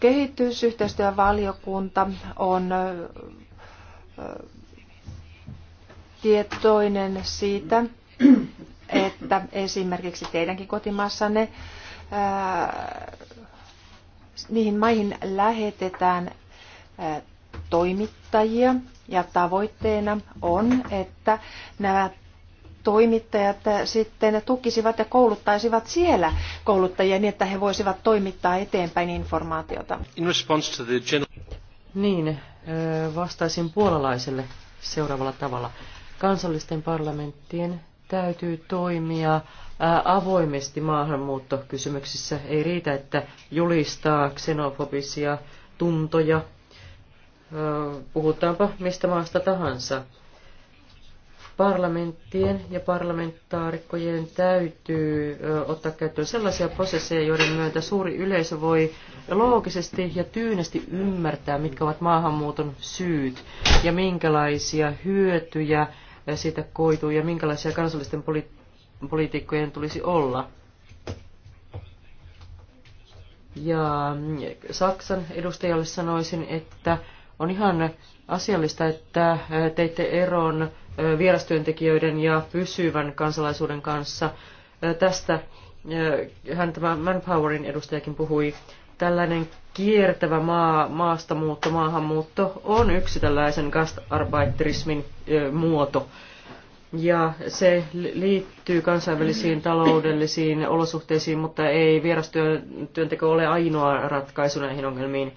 Kehitysyhteistyövaliokunta on tietoinen siitä, että esimerkiksi teidänkin kotimaassanne niihin maihin lähetetään toimittajia ja tavoitteena on, että nämä toimittajat sitten tukisivat ja kouluttaisivat siellä kouluttajia niin, että he voisivat toimittaa eteenpäin informaatiota. In response to the general... Niin, vastaisin puolalaiselle seuraavalla tavalla. Kansallisten parlamenttien täytyy toimia avoimesti maahanmuuttokysymyksissä. Ei riitä, että julistaa xenofobisia tuntoja. Puhutaanpa mistä maasta tahansa. Parlamenttien ja parlamentaarikkojen täytyy ottaa käyttöön sellaisia prosesseja, joiden myötä suuri yleisö voi loogisesti ja tyynesti ymmärtää, mitkä ovat maahanmuuton syyt ja minkälaisia hyötyjä siitä koituu ja minkälaisia kansallisten poli- poliitikkojen tulisi olla. Ja Saksan edustajalle sanoisin, että on ihan asiallista, että teitte eron vierastyöntekijöiden ja pysyvän kansalaisuuden kanssa. Tästä hän tämä Manpowerin edustajakin puhui. Tällainen kiertävä maa, maastamuutto, maahanmuutto on yksi tällaisen gastarbeiterismin muoto. Ja se liittyy kansainvälisiin taloudellisiin olosuhteisiin, mutta ei vierastyönteko ole ainoa ratkaisu näihin ongelmiin.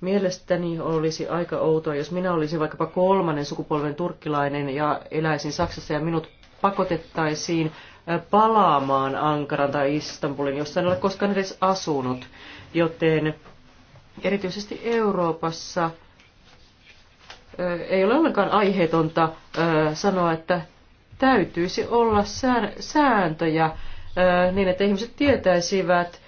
Mielestäni olisi aika outoa, jos minä olisin vaikkapa kolmannen sukupolven turkkilainen ja eläisin Saksassa ja minut pakotettaisiin palaamaan Ankaran tai Istanbulin, jossa en ole koskaan edes asunut. Joten erityisesti Euroopassa ei ole ollenkaan aiheetonta sanoa, että täytyisi olla sääntöjä niin, että ihmiset tietäisivät,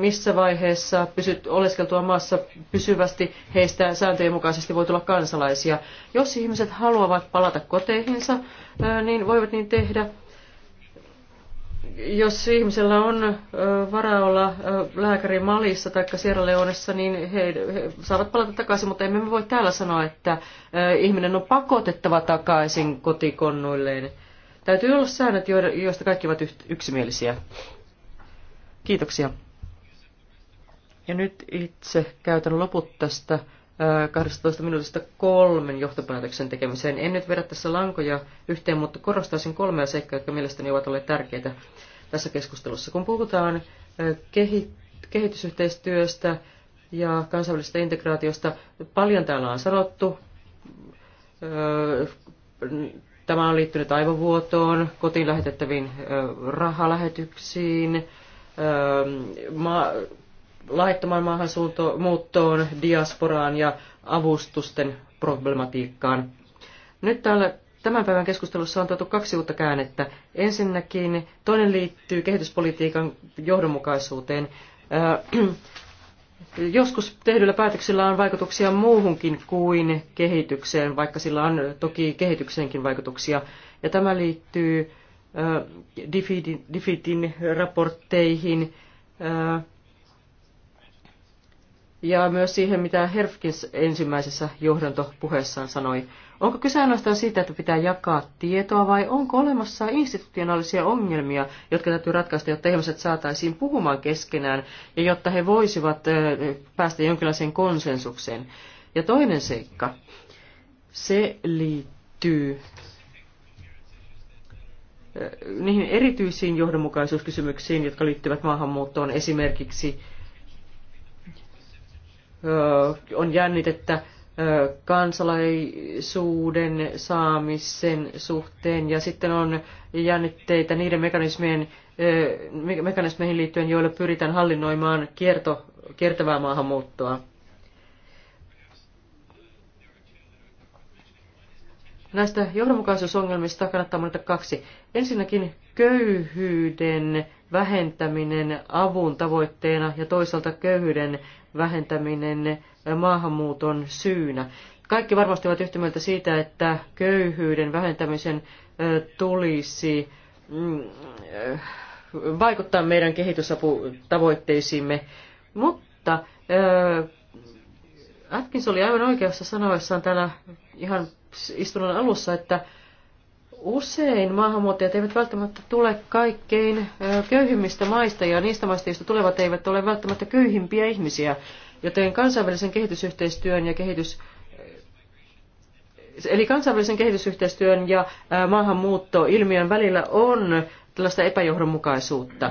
missä vaiheessa pysyt oleskeltua maassa pysyvästi heistä sääntöjen mukaisesti voi tulla kansalaisia. Jos ihmiset haluavat palata koteihinsa, niin voivat niin tehdä, jos ihmisellä on varaa olla lääkäri Malissa tai Sierra Leonessa, niin he, he saavat palata takaisin, mutta emme voi täällä sanoa, että ihminen on pakotettava takaisin kotikonnuilleen. Täytyy olla säännöt, joista kaikki ovat yksimielisiä. Kiitoksia. Ja nyt itse käytän loput tästä 12 minuutista kolmen johtopäätöksen tekemiseen. En nyt vedä tässä lankoja yhteen, mutta korostaisin kolmea seikkaa, jotka mielestäni ovat olleet tärkeitä tässä keskustelussa. Kun puhutaan kehitysyhteistyöstä ja kansainvälisestä integraatiosta, paljon täällä on sanottu. Tämä on liittynyt aivovuotoon, kotiin lähetettäviin rahalähetyksiin, laittoman maahanmuuttoon, diasporaan ja avustusten problematiikkaan. Nyt täällä tämän päivän keskustelussa on tuotu kaksi uutta käännettä. Ensinnäkin toinen liittyy kehityspolitiikan johdonmukaisuuteen. Äh, (clears throat) joskus tehdyillä päätöksillä on vaikutuksia muuhunkin kuin kehitykseen, vaikka sillä on toki kehitykseenkin vaikutuksia. Ja tämä liittyy äh, Difitin raportteihin, äh, ja myös siihen, mitä Herfkins ensimmäisessä johdantopuheessaan sanoi. Onko kyse ainoastaan siitä, että pitää jakaa tietoa vai onko olemassa institutionaalisia ongelmia, jotka täytyy ratkaista, jotta ihmiset saataisiin puhumaan keskenään ja jotta he voisivat päästä jonkinlaiseen konsensukseen? Ja toinen seikka, se liittyy niihin erityisiin johdonmukaisuuskysymyksiin, jotka liittyvät maahanmuuttoon esimerkiksi on jännitettä kansalaisuuden saamisen suhteen ja sitten on jännitteitä niiden mekanismien, mekanismeihin liittyen, joilla pyritään hallinnoimaan kierto, kiertävää maahanmuuttoa. Näistä johdonmukaisuusongelmista kannattaa mainita kaksi. Ensinnäkin köyhyyden vähentäminen avun tavoitteena ja toisaalta köyhyyden vähentäminen maahanmuuton syynä. Kaikki varmasti ovat yhtä mieltä siitä, että köyhyyden vähentämisen tulisi mm, vaikuttaa meidän kehitysaputavoitteisiimme, mutta Atkins oli aivan oikeassa sanoessaan täällä ihan istunnon alussa, että Usein maahanmuuttajat eivät välttämättä tule kaikkein köyhimmistä maista ja niistä maista, joista tulevat, eivät ole välttämättä köyhimpiä ihmisiä. Joten kansainvälisen kehitysyhteistyön ja kehitys, eli kansainvälisen kehitysyhteistyön ja maahanmuuttoilmiön välillä on tällaista epäjohdonmukaisuutta.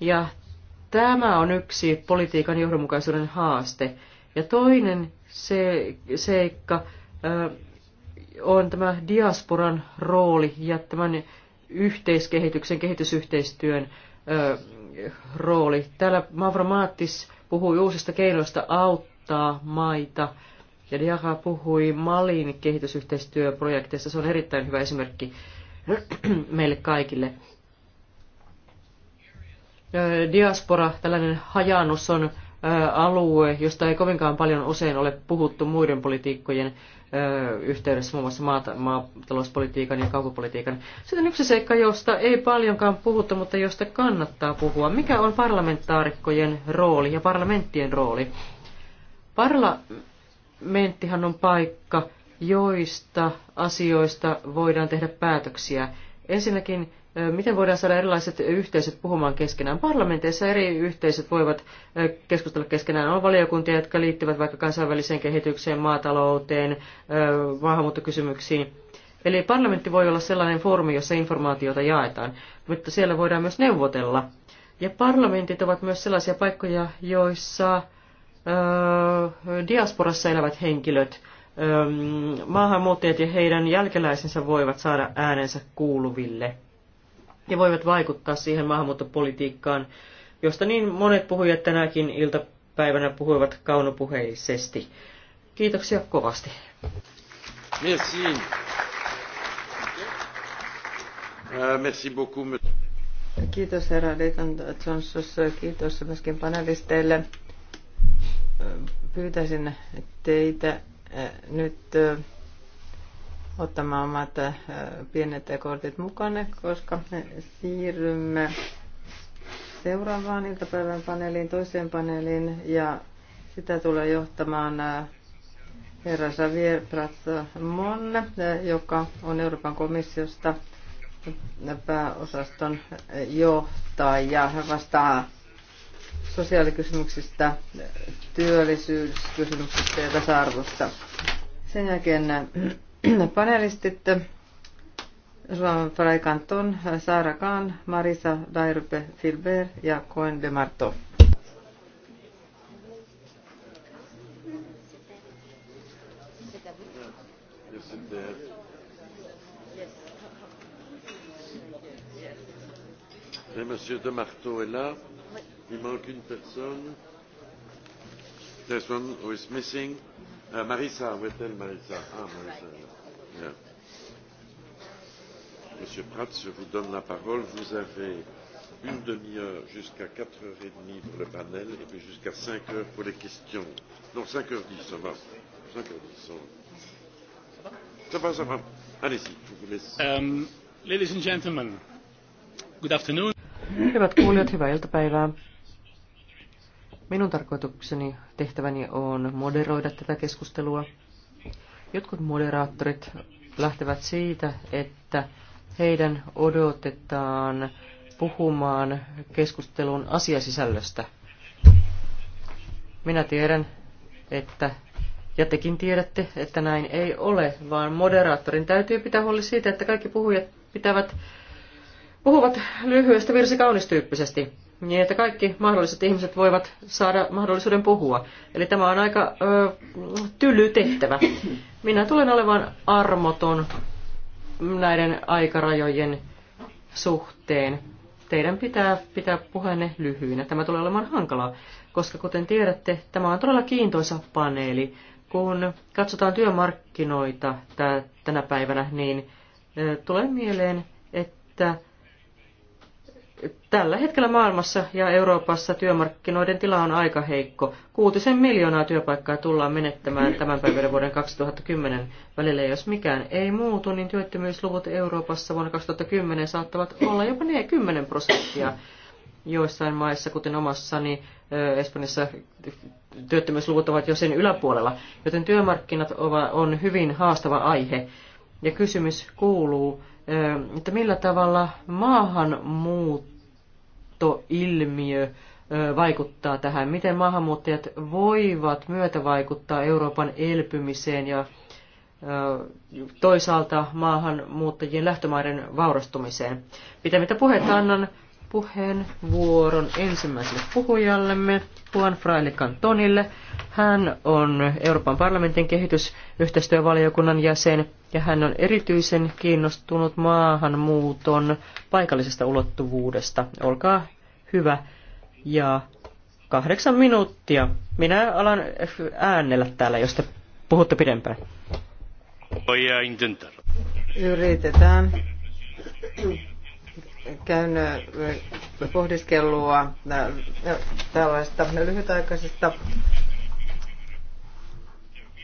Ja tämä on yksi politiikan johdonmukaisuuden haaste. Ja toinen se, seikka, on tämä diasporan rooli ja tämän yhteiskehityksen, kehitysyhteistyön ö, rooli. Täällä Mavromaattis puhui uusista keinoista auttaa maita. Ja Diaha puhui Malin kehitysyhteistyöprojekteista. Se on erittäin hyvä esimerkki (clears throat) meille kaikille. Diaspora, tällainen hajannus on alue, josta ei kovinkaan paljon usein ole puhuttu muiden politiikkojen yhteydessä, muun muassa maata, maatalouspolitiikan ja kaupapolitiikan. Sitten yksi seikka, josta ei paljonkaan puhuttu, mutta josta kannattaa puhua. Mikä on parlamentaarikkojen rooli ja parlamenttien rooli? Parlamenttihan on paikka, joista asioista voidaan tehdä päätöksiä. Ensinnäkin miten voidaan saada erilaiset yhteisöt puhumaan keskenään. Parlamenteissa eri yhteisöt voivat keskustella keskenään. On valiokuntia, jotka liittyvät vaikka kansainväliseen kehitykseen, maatalouteen, maahanmuuttokysymyksiin. Eli parlamentti voi olla sellainen foorumi, jossa informaatiota jaetaan, mutta siellä voidaan myös neuvotella. Ja parlamentit ovat myös sellaisia paikkoja, joissa diasporassa elävät henkilöt, maahanmuuttajat ja heidän jälkeläisensä voivat saada äänensä kuuluville ja voivat vaikuttaa siihen maahanmuuttopolitiikkaan, josta niin monet puhujat tänäkin iltapäivänä puhuivat kaunopuheisesti. Kiitoksia kovasti. Merci. Euh, merci beaucoup. Kiitos herra Leiton Johnson, kiitos myöskin panelisteille. Pyytäisin teitä äh, nyt äh, ottamaan omat pienet kortit mukana, koska me siirrymme seuraavaan iltapäivän paneeliin, toiseen paneeliin, ja sitä tulee johtamaan herra Javier Prats Monne, joka on Euroopan komissiosta pääosaston johtaja. Hän vastaa sosiaalikysymyksistä, työllisyyskysymyksistä ja tasa-arvosta. Sen jälkeen (clears throat) panelistit jean Frey Canton, Sara Khan, Marisa Dairupe Filbert ja Cohen de Marto. Et Monsieur de Marteau est là. Oui. Il manque une personne. This one who is missing. Mm -hmm. Uh, Marisa, où est-elle, Marisa Ah, Marisa. Yeah. Monsieur Prats, je vous donne la parole. Vous avez une demi-heure jusqu'à 4h30 pour le panel et puis jusqu'à 5h pour les questions. Non, 5h10, ça va. 5h10, ça va. Ça va, ça va. Allez-y, je vous laisse. Um, ladies and gentlemen, good afternoon. Hyvät kuulijat, hyvää iltapäivää. Minun tarkoitukseni tehtäväni on moderoida tätä keskustelua. Jotkut moderaattorit lähtevät siitä, että heidän odotetaan puhumaan keskustelun asiasisällöstä. Minä tiedän, että ja tekin tiedätte, että näin ei ole, vaan moderaattorin täytyy pitää huoli siitä, että kaikki puhujat pitävät, puhuvat lyhyestä virsi kaunistyyppisesti niin että kaikki mahdolliset ihmiset voivat saada mahdollisuuden puhua. Eli tämä on aika ö, tyly tehtävä. Minä tulen olemaan armoton näiden aikarajojen suhteen. Teidän pitää pitää puheenne lyhyinä. Tämä tulee olemaan hankalaa, koska kuten tiedätte, tämä on todella kiintoisa paneeli. Kun katsotaan työmarkkinoita tänä päivänä, niin tulee mieleen, että Tällä hetkellä maailmassa ja Euroopassa työmarkkinoiden tila on aika heikko. Kuutisen miljoonaa työpaikkaa tullaan menettämään tämän päivän vuoden 2010 välillä. Jos mikään ei muutu, niin työttömyysluvut Euroopassa vuonna 2010 saattavat olla jopa 40 prosenttia. Joissain maissa, kuten omassani Espanjassa, työttömyysluvut ovat jo sen yläpuolella, joten työmarkkinat on hyvin haastava aihe. Ja kysymys kuuluu, että millä tavalla maahanmuuttoilmiö vaikuttaa tähän, miten maahanmuuttajat voivat myötävaikuttaa Euroopan elpymiseen ja toisaalta maahanmuuttajien lähtömaiden vaurastumiseen. Pitämättä puhetta annan puheenvuoron ensimmäiselle puhujallemme, Juan Fraile Cantonille. Hän on Euroopan parlamentin kehitysyhteistyövaliokunnan jäsen ja hän on erityisen kiinnostunut maahanmuuton paikallisesta ulottuvuudesta. Olkaa hyvä ja kahdeksan minuuttia. Minä alan äänellä täällä, jos te puhutte pidempään. Yritetään käyn pohdiskelua tällaista lyhytaikaisesta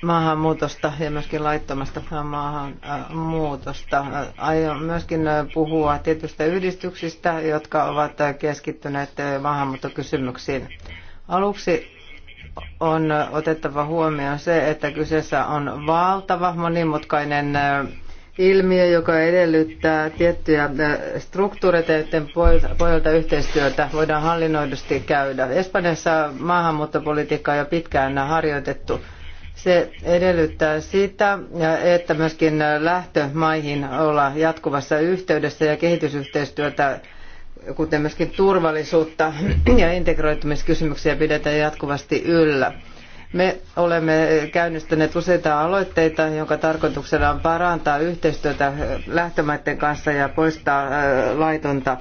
maahanmuutosta ja myöskin laittomasta maahanmuutosta. Aion myöskin puhua tietystä yhdistyksistä, jotka ovat keskittyneet maahanmuuttokysymyksiin. Aluksi on otettava huomioon se, että kyseessä on valtava monimutkainen ilmiö, joka edellyttää tiettyjä äh, struktuureita, joiden pohjalta yhteistyötä voidaan hallinnoidusti käydä. Espanjassa maahanmuuttopolitiikkaa on jo pitkään harjoitettu. Se edellyttää sitä, että myöskin lähtömaihin ollaan jatkuvassa yhteydessä ja kehitysyhteistyötä, kuten myöskin turvallisuutta ja integroitumiskysymyksiä pidetään jatkuvasti yllä. Me olemme käynnistäneet useita aloitteita, jonka tarkoituksena on parantaa yhteistyötä lähtömaiden kanssa ja poistaa laitonta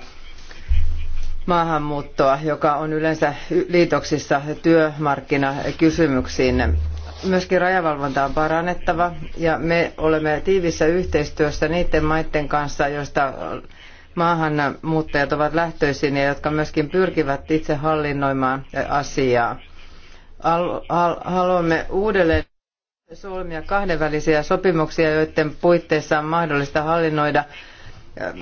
maahanmuuttoa, joka on yleensä liitoksissa työmarkkinakysymyksiin. Myöskin rajavalvonta on parannettava ja me olemme tiivissä yhteistyössä niiden maiden kanssa, joista maahanmuuttajat ovat lähtöisin ja jotka myöskin pyrkivät itse hallinnoimaan asiaa haluamme uudelleen solmia kahdenvälisiä sopimuksia, joiden puitteissa on mahdollista hallinnoida ähm,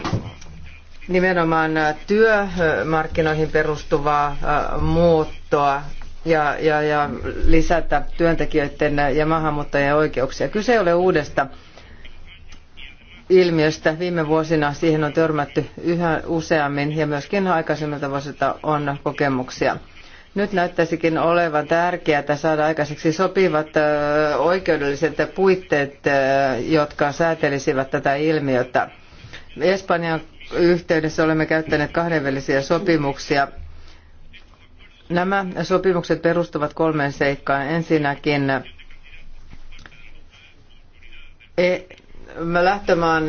nimenomaan äh, työmarkkinoihin perustuvaa äh, muuttoa ja, ja, ja lisätä työntekijöiden ja maahanmuuttajien oikeuksia. Kyse ei ole uudesta ilmiöstä. Viime vuosina siihen on törmätty yhä useammin ja myöskin aikaisemmilta vuosilta on kokemuksia. Nyt näyttäisikin olevan tärkeää saada aikaiseksi sopivat oikeudelliset puitteet, jotka säätelisivät tätä ilmiötä. Espanjan yhteydessä olemme käyttäneet kahdenvälisiä sopimuksia. Nämä sopimukset perustuvat kolmeen seikkaan. Ensinnäkin e, lähtömaan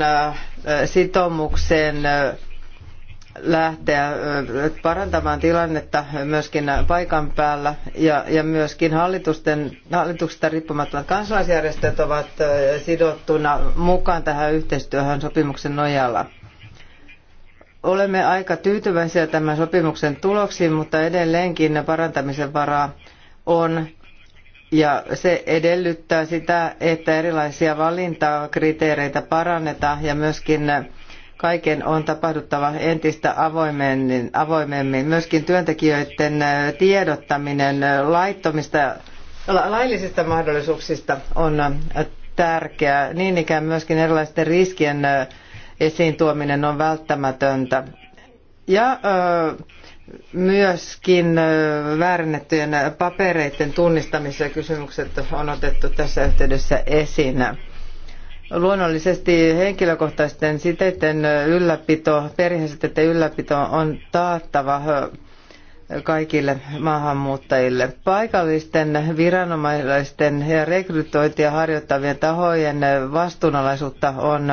sitoumukseen lähteä parantamaan tilannetta myöskin paikan päällä ja, ja myöskin hallitusten, hallituksesta riippumattomat kansalaisjärjestöt ovat sidottuna mukaan tähän yhteistyöhön sopimuksen nojalla. Olemme aika tyytyväisiä tämän sopimuksen tuloksiin, mutta edelleenkin parantamisen varaa on ja se edellyttää sitä, että erilaisia valintakriteereitä parannetaan ja myöskin Kaiken on tapahduttava entistä avoimemmin. avoimemmin. Myöskin työntekijöiden äh, tiedottaminen äh, laittomista, laillisista mahdollisuuksista on äh, tärkeää. Niin ikään myöskin erilaisten riskien esiin tuominen on välttämätöntä. Ja myöskin väärennettyjen papereiden tunnistamisen kysymykset on otettu tässä yhteydessä esiin. Luonnollisesti henkilökohtaisten siteiden ylläpito, perheisiteiden ylläpito on taattava kaikille maahanmuuttajille. Paikallisten viranomaisten ja rekrytointia harjoittavien tahojen vastuunalaisuutta on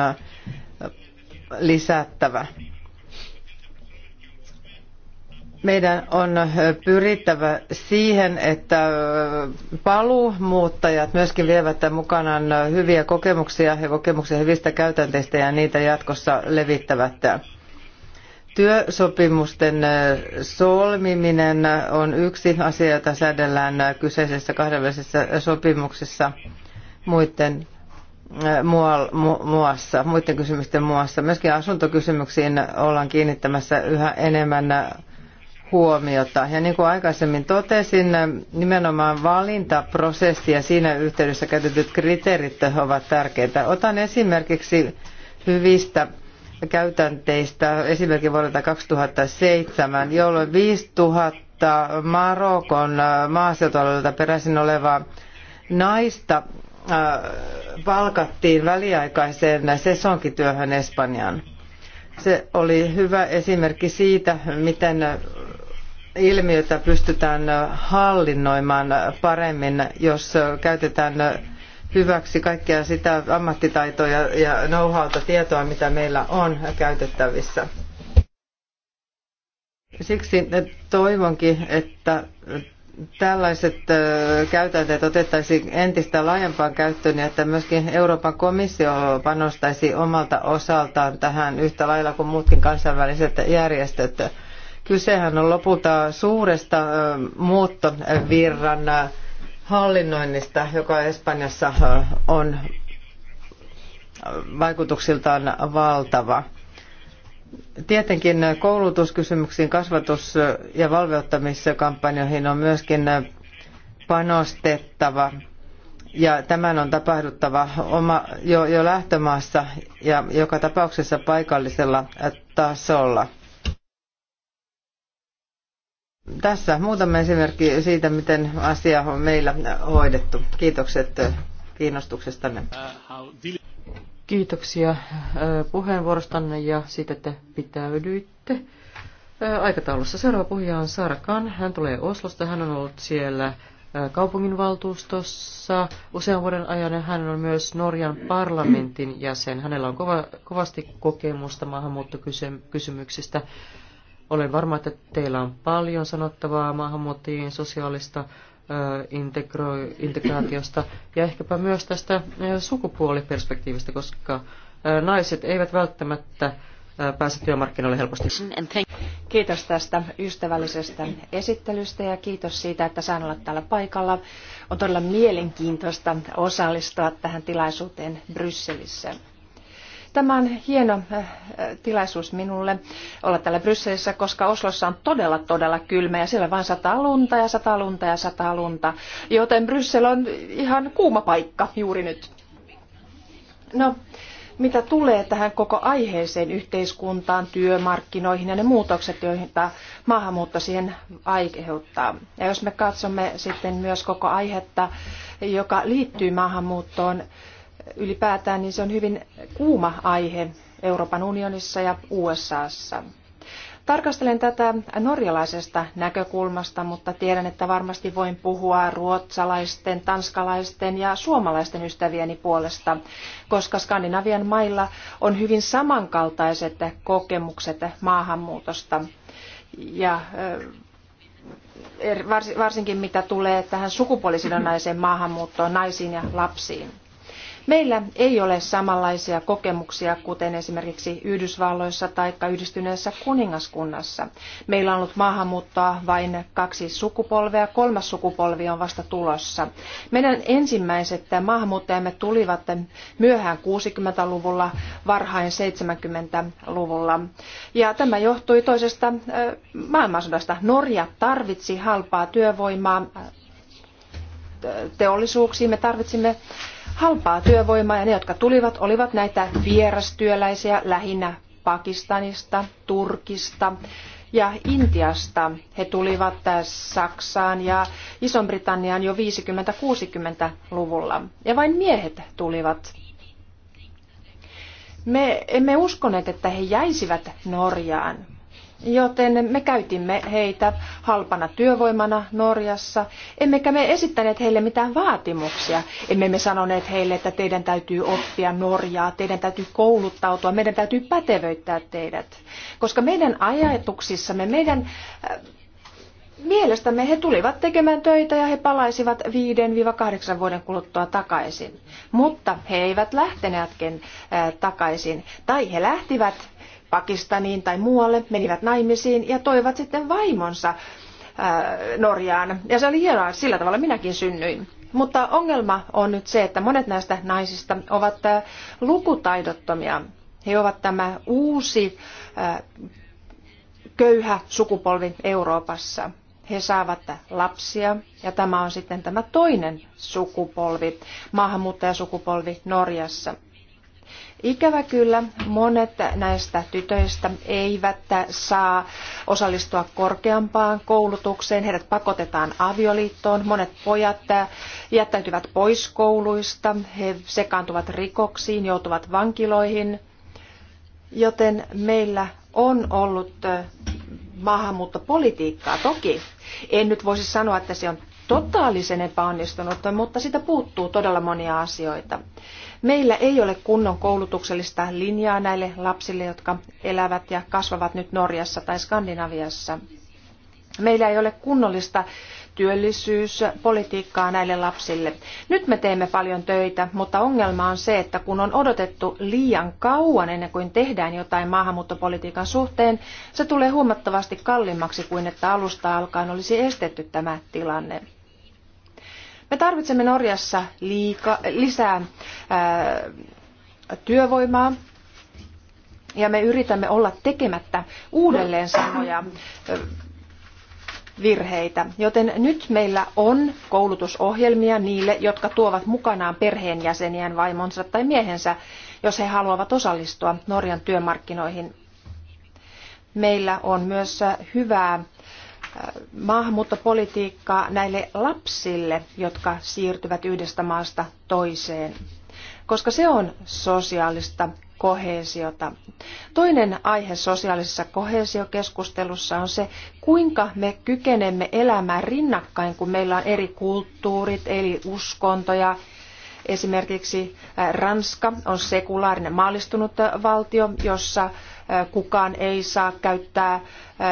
lisättävä. Meidän on pyrittävä siihen, että paluumuuttajat myöskin vievät mukanaan hyviä kokemuksia ja kokemuksia hyvistä käytänteistä ja niitä jatkossa levittävät. Työsopimusten solmiminen on yksi asia, jota säädellään kyseisessä kahdenvälisessä sopimuksessa muiden äh, muassa, muiden kysymysten muassa. Myöskin asuntokysymyksiin ollaan kiinnittämässä yhä enemmän huomiota. Ja niin kuin aikaisemmin totesin, nimenomaan valintaprosessi ja siinä yhteydessä käytetyt kriteerit ovat tärkeitä. Otan esimerkiksi hyvistä käytänteistä esimerkiksi vuodelta 2007, jolloin 5000 Marokon maaseutualueelta peräisin olevaa naista äh, palkattiin väliaikaiseen sesonkityöhön Espanjaan. Se oli hyvä esimerkki siitä, miten ilmiötä pystytään hallinnoimaan paremmin, jos käytetään hyväksi kaikkea sitä ammattitaitoa ja know-howta tietoa, mitä meillä on käytettävissä. Siksi toivonkin, että tällaiset käytänteet otettaisiin entistä laajempaan käyttöön ja että myöskin Euroopan komissio panostaisi omalta osaltaan tähän yhtä lailla kuin muutkin kansainväliset järjestöt. Kysehän on lopulta suuresta muuttovirran hallinnoinnista, joka Espanjassa on vaikutuksiltaan valtava. Tietenkin koulutuskysymyksiin, kasvatus- ja valveuttamiskampanjoihin on myöskin panostettava. Ja tämän on tapahduttava oma, jo, jo lähtömaassa ja joka tapauksessa paikallisella tasolla. Tässä muutama esimerkki siitä, miten asia on meillä hoidettu. Kiitokset äh, kiinnostuksestanne. Kiitoksia äh, puheenvuorostanne ja siitä, että pitäydyitte äh, aikataulussa. Seuraava puhuja on Saara Hän tulee Oslosta. Hän on ollut siellä kaupunginvaltuustossa usean vuoden ajan. Hän on myös Norjan parlamentin jäsen. Hänellä on kova, kovasti kokemusta maahanmuuttokysymyksistä. Olen varma, että teillä on paljon sanottavaa maahanmuuttajien sosiaalista integro, integraatiosta ja ehkäpä myös tästä sukupuoliperspektiivistä, koska naiset eivät välttämättä pääse työmarkkinoille helposti. Kiitos tästä ystävällisestä esittelystä ja kiitos siitä, että saan olla täällä paikalla. On todella mielenkiintoista osallistua tähän tilaisuuteen Brysselissä. Tämä on hieno äh, äh, tilaisuus minulle olla täällä Brysselissä, koska Oslossa on todella todella kylmä ja siellä vain sataa lunta ja sataa lunta ja sataa lunta. Joten Bryssel on ihan kuuma paikka juuri nyt. No, mitä tulee tähän koko aiheeseen yhteiskuntaan, työmarkkinoihin ja ne muutokset, joita maahanmuutto siihen aiheuttaa. Ja jos me katsomme sitten myös koko aihetta, joka liittyy maahanmuuttoon, ylipäätään, niin se on hyvin kuuma aihe Euroopan unionissa ja USAssa. Tarkastelen tätä norjalaisesta näkökulmasta, mutta tiedän, että varmasti voin puhua ruotsalaisten, tanskalaisten ja suomalaisten ystävieni puolesta, koska Skandinavian mailla on hyvin samankaltaiset kokemukset maahanmuutosta. Ja eh, er, varsinkin mitä tulee tähän sukupuolisidonnaiseen maahanmuuttoon naisiin ja lapsiin. Meillä ei ole samanlaisia kokemuksia kuten esimerkiksi Yhdysvalloissa tai yhdistyneessä kuningaskunnassa. Meillä on ollut maahanmuuttoa vain kaksi sukupolvea, kolmas sukupolvi on vasta tulossa. Meidän ensimmäiset maahanmuuttajamme tulivat myöhään 60-luvulla, varhain 70-luvulla. Ja tämä johtui toisesta maailmansodasta. Norja tarvitsi halpaa työvoimaa teollisuuksiin. Me tarvitsimme halpaa työvoimaa ja ne, jotka tulivat, olivat näitä vierastyöläisiä lähinnä Pakistanista, Turkista ja Intiasta. He tulivat äh, Saksaan ja Iso-Britanniaan jo 50-60-luvulla. Ja vain miehet tulivat. Me emme uskoneet, että he jäisivät Norjaan. Joten me käytimme heitä halpana työvoimana Norjassa, emmekä me esittäneet heille mitään vaatimuksia. Emme me sanoneet heille, että teidän täytyy oppia Norjaa, teidän täytyy kouluttautua, meidän täytyy pätevöittää teidät. Koska meidän ajatuksissamme, meidän äh, mielestämme he tulivat tekemään töitä ja he palaisivat 5-8 vuoden kuluttua takaisin. Mutta he eivät lähteneetkin äh, takaisin, tai he lähtivät Pakistaniin tai muualle, menivät naimisiin ja toivat sitten vaimonsa äh, Norjaan. Ja se oli hienoa, sillä tavalla minäkin synnyin. Mutta ongelma on nyt se, että monet näistä naisista ovat äh, lukutaidottomia. He ovat tämä uusi äh, köyhä sukupolvi Euroopassa. He saavat lapsia ja tämä on sitten tämä toinen sukupolvi, maahanmuuttajasukupolvi Norjassa. Ikävä kyllä monet näistä tytöistä eivät saa osallistua korkeampaan koulutukseen. Heidät pakotetaan avioliittoon. Monet pojat jättäytyvät pois kouluista. He sekaantuvat rikoksiin, joutuvat vankiloihin. Joten meillä on ollut maahanmuuttopolitiikkaa toki. En nyt voisi sanoa, että se on totaalisen epäonnistunut, mutta sitä puuttuu todella monia asioita. Meillä ei ole kunnon koulutuksellista linjaa näille lapsille, jotka elävät ja kasvavat nyt Norjassa tai Skandinaviassa. Meillä ei ole kunnollista työllisyyspolitiikkaa näille lapsille. Nyt me teemme paljon töitä, mutta ongelma on se, että kun on odotettu liian kauan ennen kuin tehdään jotain maahanmuuttopolitiikan suhteen, se tulee huomattavasti kalliimmaksi kuin että alusta alkaen olisi estetty tämä tilanne. Me tarvitsemme Norjassa liika, lisää ää, työvoimaa ja me yritämme olla tekemättä uudelleen samoja virheitä. Joten nyt meillä on koulutusohjelmia niille, jotka tuovat mukanaan perheenjäseniään, vaimonsa tai miehensä, jos he haluavat osallistua Norjan työmarkkinoihin. Meillä on myös hyvää maahanmuuttopolitiikkaa näille lapsille, jotka siirtyvät yhdestä maasta toiseen, koska se on sosiaalista kohesiota. Toinen aihe sosiaalisessa kohesiokeskustelussa on se, kuinka me kykenemme elämään rinnakkain, kun meillä on eri kulttuurit, eri uskontoja. Esimerkiksi Ranska on sekulaarinen maallistunut valtio, jossa kukaan ei saa käyttää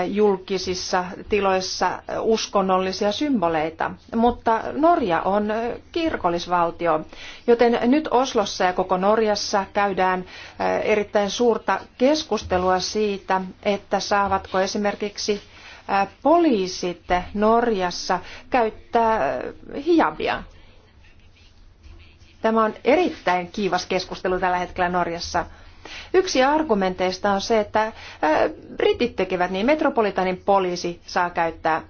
julkisissa tiloissa uskonnollisia symboleita. Mutta Norja on kirkollisvaltio, joten nyt Oslossa ja koko Norjassa käydään erittäin suurta keskustelua siitä, että saavatko esimerkiksi poliisit Norjassa käyttää hijabia. Tämä on erittäin kiivas keskustelu tällä hetkellä Norjassa. Yksi argumenteista on se, että äh, britit tekevät niin, metropolitanin poliisi saa käyttää.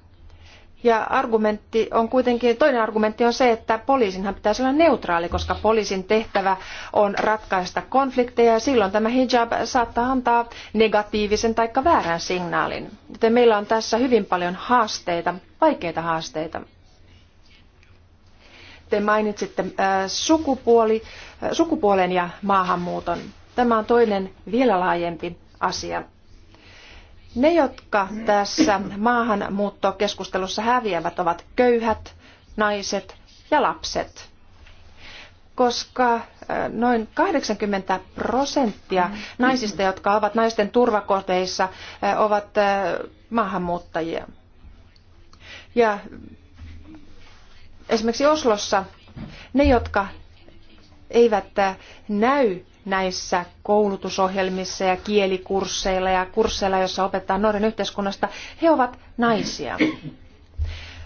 Ja argumentti on kuitenkin, toinen argumentti on se, että poliisinhan pitäisi olla neutraali, koska poliisin tehtävä on ratkaista konflikteja ja silloin tämä hijab saattaa antaa negatiivisen tai väärän signaalin. Joten meillä on tässä hyvin paljon haasteita, vaikeita haasteita te mainitsitte äh, sukupuoli, äh, sukupuolen ja maahanmuuton. Tämä on toinen vielä laajempi asia. Ne, jotka tässä maahanmuuttokeskustelussa häviävät, ovat köyhät, naiset ja lapset. Koska äh, noin 80 prosenttia mm. naisista, jotka ovat naisten turvakohteissa, äh, ovat äh, maahanmuuttajia. Ja esimerkiksi Oslossa ne, jotka eivät näy näissä koulutusohjelmissa ja kielikursseilla ja kursseilla, joissa opetetaan nuoren yhteiskunnasta, he ovat naisia.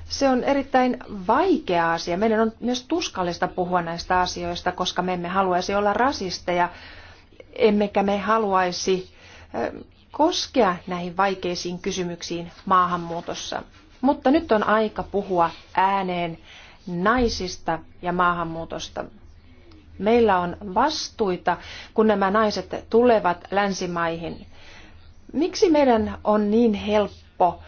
Se on erittäin vaikea asia. Meidän on myös tuskallista puhua näistä asioista, koska me emme haluaisi olla rasisteja, emmekä me haluaisi koskea näihin vaikeisiin kysymyksiin maahanmuutossa. Mutta nyt on aika puhua ääneen naisista ja maahanmuutosta. Meillä on vastuita, kun nämä naiset tulevat länsimaihin. Miksi meidän on niin helppo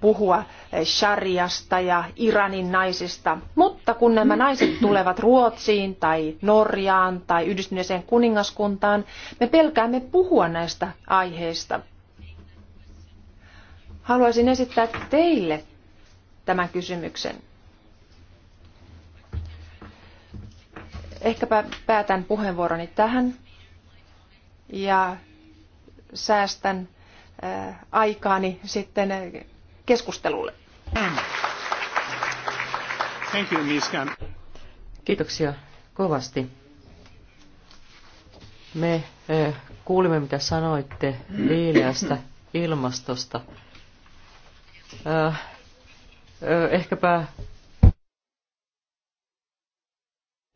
puhua shariasta ja Iranin naisista, mutta kun nämä naiset tulevat Ruotsiin tai Norjaan tai yhdistyneeseen kuningaskuntaan, me pelkäämme puhua näistä aiheista. Haluaisin esittää teille tämän kysymyksen. ehkäpä päätän puheenvuoroni tähän ja säästän äh, aikaani sitten keskustelulle. Thank you, Kiitoksia kovasti. Me äh, kuulimme, mitä sanoitte viileästä ilmastosta. Äh, ehkäpä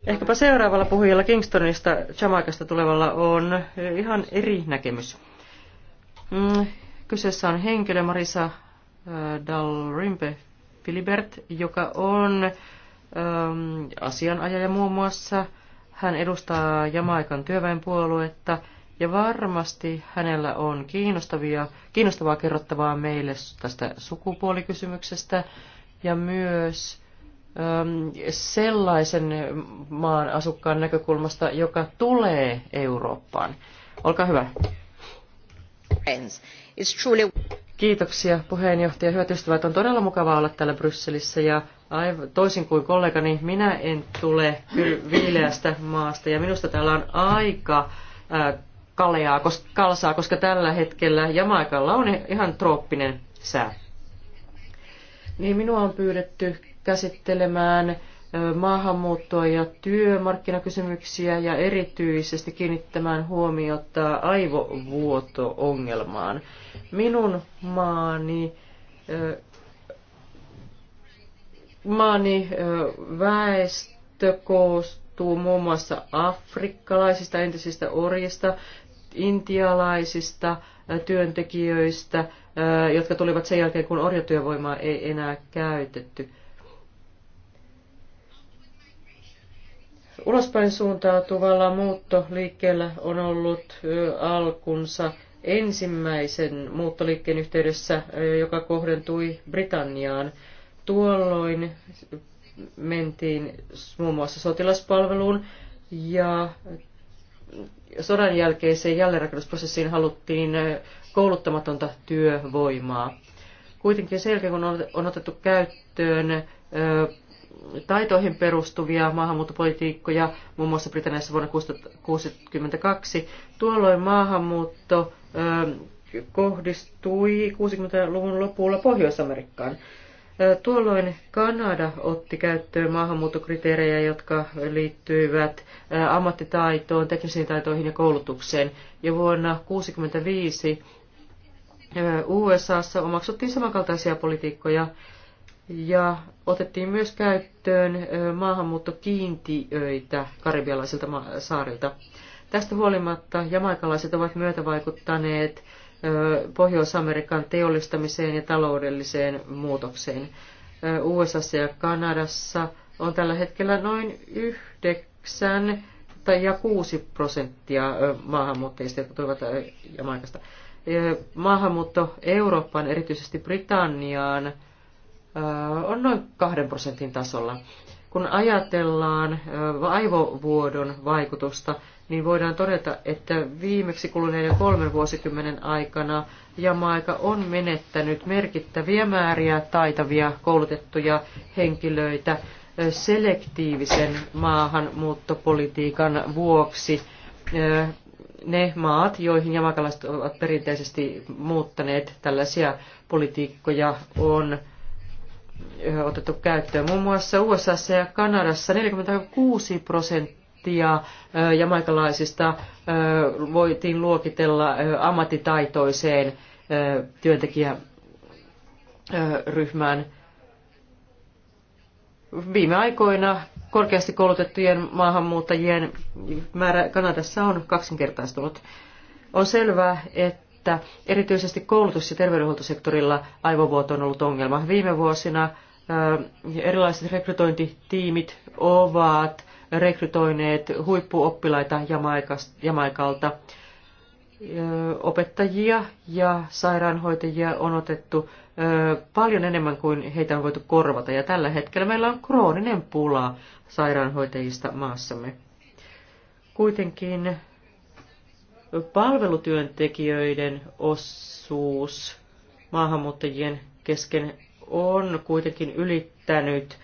Ehkäpä seuraavalla puhujalla Kingstonista, Jamaikasta tulevalla on ihan eri näkemys. Mm, kyseessä on henkilö Marisa äh, Dalrympe Filibert, joka on äm, asianajaja muun muassa. Hän edustaa Jamaikan työväenpuoluetta ja varmasti hänellä on kiinnostavia, kiinnostavaa kerrottavaa meille tästä sukupuolikysymyksestä ja myös sellaisen maan asukkaan näkökulmasta, joka tulee Eurooppaan. Olkaa hyvä. Kiitoksia puheenjohtaja. Hyvät ystävät, on todella mukavaa olla täällä Brysselissä ja aivan, toisin kuin kollegani, minä en tule viileästä maasta ja minusta täällä on aika äh, kaleaa, koska, kalsaa, koska tällä hetkellä Jamaikalla on ihan trooppinen sää. Niin minua on pyydetty käsittelemään maahanmuuttoa ja työmarkkinakysymyksiä ja erityisesti kiinnittämään huomiota aivovuoto-ongelmaan. Minun maani, maani väestö koostuu muun muassa afrikkalaisista entisistä orjista, intialaisista työntekijöistä, jotka tulivat sen jälkeen, kun orjatyövoimaa ei enää käytetty – Ulospäin suuntautuvalla muuttoliikkeellä on ollut alkunsa ensimmäisen muuttoliikkeen yhteydessä, joka kohdentui Britanniaan. Tuolloin mentiin muun muassa sotilaspalveluun ja sodan jälkeiseen jälleenrakennusprosessiin haluttiin kouluttamatonta työvoimaa. Kuitenkin sen jälkeen, kun on otettu käyttöön taitoihin perustuvia maahanmuuttopolitiikkoja, muun muassa Britanniassa vuonna 1962. Tuolloin maahanmuutto kohdistui 60-luvun lopulla Pohjois-Amerikkaan. Tuolloin Kanada otti käyttöön maahanmuuttokriteerejä, jotka liittyivät ammattitaitoon, teknisiin taitoihin ja koulutukseen. Ja vuonna 1965 USAssa omaksuttiin samankaltaisia politiikkoja ja otettiin myös käyttöön maahanmuuttokiintiöitä karibialaisilta saarilta. Tästä huolimatta jamaikalaiset ovat myötävaikuttaneet Pohjois-Amerikan teollistamiseen ja taloudelliseen muutokseen. USA ja Kanadassa on tällä hetkellä noin yhdeksän tai ja kuusi prosenttia maahanmuuttajista, jotka tulevat Jamaikasta. Maahanmuutto Eurooppaan, erityisesti Britanniaan, on noin kahden prosentin tasolla. Kun ajatellaan aivovuodon vaikutusta, niin voidaan todeta, että viimeksi kuluneiden kolmen vuosikymmenen aikana jamaika on menettänyt merkittäviä määriä taitavia koulutettuja henkilöitä selektiivisen maahanmuuttopolitiikan vuoksi. Ne maat, joihin jamakalaiset ovat perinteisesti muuttaneet tällaisia politiikkoja, on otettu käyttöön. Muun muassa USA ja Kanadassa 46 prosenttia jamaikalaisista voitiin luokitella ammattitaitoiseen työntekijäryhmään. Viime aikoina korkeasti koulutettujen maahanmuuttajien määrä Kanadassa on kaksinkertaistunut. On selvää, että että erityisesti koulutus- ja terveydenhuoltosektorilla aivovuoto on ollut ongelma. Viime vuosina erilaiset rekrytointitiimit ovat rekrytoineet huippuoppilaita Jamaikalta. Opettajia ja sairaanhoitajia on otettu paljon enemmän kuin heitä on voitu korvata, ja tällä hetkellä meillä on krooninen pula sairaanhoitajista maassamme. Kuitenkin palvelutyöntekijöiden osuus maahanmuuttajien kesken on kuitenkin ylittänyt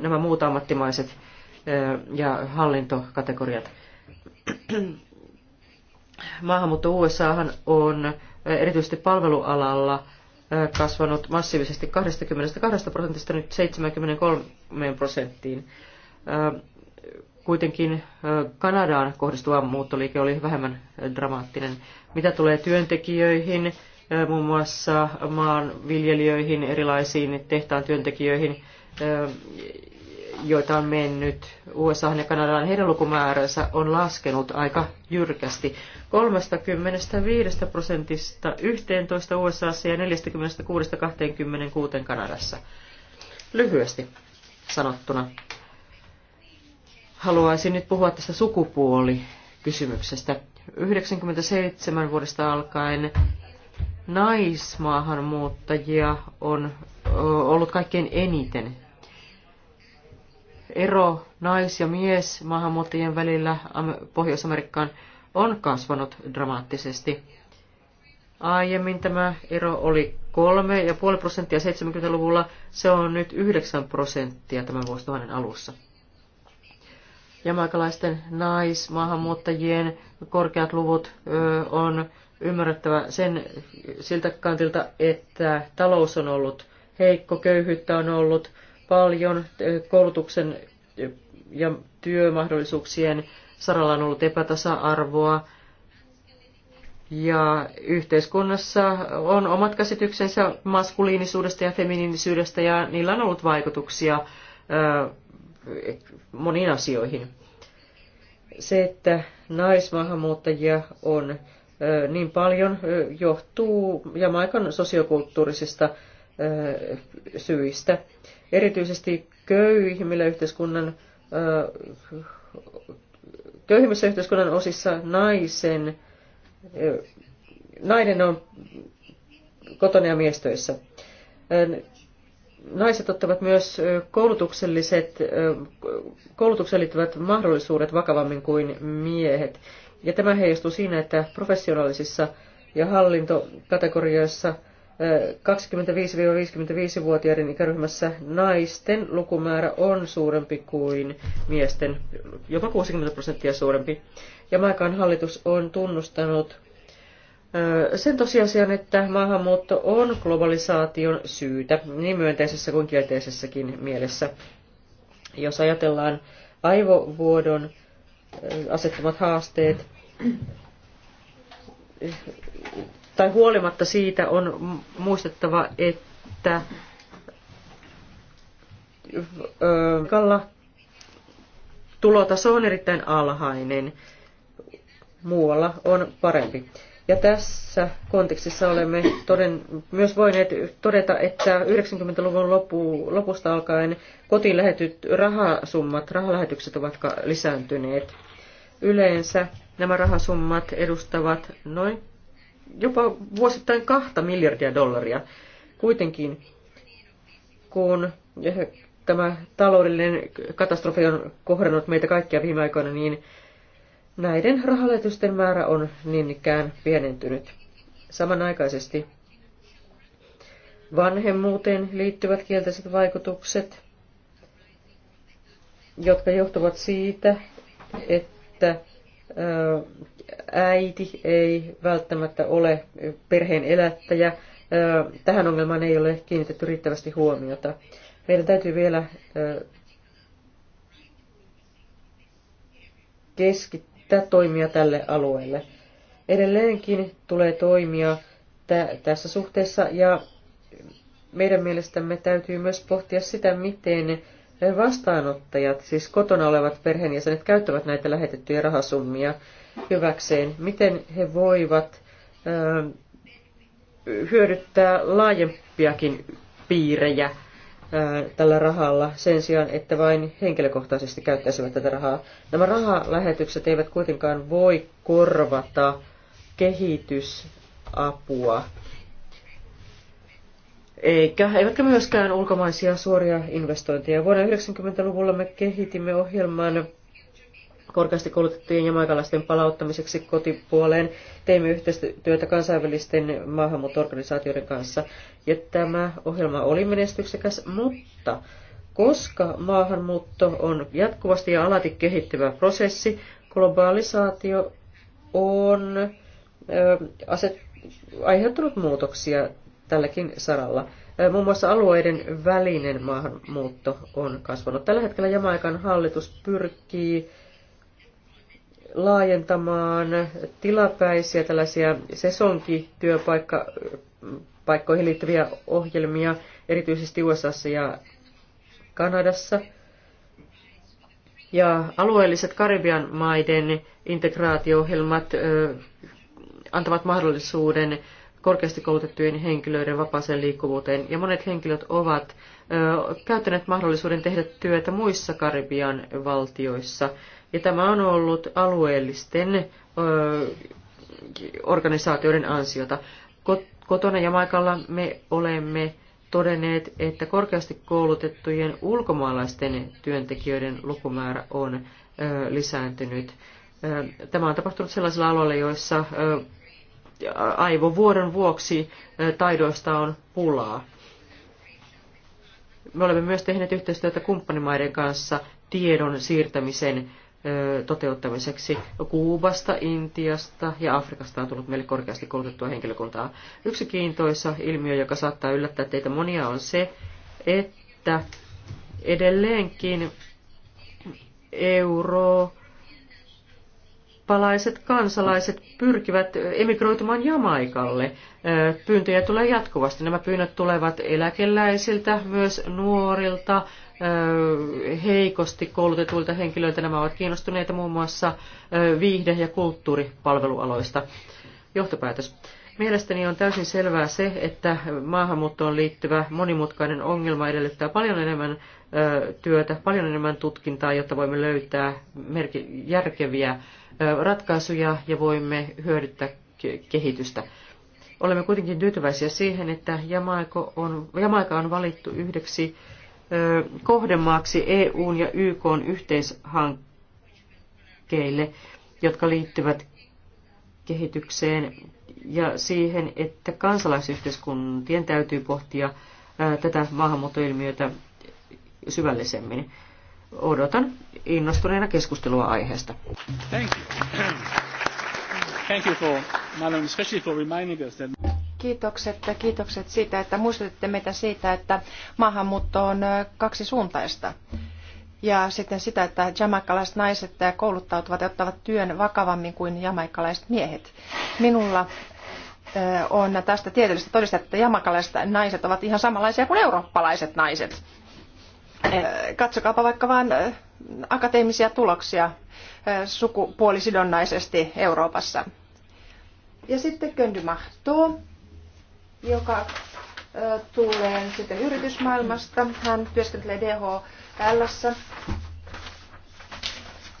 nämä muut ammattimaiset ja hallintokategoriat. Maahanmuutto USAhan on erityisesti palvelualalla kasvanut massiivisesti 22 prosentista nyt 73 prosenttiin. Kuitenkin Kanadaan kohdistuva muuttoliike oli vähemmän dramaattinen. Mitä tulee työntekijöihin, muun muassa maanviljelijöihin, erilaisiin tehtaan työntekijöihin, joita on mennyt USA ja Kanadaan, heidän lukumääränsä on laskenut aika jyrkästi. 35 prosentista 11 USA ja 46-26 Kanadassa. Lyhyesti sanottuna. Haluaisin nyt puhua tästä sukupuolikysymyksestä. 97 vuodesta alkaen naismaahanmuuttajia on ollut kaikkein eniten. Ero nais- ja mies maahanmuuttajien välillä Pohjois-Amerikkaan on kasvanut dramaattisesti. Aiemmin tämä ero oli 3,5 prosenttia 70-luvulla, se on nyt 9 prosenttia tämän vuosituhannen alussa jamaikalaisten naismaahanmuuttajien korkeat luvut on ymmärrettävä sen siltä kantilta, että talous on ollut heikko, köyhyyttä on ollut paljon, koulutuksen ja työmahdollisuuksien saralla on ollut epätasa-arvoa. Ja yhteiskunnassa on omat käsityksensä maskuliinisuudesta ja feminiinisyydestä ja niillä on ollut vaikutuksia moniin asioihin. Se, että naismaahanmuuttajia on niin paljon, johtuu Jamaikan sosiokulttuurisista syistä. Erityisesti köyhimmillä yhteiskunnan, köyhimmissä yhteiskunnan osissa naisen, nainen on kotona ja miestöissä naiset ottavat myös koulutukselliset, koulutukseen liittyvät mahdollisuudet vakavammin kuin miehet. Ja tämä heijastuu siinä, että professionaalisissa ja hallintokategorioissa 25-55-vuotiaiden ikäryhmässä naisten lukumäärä on suurempi kuin miesten, jopa 60 prosenttia suurempi. Ja maakaan hallitus on tunnustanut sen tosiasian, että maahanmuutto on globalisaation syytä, niin myönteisessä kuin kielteisessäkin mielessä. Jos ajatellaan aivovuodon asettamat haasteet, tai huolimatta siitä on muistettava, että kalla tulotaso on erittäin alhainen, muualla on parempi. Ja tässä kontekstissa olemme toden, myös voineet todeta, että 90-luvun lopu, lopusta alkaen kotiin lähetyt rahasummat, rahalähetykset ovat lisääntyneet. Yleensä nämä rahasummat edustavat noin jopa vuosittain kahta miljardia dollaria. Kuitenkin, kun tämä taloudellinen katastrofi on kohdannut meitä kaikkia viime aikoina, niin Näiden rahalähetysten määrä on niin ikään pienentynyt. Samanaikaisesti vanhemmuuteen liittyvät kielteiset vaikutukset, jotka johtuvat siitä, että äiti ei välttämättä ole perheen elättäjä. Tähän ongelmaan ei ole kiinnitetty riittävästi huomiota. Meidän täytyy vielä keskittyä esittää toimia tälle alueelle. Edelleenkin tulee toimia tässä suhteessa ja meidän mielestämme täytyy myös pohtia sitä, miten vastaanottajat, siis kotona olevat perheenjäsenet, käyttävät näitä lähetettyjä rahasummia hyväkseen. Miten he voivat hyödyttää laajempiakin piirejä tällä rahalla sen sijaan, että vain henkilökohtaisesti käyttäisivät tätä rahaa. Nämä rahalähetykset eivät kuitenkaan voi korvata kehitysapua, eikä, eivätkä myöskään ulkomaisia suoria investointeja. Vuonna 90-luvulla me kehitimme ohjelman korkeasti koulutettujen jamaikalaisten palauttamiseksi kotipuoleen. Teimme yhteistyötä kansainvälisten maahanmuuttoorganisaatioiden kanssa ja tämä ohjelma oli menestyksekäs, mutta koska maahanmuutto on jatkuvasti ja alati kehittyvä prosessi, globalisaatio on ö, aset, aiheuttanut muutoksia tälläkin saralla. Muun muassa alueiden välinen maahanmuutto on kasvanut. Tällä hetkellä Jamaikan hallitus pyrkii laajentamaan tilapäisiä tällaisia sesonkityöpaikka paikkoihin liittyviä ohjelmia, erityisesti USA ja Kanadassa. Ja alueelliset Karibian maiden integraatio-ohjelmat antavat mahdollisuuden korkeasti koulutettujen henkilöiden vapaaseen liikkuvuuteen, ja monet henkilöt ovat ö, käyttäneet mahdollisuuden tehdä työtä muissa Karibian valtioissa. Ja tämä on ollut alueellisten ö, organisaatioiden ansiota. Kotona ja maikalla me olemme todenneet, että korkeasti koulutettujen ulkomaalaisten työntekijöiden lukumäärä on lisääntynyt. Tämä on tapahtunut sellaisilla aloilla, joissa aivovuoron vuoksi taidoista on pulaa. Me olemme myös tehneet yhteistyötä kumppanimaiden kanssa tiedon siirtämisen toteuttamiseksi. Kuubasta, Intiasta ja Afrikasta on tullut meille korkeasti koulutettua henkilökuntaa. Yksi kiintoisa ilmiö, joka saattaa yllättää teitä monia, on se, että edelleenkin euro palaiset kansalaiset pyrkivät emigroitumaan Jamaikalle. Pyyntöjä tulee jatkuvasti. Nämä pyynnöt tulevat eläkeläisiltä, myös nuorilta, heikosti koulutetuilta henkilöiltä. Nämä ovat kiinnostuneita muun muassa viihde- ja kulttuuripalvelualoista. Johtopäätös. Mielestäni on täysin selvää se, että maahanmuuttoon liittyvä monimutkainen ongelma edellyttää paljon enemmän työtä, paljon enemmän tutkintaa, jotta voimme löytää järkeviä ratkaisuja ja voimme hyödyttää kehitystä. Olemme kuitenkin tyytyväisiä siihen, että Jamaika on, Jamaika on valittu yhdeksi kohdemaaksi EUn ja YKn yhteishankkeille, jotka liittyvät kehitykseen ja siihen, että kansalaisyhteiskuntien täytyy pohtia tätä maahanmuuttoilmiötä syvällisemmin. Odotan innostuneena keskustelua aiheesta. Thank you. Thank you for, Madam, Kiitokset, kiitokset siitä, että muistutitte meitä siitä, että maahanmuutto on kaksisuuntaista. Ja sitten sitä, että jamaikkalaiset naiset kouluttautuvat ja ottavat työn vakavammin kuin jamaikkalaiset miehet. Minulla on tästä tieteellistä todistetta, että jamaikkalaiset naiset ovat ihan samanlaisia kuin eurooppalaiset naiset. Katsokaapa vaikka vain akateemisia tuloksia sukupuolisidonnaisesti Euroopassa. Ja sitten Köndyma Too joka tulee sitten yritysmaailmasta. Hän työskentelee DHL.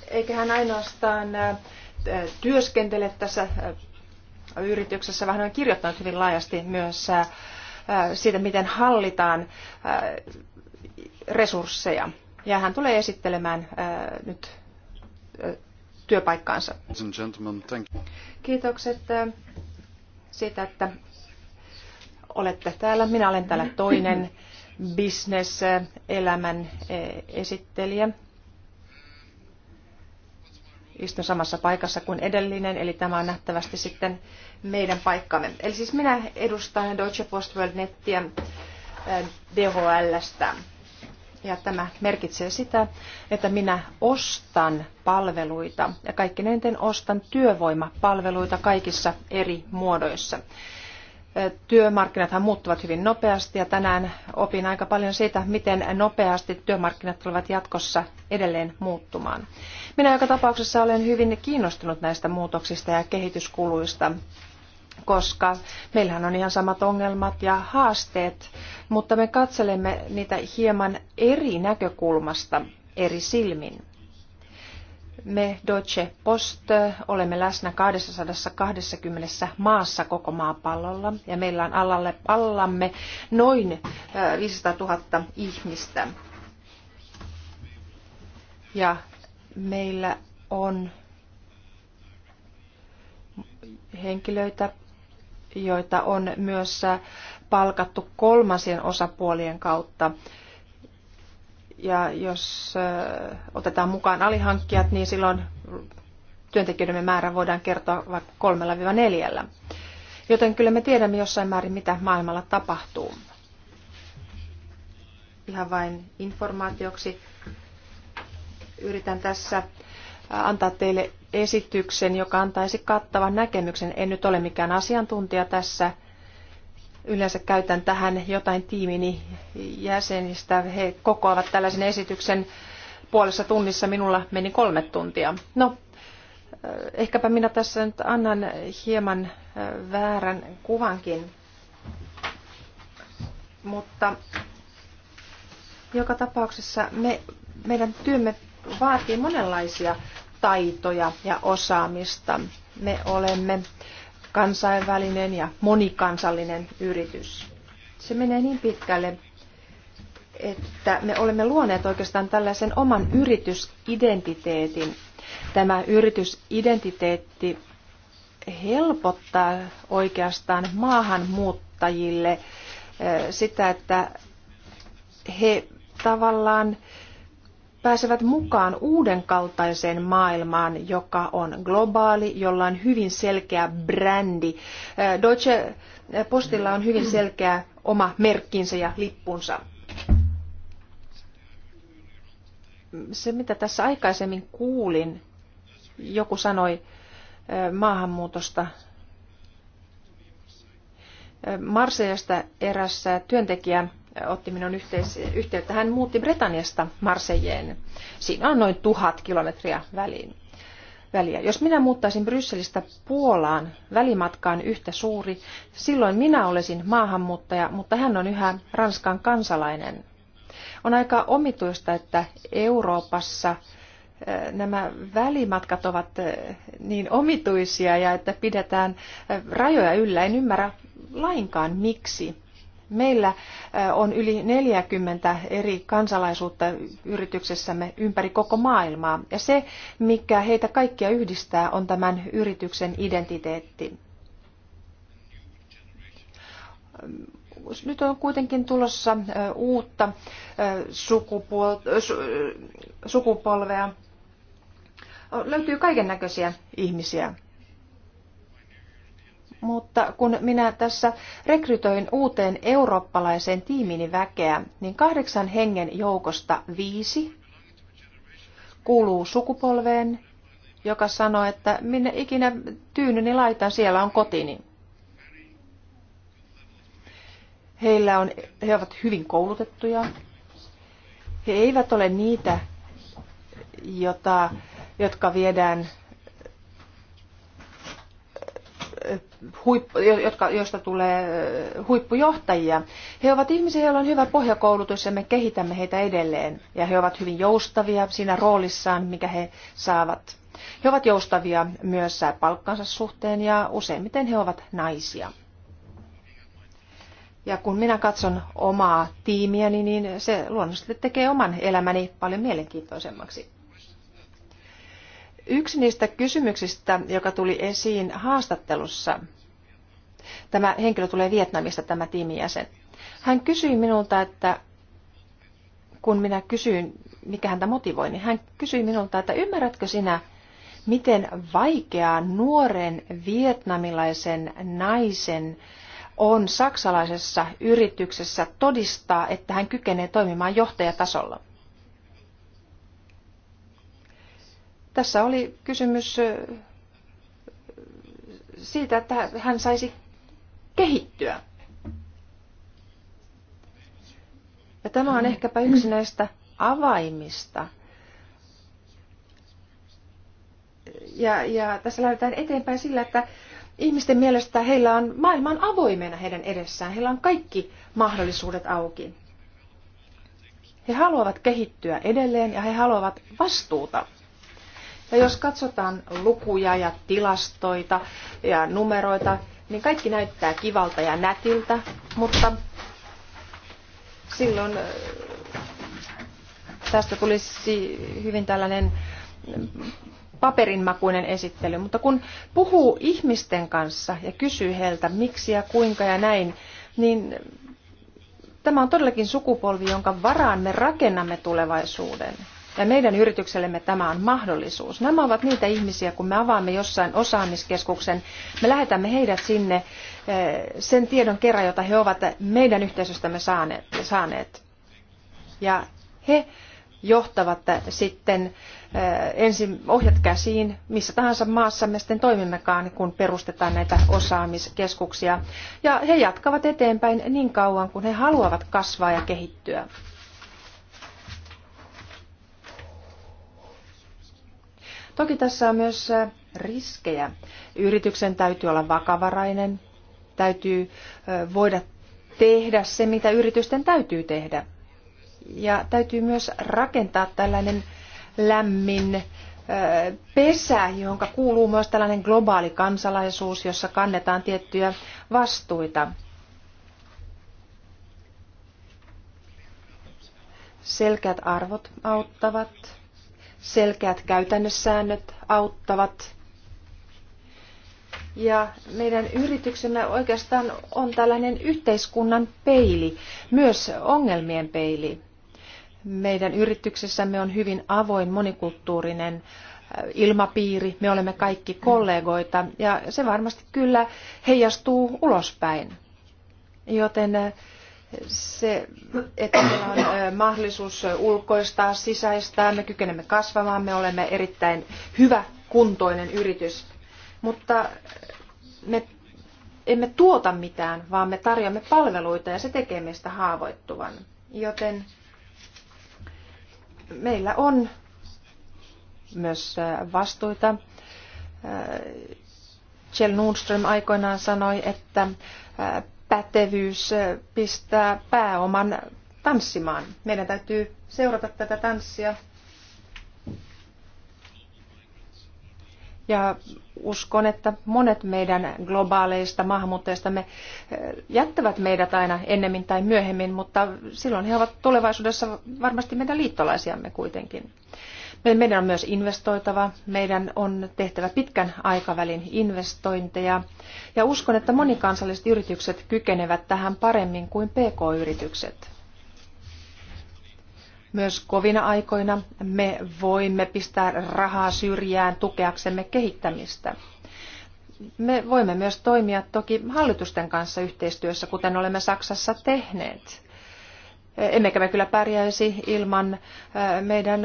Eikä hän ainoastaan työskentele tässä yrityksessä, vaan hän on kirjoittanut hyvin laajasti myös siitä, miten hallitaan resursseja. Ja hän tulee esittelemään nyt työpaikkaansa. Kiitokset siitä, että olette täällä. Minä olen täällä toinen bisneselämän e, esittelijä. Istun samassa paikassa kuin edellinen, eli tämä on nähtävästi sitten meidän paikkamme. Eli siis minä edustan Deutsche Post World Nettiä e, DHLstä. Ja tämä merkitsee sitä, että minä ostan palveluita ja kaikki ostan työvoimapalveluita kaikissa eri muodoissa. Työmarkkinathan muuttuvat hyvin nopeasti ja tänään opin aika paljon siitä, miten nopeasti työmarkkinat tulevat jatkossa edelleen muuttumaan. Minä joka tapauksessa olen hyvin kiinnostunut näistä muutoksista ja kehityskuluista, koska meillähän on ihan samat ongelmat ja haasteet, mutta me katselemme niitä hieman eri näkökulmasta, eri silmin. Me Deutsche Post olemme läsnä 220 maassa koko maapallolla ja meillä on alalle, allamme noin 500 äh, 000 ihmistä. Ja meillä on henkilöitä, joita on myös palkattu kolmansien osapuolien kautta ja jos otetaan mukaan alihankkijat, niin silloin työntekijöiden määrä voidaan kertoa vaikka kolmella viiva neljällä. Joten kyllä me tiedämme jossain määrin, mitä maailmalla tapahtuu. Ihan vain informaatioksi yritän tässä antaa teille esityksen, joka antaisi kattavan näkemyksen. En nyt ole mikään asiantuntija tässä Yleensä käytän tähän jotain tiimini jäsenistä. He kokoavat tällaisen esityksen puolessa tunnissa. Minulla meni kolme tuntia. No, eh, ehkäpä minä tässä nyt annan hieman eh, väärän kuvankin. Mutta joka tapauksessa me, meidän työmme vaatii monenlaisia taitoja ja osaamista. Me olemme äh, kansainvälinen ja monikansallinen yritys. Se menee niin pitkälle, että me olemme luoneet oikeastaan tällaisen oman yritysidentiteetin. Tämä yritysidentiteetti helpottaa oikeastaan maahanmuuttajille eh, sitä, että he tavallaan pääsevät mukaan uudenkaltaiseen maailmaan, joka on globaali, jolla on hyvin selkeä brändi. Äh, Deutsche Postilla on hyvin selkeä oma merkkinsä ja lippunsa. Se, mitä tässä aikaisemmin kuulin, joku sanoi äh, maahanmuutosta äh, Marsejasta erässä työntekijä otti minun yhteyttä. Hän muutti Britanniasta Marseilleen, Siinä on noin tuhat kilometriä väliin. Väliä. Jos minä muuttaisin Brysselistä Puolaan välimatkaan yhtä suuri, silloin minä olisin maahanmuuttaja, mutta hän on yhä Ranskan kansalainen. On aika omituista, että Euroopassa eh, nämä välimatkat ovat eh, niin omituisia ja että pidetään eh, rajoja yllä. En ymmärrä lainkaan miksi Meillä on yli 40 eri kansalaisuutta yrityksessämme ympäri koko maailmaa, ja se, mikä heitä kaikkia yhdistää, on tämän yrityksen identiteetti. Nyt on kuitenkin tulossa uutta sukupolvea. Löytyy kaiken näköisiä ihmisiä mutta kun minä tässä rekrytoin uuteen eurooppalaiseen tiimini väkeä, niin kahdeksan hengen joukosta viisi kuuluu sukupolveen, joka sanoo, että minne ikinä tyynyni niin laitan, siellä on kotini. Heillä on, he ovat hyvin koulutettuja. He eivät ole niitä, jota, jotka viedään huippu, jotka, joista tulee huippujohtajia. He ovat ihmisiä, joilla on hyvä pohjakoulutus ja me kehitämme heitä edelleen. Ja he ovat hyvin joustavia siinä roolissaan, mikä he saavat. He ovat joustavia myös palkkansa suhteen ja useimmiten he ovat naisia. Ja kun minä katson omaa tiimiäni, niin se luonnollisesti tekee oman elämäni paljon mielenkiintoisemmaksi. Yksi niistä kysymyksistä, joka tuli esiin haastattelussa, tämä henkilö tulee Vietnamista, tämä tiimijäsen. Hän kysyi minulta, että kun minä kysyin, mikä häntä motivoi, niin hän kysyi minulta, että ymmärrätkö sinä, miten vaikeaa nuoren vietnamilaisen naisen on saksalaisessa yrityksessä todistaa, että hän kykenee toimimaan johtajatasolla. Tässä oli kysymys siitä, että hän saisi kehittyä. Ja tämä on ehkäpä yksi näistä avaimista. Ja, ja tässä lähdetään eteenpäin sillä, että ihmisten mielestä heillä on maailman avoimena heidän edessään. Heillä on kaikki mahdollisuudet auki. He haluavat kehittyä edelleen ja he haluavat vastuuta ja jos katsotaan lukuja ja tilastoita ja numeroita, niin kaikki näyttää kivalta ja nätiltä, mutta silloin äh, tästä tulisi hyvin tällainen paperinmakuinen esittely, mutta kun puhuu ihmisten kanssa ja kysyy heiltä miksi ja kuinka ja näin, niin tämä on todellakin sukupolvi, jonka varaan me rakennamme tulevaisuuden. Ja meidän yrityksellemme tämä on mahdollisuus. Nämä ovat niitä ihmisiä, kun me avaamme jossain osaamiskeskuksen, me lähetämme heidät sinne eh, sen tiedon kerran, jota he ovat meidän yhteisöstämme saaneet. Ja he johtavat sitten eh, ensin ohjat käsiin missä tahansa maassa me sitten toimimmekaan, kun perustetaan näitä osaamiskeskuksia. Ja he jatkavat eteenpäin niin kauan, kun he haluavat kasvaa ja kehittyä. Toki tässä on myös riskejä. Yrityksen täytyy olla vakavarainen, täytyy voida tehdä se, mitä yritysten täytyy tehdä. Ja täytyy myös rakentaa tällainen lämmin pesä, johon kuuluu myös tällainen globaali kansalaisuus, jossa kannetaan tiettyjä vastuita. Selkeät arvot auttavat selkeät käytännössäännöt auttavat. Ja meidän yrityksemme oikeastaan on tällainen yhteiskunnan peili, myös ongelmien peili. Meidän yrityksessämme on hyvin avoin monikulttuurinen äh, ilmapiiri, me olemme kaikki kollegoita ja se varmasti kyllä heijastuu ulospäin. Joten äh, se, että meillä on mahdollisuus ulkoistaa, sisäistää, me kykenemme kasvamaan, me olemme erittäin hyvä kuntoinen yritys, mutta me emme tuota mitään, vaan me tarjoamme palveluita ja se tekee meistä haavoittuvan. Joten meillä on myös vastuita. Kjell Nordström aikoinaan sanoi, että pätevyys pistää pääoman tanssimaan. Meidän täytyy seurata tätä tanssia. Ja uskon, että monet meidän globaaleista maahanmuuttajistamme jättävät meidät aina ennemmin tai myöhemmin, mutta silloin he ovat tulevaisuudessa varmasti meidän liittolaisiamme kuitenkin. Meidän on myös investoitava, meidän on tehtävä pitkän aikavälin investointeja ja uskon, että monikansalliset yritykset kykenevät tähän paremmin kuin pk-yritykset. Myös kovina aikoina me voimme pistää rahaa syrjään tukeaksemme kehittämistä. Me voimme myös toimia toki hallitusten kanssa yhteistyössä, kuten olemme Saksassa tehneet. Emmekä me kyllä pärjäisi ilman meidän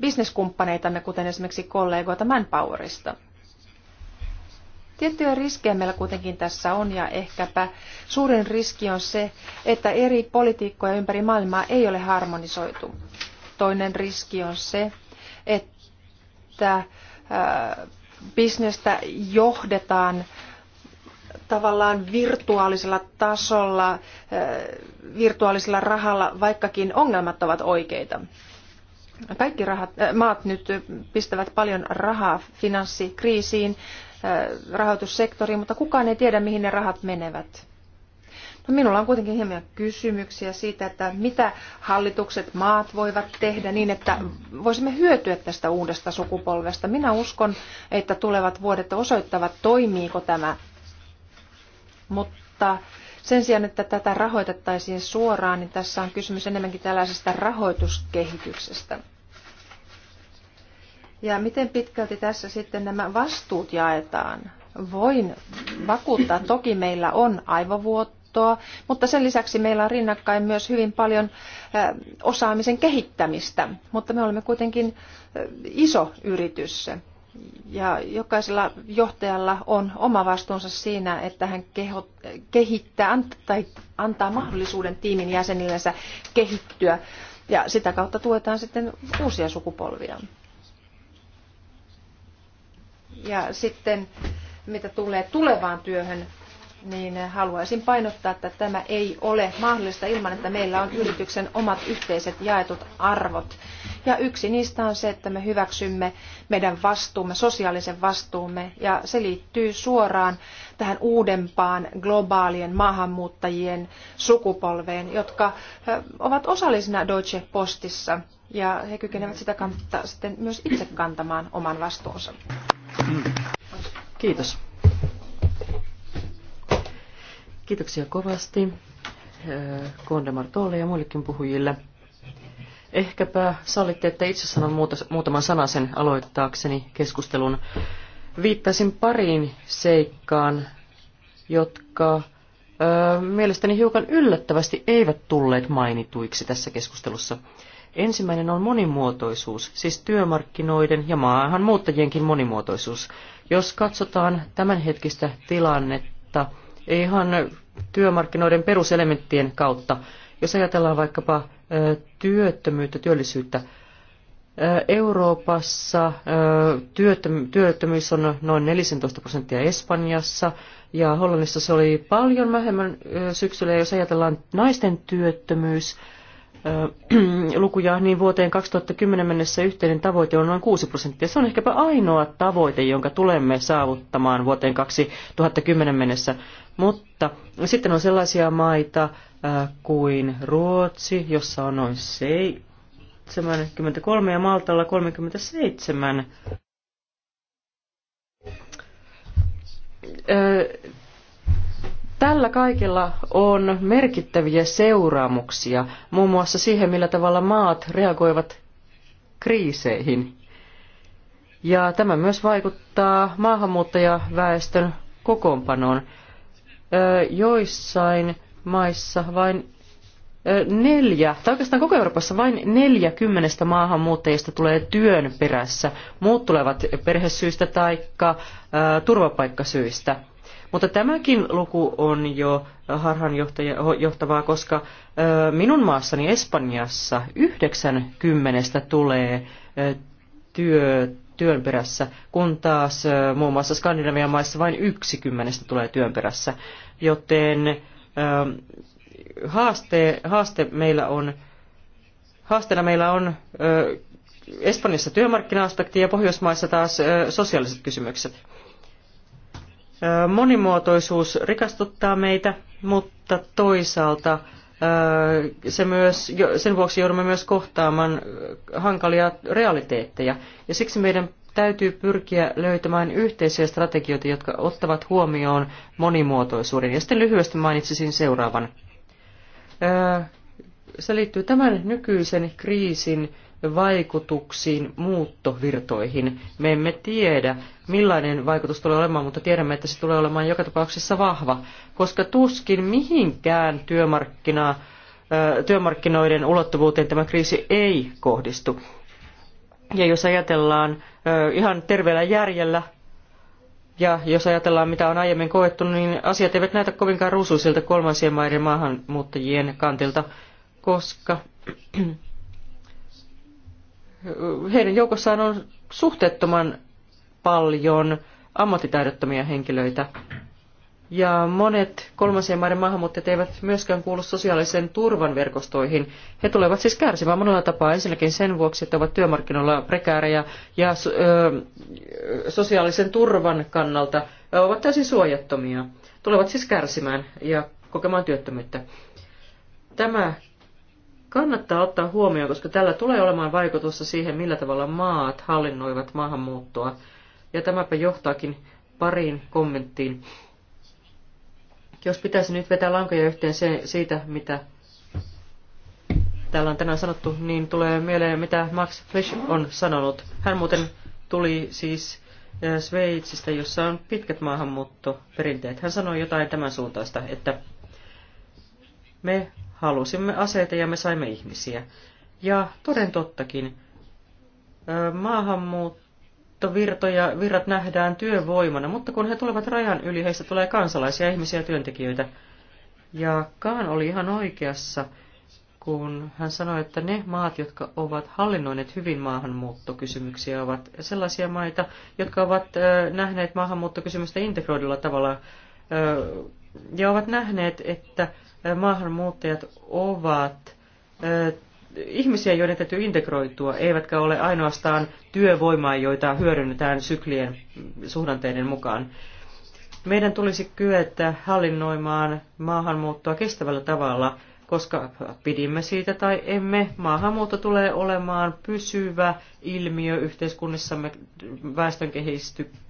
bisneskumppaneitamme, kuten esimerkiksi kollegoita Manpowerista. Tiettyjä riskejä meillä kuitenkin tässä on ja ehkäpä suurin riski on se, että eri politiikkoja ympäri maailmaa ei ole harmonisoitu. Toinen riski on se, että äh, bisnestä johdetaan tavallaan virtuaalisella tasolla, äh, virtuaalisella rahalla, vaikkakin ongelmat ovat oikeita. Kaikki rahat, äh, maat nyt pistävät paljon rahaa finanssikriisiin, äh, rahoitussektoriin, mutta kukaan ei tiedä, mihin ne rahat menevät. No, minulla on kuitenkin hieman kysymyksiä siitä, että mitä hallitukset, maat voivat tehdä niin, että voisimme hyötyä tästä uudesta sukupolvesta. Minä uskon, että tulevat vuodet osoittavat, toimiiko tämä. Mutta sen sijaan, että tätä rahoitettaisiin suoraan, niin tässä on kysymys enemmänkin tällaisesta rahoituskehityksestä. Ja miten pitkälti tässä sitten nämä vastuut jaetaan? Voin vakuuttaa, toki meillä on aivovuottoa, mutta sen lisäksi meillä on rinnakkain myös hyvin paljon osaamisen kehittämistä, mutta me olemme kuitenkin iso yritys. Ja jokaisella johtajalla on oma vastuunsa siinä, että hän keho, kehittää tai antaa mahdollisuuden tiimin jäsenillensä kehittyä. Ja sitä kautta tuetaan sitten uusia sukupolvia. Ja sitten mitä tulee tulevaan työhön, niin haluaisin painottaa, että tämä ei ole mahdollista ilman, että meillä on yrityksen omat yhteiset jaetut arvot. Ja yksi niistä on se, että me hyväksymme meidän vastuumme, sosiaalisen vastuumme, ja se liittyy suoraan tähän uudempaan globaalien maahanmuuttajien sukupolveen, jotka ovat osallisina Deutsche Postissa, ja he kykenevät sitä kautta sitten myös itse kantamaan oman vastuunsa. Kiitos. Kiitoksia kovasti eh, Tolle ja muillekin puhujille. Ehkäpä sallitte, että itse sanon muutaman sanan sen aloittaakseni keskustelun. Viittasin pariin seikkaan, jotka ö, eh, mielestäni hiukan yllättävästi eivät tulleet mainituiksi tässä keskustelussa. Ensimmäinen on monimuotoisuus, siis työmarkkinoiden ja maahanmuuttajienkin monimuotoisuus. Jos katsotaan tämänhetkistä tilannetta, ihan työmarkkinoiden peruselementtien kautta. Jos ajatellaan vaikkapa työttömyyttä, työllisyyttä, Euroopassa työttömyys on noin 14 prosenttia Espanjassa ja Hollannissa se oli paljon vähemmän syksyllä. Jos ajatellaan naisten työttömyys, (clears throat) lukuja, niin vuoteen 2010 mennessä yhteinen tavoite on noin 6 prosenttia. Se on ehkäpä ainoa tavoite, jonka tulemme saavuttamaan vuoteen 2010 mennessä. Mutta sitten on sellaisia maita äh, kuin Ruotsi, jossa on noin 73 ja Maltalla 37. Äh, tällä kaikella on merkittäviä seuraamuksia, muun muassa siihen, millä tavalla maat reagoivat kriiseihin. Ja tämä myös vaikuttaa maahanmuuttajaväestön kokoonpanoon joissain maissa vain neljä, tai oikeastaan koko Euroopassa vain neljä kymmenestä maahanmuuttajista tulee työn perässä. Muut tulevat perhesyistä tai turvapaikkasyistä. Mutta tämäkin luku on jo harhaanjohtavaa, koska minun maassani Espanjassa yhdeksän kymmenestä tulee työtä työn perässä, kun taas muun muassa Skandinavian maissa vain yksi kymmenestä tulee työn perässä. Joten haaste, haaste meillä on, haasteena meillä on Espanjassa työmarkkina-aspekti ja Pohjoismaissa taas sosiaaliset kysymykset. Monimuotoisuus rikastuttaa meitä, mutta toisaalta se myös, sen vuoksi joudumme myös kohtaamaan hankalia realiteetteja. Ja siksi meidän täytyy pyrkiä löytämään yhteisiä strategioita, jotka ottavat huomioon monimuotoisuuden. Ja sitten lyhyesti mainitsisin seuraavan. Se liittyy tämän nykyisen kriisin vaikutuksiin muuttovirtoihin. Me emme tiedä, millainen vaikutus tulee olemaan, mutta tiedämme, että se tulee olemaan joka tapauksessa vahva, koska tuskin mihinkään työmarkkinaa, työmarkkinoiden ulottuvuuteen tämä kriisi ei kohdistu. Ja jos ajatellaan ihan terveellä järjellä, ja jos ajatellaan, mitä on aiemmin koettu, niin asiat eivät näytä kovinkaan ruusuisilta kolmansien maiden maahanmuuttajien kantilta, koska heidän joukossaan on suhteettoman paljon ammattitaidottomia henkilöitä. Ja monet kolmansien maiden maahanmuuttajat eivät myöskään kuulu sosiaalisen turvan verkostoihin. He tulevat siis kärsimään monella tapaa ensinnäkin sen vuoksi, että ovat työmarkkinoilla prekäärejä ja sosiaalisen turvan kannalta ovat täysin suojattomia. Tulevat siis kärsimään ja kokemaan työttömyyttä. Tämä kannattaa ottaa huomioon, koska tällä tulee olemaan vaikutusta siihen, millä tavalla maat hallinnoivat maahanmuuttoa. Ja tämäpä johtaakin pariin kommenttiin. Jos pitäisi nyt vetää lankoja yhteen se, siitä, mitä täällä on tänään sanottu, niin tulee mieleen, mitä Max Fish on sanonut. Hän muuten tuli siis äh, Sveitsistä, jossa on pitkät maahanmuuttoperinteet. Hän sanoi jotain tämän suuntaista, että me Halusimme aseita ja me saimme ihmisiä. Ja toden tottakin, maahanmuuttovirtoja virrat nähdään työvoimana, mutta kun he tulevat rajan yli, heistä tulee kansalaisia ihmisiä ja työntekijöitä. Ja Kaan oli ihan oikeassa, kun hän sanoi, että ne maat, jotka ovat hallinnoineet hyvin maahanmuuttokysymyksiä, ovat sellaisia maita, jotka ovat nähneet maahanmuuttokysymystä integroidulla tavalla ja ovat nähneet, että maahanmuuttajat ovat ihmisiä, joiden täytyy integroitua, eivätkä ole ainoastaan työvoimaa, joita hyödynnetään syklien suhdanteiden mukaan. Meidän tulisi kyetä hallinnoimaan maahanmuuttoa kestävällä tavalla, koska pidimme siitä tai emme, maahanmuutto tulee olemaan pysyvä ilmiö yhteiskunnissamme väestön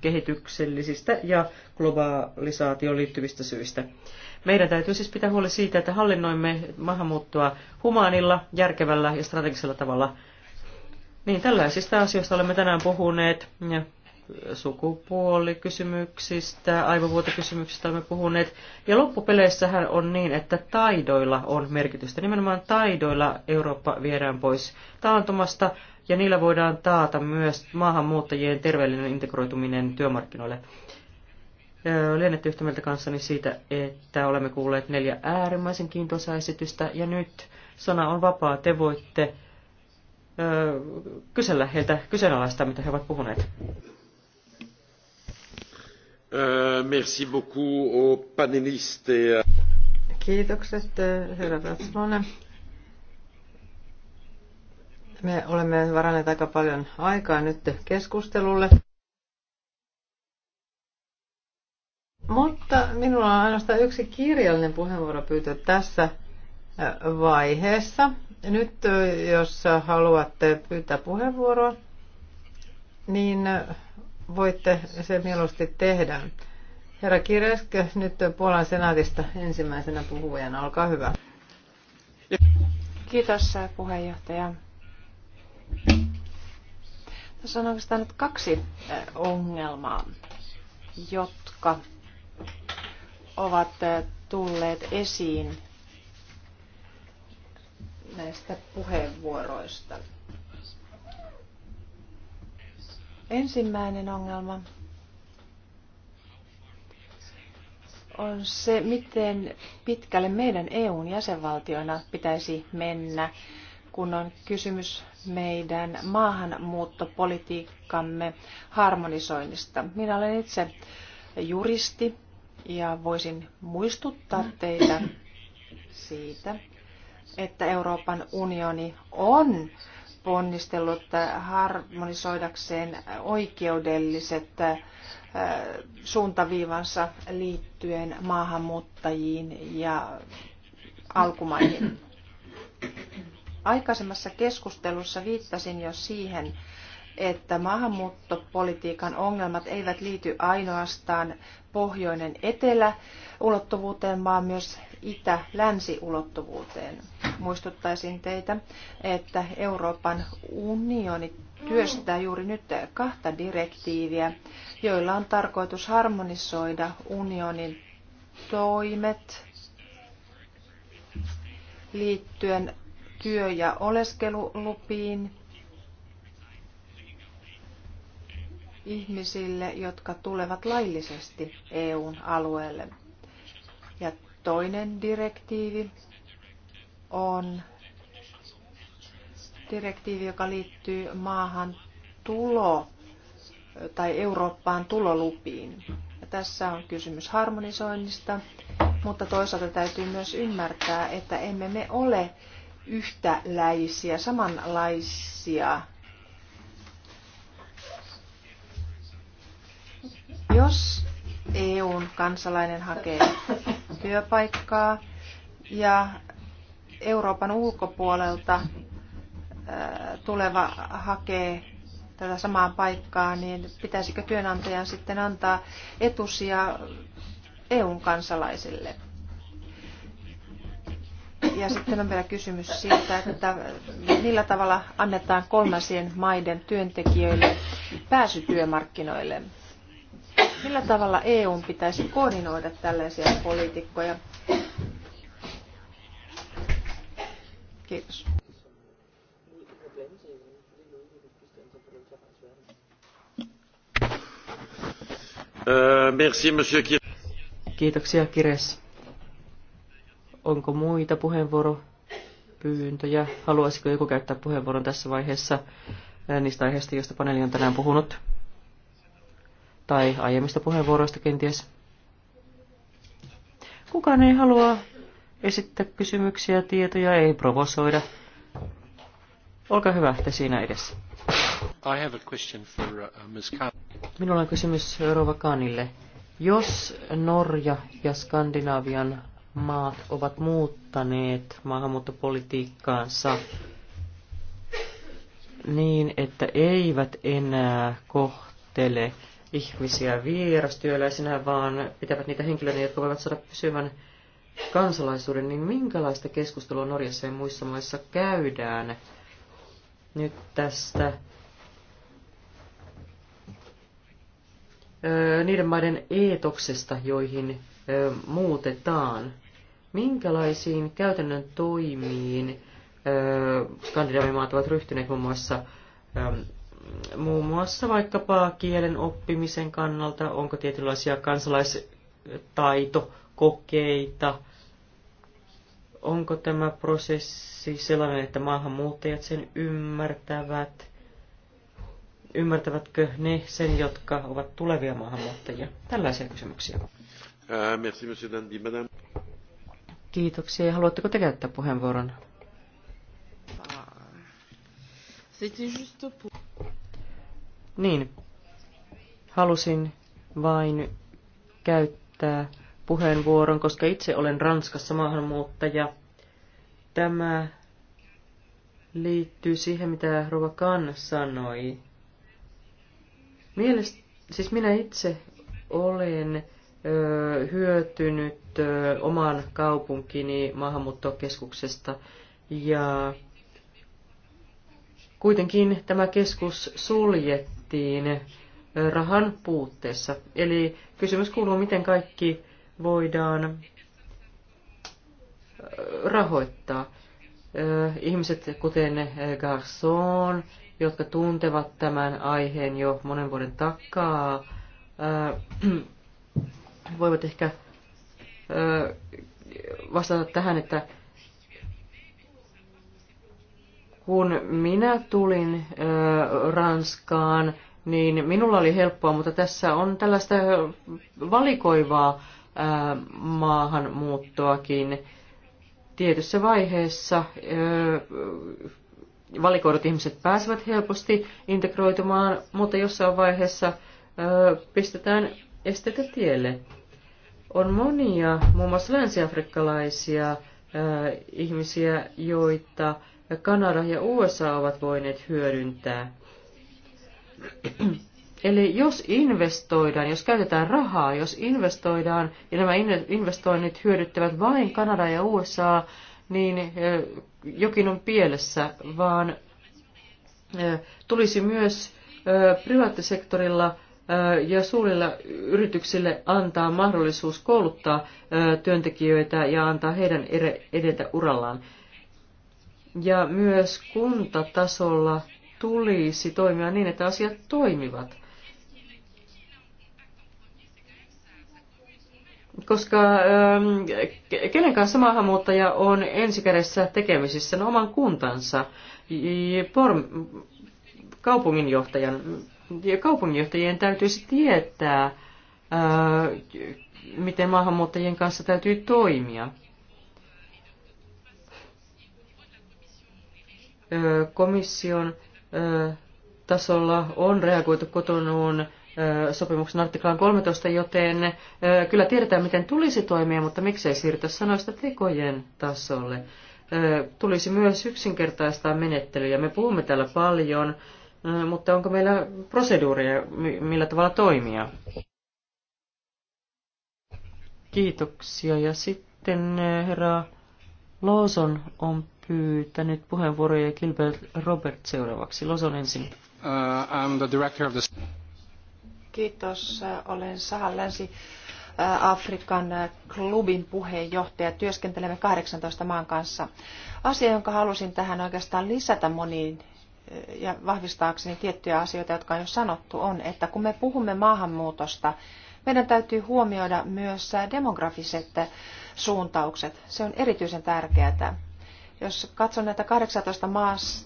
kehityksellisistä ja globaalisaatioon liittyvistä syistä. Meidän täytyy siis pitää huoli siitä, että hallinnoimme maahanmuuttoa humaanilla, järkevällä ja strategisella tavalla. Niin, tällaisista asioista olemme tänään puhuneet. Ja sukupuolikysymyksistä, aivovuotokysymyksistä olemme puhuneet. Ja loppupeleissähän on niin, että taidoilla on merkitystä. Nimenomaan taidoilla Eurooppa viedään pois taantumasta ja niillä voidaan taata myös maahanmuuttajien terveellinen integroituminen työmarkkinoille. Lennette yhtä mieltä kanssani siitä, että olemme kuulleet neljä äärimmäisen kiintoisaa esitystä, ja nyt sana on vapaa. Te voitte ö, kysellä heiltä kyseenalaista, mitä he ovat puhuneet. Merci beaucoup aux Kiitokset, herra Ratsmonen. Me olemme varanneet aika paljon aikaa nyt keskustelulle. Mutta minulla on ainoastaan yksi kirjallinen puheenvuoropyyntö tässä äh, vaiheessa. Nyt äh, jos haluatte pyytää puheenvuoroa, niin äh, voitte se mieluusti tehdä. Herra Kireskö, nyt Puolan senaatista ensimmäisenä puhujana, olkaa hyvä. Kiitos puheenjohtaja. Tässä on oikeastaan nyt kaksi ongelmaa, jotka ovat tulleet esiin näistä puheenvuoroista. Ensimmäinen ongelma on se, miten pitkälle meidän EUn jäsenvaltioina pitäisi mennä, kun on kysymys meidän maahanmuuttopolitiikkamme harmonisoinnista. Minä olen itse juristi ja voisin muistuttaa teitä siitä, että Euroopan unioni on ponnistellut harmonisoidakseen oikeudelliset äh, suuntaviivansa liittyen maahanmuuttajiin ja alkumaihin. Aikaisemmassa keskustelussa viittasin jo siihen, että maahanmuuttopolitiikan ongelmat eivät liity ainoastaan pohjoinen etelä ulottuvuuteen, vaan myös itä-länsi ulottuvuuteen. Muistuttaisin teitä, että Euroopan unioni työstää juuri nyt kahta direktiiviä, joilla on tarkoitus harmonisoida unionin toimet liittyen työ- ja oleskelulupiin ihmisille, jotka tulevat laillisesti EUn alueelle. Ja toinen direktiivi on direktiivi, joka liittyy maahan tulo tai Eurooppaan tulolupiin. Ja tässä on kysymys harmonisoinnista, mutta toisaalta täytyy myös ymmärtää, että emme me ole yhtäläisiä, samanlaisia jos EUn kansalainen hakee työpaikkaa ja Euroopan ulkopuolelta äh, tuleva hakee tätä samaa paikkaa, niin pitäisikö työnantajan sitten antaa etusia EUn kansalaisille? Ja sitten on vielä kysymys siitä, että millä tavalla annetaan kolmansien maiden työntekijöille pääsy työmarkkinoille. Millä tavalla EUn pitäisi koordinoida tällaisia poliitikkoja? Kiitos. Euh, Kiitoksia, Kires. Onko muita puheenvuoropyyntöjä? Haluaisiko joku käyttää puheenvuoron tässä vaiheessa niistä aiheista, joista paneeli on tänään puhunut? tai aiemmista puheenvuoroista kenties. Kukaan ei halua esittää kysymyksiä, tietoja, ei provosoida. Olkaa hyvä, te siinä edessä. I have a question for, uh, Ms. Minulla on kysymys Rova Kanille. Jos Norja ja Skandinavian maat ovat muuttaneet maahanmuuttopolitiikkaansa niin, että eivät enää kohtele ihmisiä vierastyöläisinä, vaan pitävät niitä henkilöitä, jotka voivat saada pysyvän kansalaisuuden, niin minkälaista keskustelua Norjassa ja muissa maissa käydään nyt tästä niiden maiden eetoksesta, joihin muutetaan. Minkälaisiin käytännön toimiin skandinaavimaat ovat ryhtyneet muun muassa muun muassa vaikkapa kielen oppimisen kannalta, onko tietynlaisia kansalaistaitokokeita, onko tämä prosessi sellainen, että maahanmuuttajat sen ymmärtävät, ymmärtävätkö ne sen, jotka ovat tulevia maahanmuuttajia. Tällaisia kysymyksiä. Ää, äh, merci, monsieur Dandy, madame. Kiitoksia. Haluatteko te käyttää puheenvuoron? C'était juste pour... Niin, halusin vain käyttää puheenvuoron, koska itse olen Ranskassa maahanmuuttaja. Tämä liittyy siihen, mitä Rova Kan sanoi. Mielestä, siis minä itse olen ö, hyötynyt ö, oman kaupunkini maahanmuuttokeskuksesta ja kuitenkin tämä keskus suljettiin tehtiin rahan puutteessa. Eli kysymys kuuluu, miten kaikki voidaan rahoittaa. Ihmiset kuten Garçon, jotka tuntevat tämän aiheen jo monen vuoden takaa, voivat ehkä vastata tähän, että Kun minä tulin ö, Ranskaan, niin minulla oli helppoa, mutta tässä on tällaista valikoivaa ö, maahanmuuttoakin. Tietyssä vaiheessa ö, valikoidut ihmiset pääsevät helposti integroitumaan, mutta jossain vaiheessa ö, pistetään estetä tielle. On monia, muun muassa länsiafrikkalaisia ö, ihmisiä, joita Kanada ja USA ovat voineet hyödyntää. Eli jos investoidaan, jos käytetään rahaa, jos investoidaan ja nämä investoinnit hyödyttävät vain Kanada ja USA, niin jokin on pielessä, vaan tulisi myös privaattisektorilla ja suurilla yrityksille antaa mahdollisuus kouluttaa työntekijöitä ja antaa heidän edetä urallaan. Ja myös kuntatasolla tulisi toimia niin, että asiat toimivat. Koska ähm, kenen kanssa maahanmuuttaja on ensikädessä tekemisissä? No oman kuntansa, kaupunginjohtajan. Kaupunginjohtajien täytyisi tietää, äh, miten maahanmuuttajien kanssa täytyy toimia. komission tasolla on reagoitu kotonuun sopimuksen artiklaan 13, joten kyllä tiedetään, miten tulisi toimia, mutta miksei siirrytä sanoista tekojen tasolle. Tulisi myös yksinkertaistaa menettelyjä. Me puhumme täällä paljon, mutta onko meillä proseduuria, millä tavalla toimia? Kiitoksia. Ja sitten herra Lawson on pyytänyt puheenvuoroja Gilbert Robert seuraavaksi. Loson ensin. Uh, I'm the director of the... Kiitos. Uh, olen Sahan länsi uh, Afrikan uh, klubin puheenjohtaja. Työskentelemme 18 maan kanssa. Asia, jonka halusin tähän oikeastaan lisätä moniin ja vahvistaakseni tiettyjä asioita, jotka on jo sanottu, on, että kun me puhumme maahanmuutosta, meidän täytyy huomioida myös demografiset suuntaukset. Se on erityisen tärkeää. Jos katson näitä 18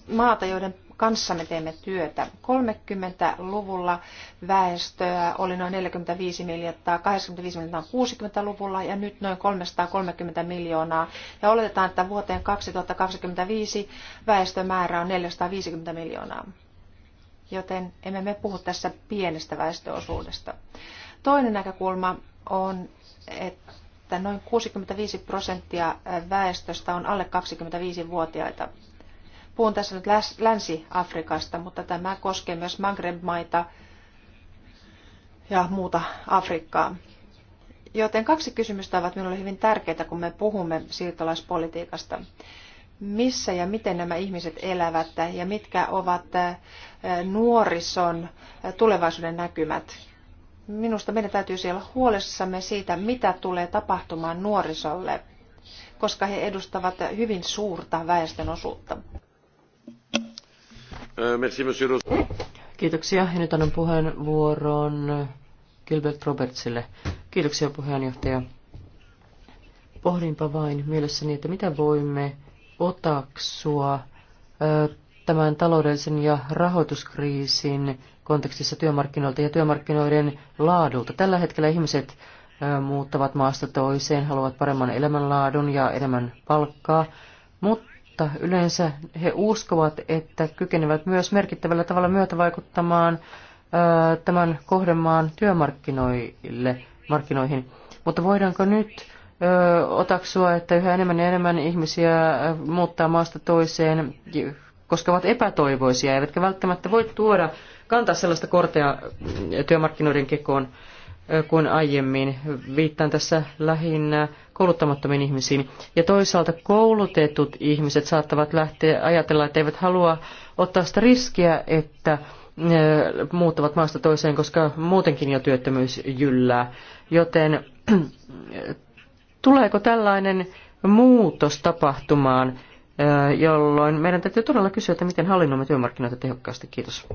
maata, joiden kanssa me teemme työtä. 30-luvulla väestöä oli noin 45 miljoonaa, 85 miljoonaa 60-luvulla ja nyt noin 330 miljoonaa. Ja oletetaan, että vuoteen 2025 väestömäärä on 450 miljoonaa. Joten emme me puhu tässä pienestä väestöosuudesta. Toinen näkökulma on, että että noin 65 prosenttia väestöstä on alle 25-vuotiaita. Puhun tässä nyt Länsi-Afrikasta, mutta tämä koskee myös Maghreb-maita ja muuta Afrikkaa. Joten kaksi kysymystä ovat minulle hyvin tärkeitä, kun me puhumme siirtolaispolitiikasta. Missä ja miten nämä ihmiset elävät ja mitkä ovat nuorison tulevaisuuden näkymät? Minusta meidän täytyisi olla huolissamme siitä, mitä tulee tapahtumaan nuorisolle, koska he edustavat hyvin suurta väestönosuutta. Äh, Kiitoksia. Ja nyt annan puheenvuoron Gilbert Robertsille. Kiitoksia puheenjohtaja. Pohdinpa vain mielessäni, että mitä voimme otaksua äh, tämän taloudellisen ja rahoituskriisin kontekstissa työmarkkinoilta ja työmarkkinoiden laadulta. Tällä hetkellä ihmiset muuttavat maasta toiseen, haluavat paremman elämänlaadun ja enemmän palkkaa, mutta yleensä he uskovat, että kykenevät myös merkittävällä tavalla myötävaikuttamaan tämän kohdemaan työmarkkinoille, markkinoihin. Mutta voidaanko nyt otaksua, että yhä enemmän ja enemmän ihmisiä muuttaa maasta toiseen, koska ovat epätoivoisia, eivätkä välttämättä voi tuoda kantaa sellaista kortea äh, työmarkkinoiden kekoon äh, kuin aiemmin. Viittaan tässä lähinnä kouluttamattomiin ihmisiin. Ja toisaalta koulutetut ihmiset saattavat lähteä ajatella, että eivät halua ottaa sitä riskiä, että äh, muuttavat maasta toiseen, koska muutenkin jo työttömyys jyllää. Joten tuleeko tällainen muutos tapahtumaan, jolloin meidän täytyy todella kysyä, että miten hallinnoimme työmarkkinoita tehokkaasti. Kiitos.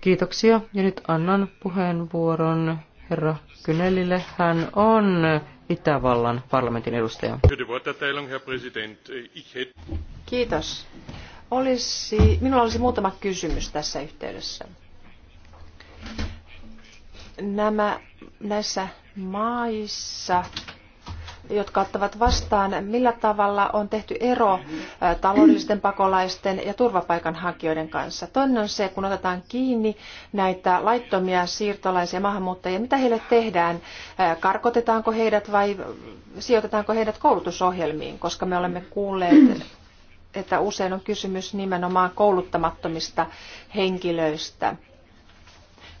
Kiitoksia. Ja nyt annan puheenvuoron herra Kynellille. Hän on Itävallan parlamentin edustaja. Kiitos. Olisi, minulla olisi muutama kysymys tässä yhteydessä. Nämä, näissä maissa jotka ottavat vastaan, millä tavalla on tehty ero taloudellisten pakolaisten ja turvapaikanhakijoiden kanssa. Toinen on se, kun otetaan kiinni näitä laittomia siirtolaisia maahanmuuttajia, mitä heille tehdään, karkotetaanko heidät vai sijoitetaanko heidät koulutusohjelmiin, koska me olemme kuulleet että usein on kysymys nimenomaan kouluttamattomista henkilöistä,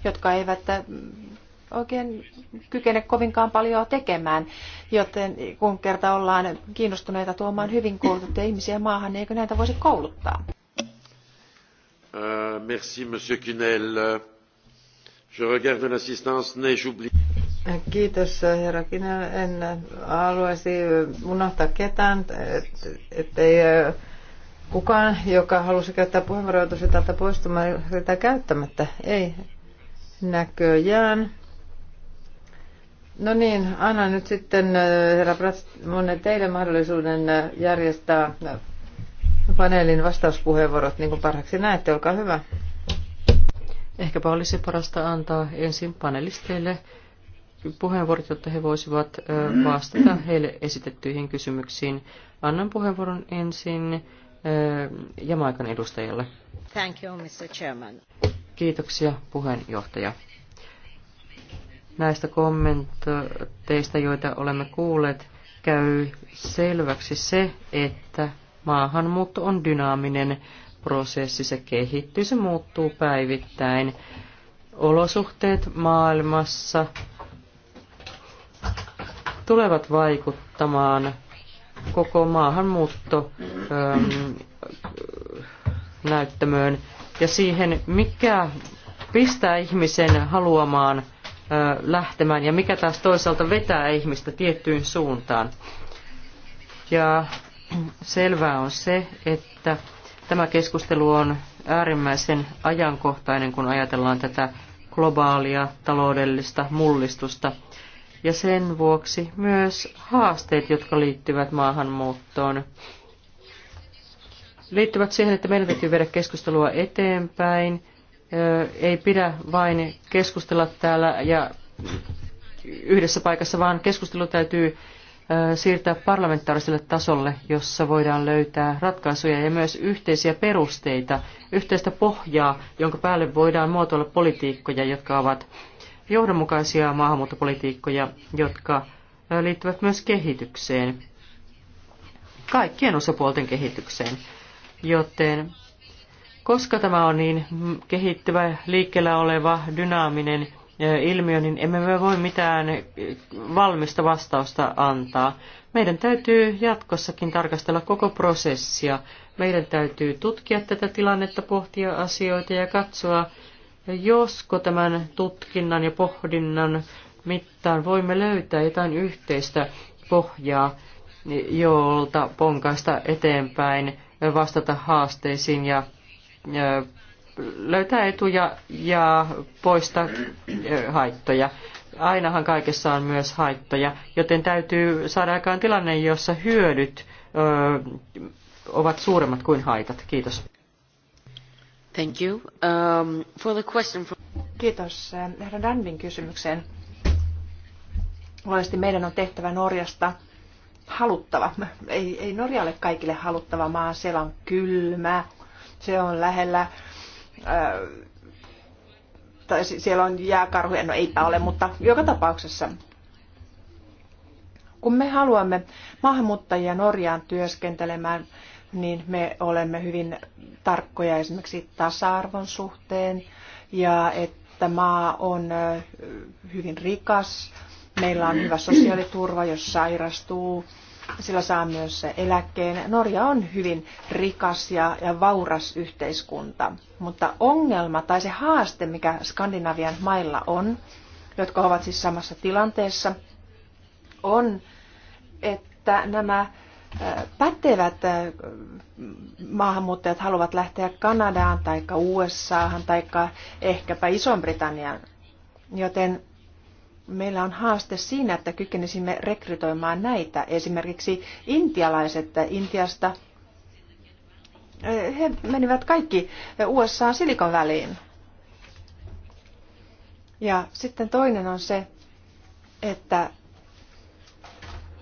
jotka eivät oikein kykene kovinkaan paljon tekemään, joten kun kerta ollaan kiinnostuneita tuomaan hyvin koulutettuja ihmisiä maahan, niin eikö näitä voisi kouluttaa? Uh, merci, monsieur Je regarde l'assistance, Kiitos herra Kinel. En haluaisi unohtaa ketään, ettei äh, kukaan, joka halusi käyttää puheenvuoroa, tältä poistumaan sitä käyttämättä. Ei näköjään. No niin, anna nyt sitten äh, herra monen teille mahdollisuuden äh, järjestää äh, paneelin vastauspuheenvuorot, niin kuin parhaaksi näette. Olkaa hyvä. Ehkäpä olisi parasta antaa ensin panelisteille puheenvuorot, jotta he voisivat vastata heille esitettyihin kysymyksiin. Annan puheenvuoron ensin Jamaikan edustajalle. Thank you, Mr. Chairman. Kiitoksia, puheenjohtaja näistä kommentteista, joita olemme kuulleet, käy selväksi se, että maahanmuutto on dynaaminen prosessi, se kehittyy, se muuttuu päivittäin. Olosuhteet maailmassa tulevat vaikuttamaan koko maahanmuutto ähm, näyttämöön ja siihen, mikä pistää ihmisen haluamaan lähtemään ja mikä taas toisaalta vetää ihmistä tiettyyn suuntaan. Ja selvää on se, että tämä keskustelu on äärimmäisen ajankohtainen, kun ajatellaan tätä globaalia taloudellista mullistusta ja sen vuoksi myös haasteet, jotka liittyvät maahanmuuttoon, liittyvät siihen, että meidän täytyy viedä keskustelua eteenpäin ei pidä vain keskustella täällä ja yhdessä paikassa, vaan keskustelu täytyy siirtää parlamentaariselle tasolle, jossa voidaan löytää ratkaisuja ja myös yhteisiä perusteita, yhteistä pohjaa, jonka päälle voidaan muotoilla politiikkoja, jotka ovat johdonmukaisia maahanmuuttopolitiikkoja, jotka liittyvät myös kehitykseen, kaikkien osapuolten kehitykseen. Joten koska tämä on niin kehittyvä, liikkeellä oleva, dynaaminen ilmiö, niin emme me voi mitään valmista vastausta antaa. Meidän täytyy jatkossakin tarkastella koko prosessia. Meidän täytyy tutkia tätä tilannetta, pohtia asioita ja katsoa, josko tämän tutkinnan ja pohdinnan mittaan voimme löytää jotain yhteistä pohjaa, jolta ponkaista eteenpäin, vastata haasteisiin ja löytää etuja ja poistaa haittoja. Ainahan kaikessa on myös haittoja, joten täytyy saada aikaan tilanne, jossa hyödyt ovat suuremmat kuin haitat. Kiitos. Thank you. Um, for the question for... Kiitos. Herra Danvin kysymykseen. Luonnollisesti meidän on tehtävä Norjasta haluttava. Ei, ei Norjalle kaikille haluttava maa. Siellä on kylmä, se on lähellä äh, tai siellä on jääkarhuja, no eipä ole, mutta joka tapauksessa. Kun me haluamme maahanmuuttajia Norjaan työskentelemään, niin me olemme hyvin tarkkoja esimerkiksi tasa-arvon suhteen ja että maa on äh, hyvin rikas. Meillä on hyvä sosiaaliturva, jos sairastuu, sillä saa myös eläkkeen. Norja on hyvin rikas ja, ja vauras yhteiskunta, mutta ongelma tai se haaste, mikä Skandinavian mailla on, jotka ovat siis samassa tilanteessa, on, että nämä äh, pätevät äh, maahanmuuttajat haluavat lähteä Kanadaan tai USAhan tai ehkäpä Iso-Britanniaan, joten meillä on haaste siinä, että kykenisimme rekrytoimaan näitä. Esimerkiksi intialaiset Intiasta, eh, he menivät kaikki USA Silikon väliin. Ja sitten toinen on se, että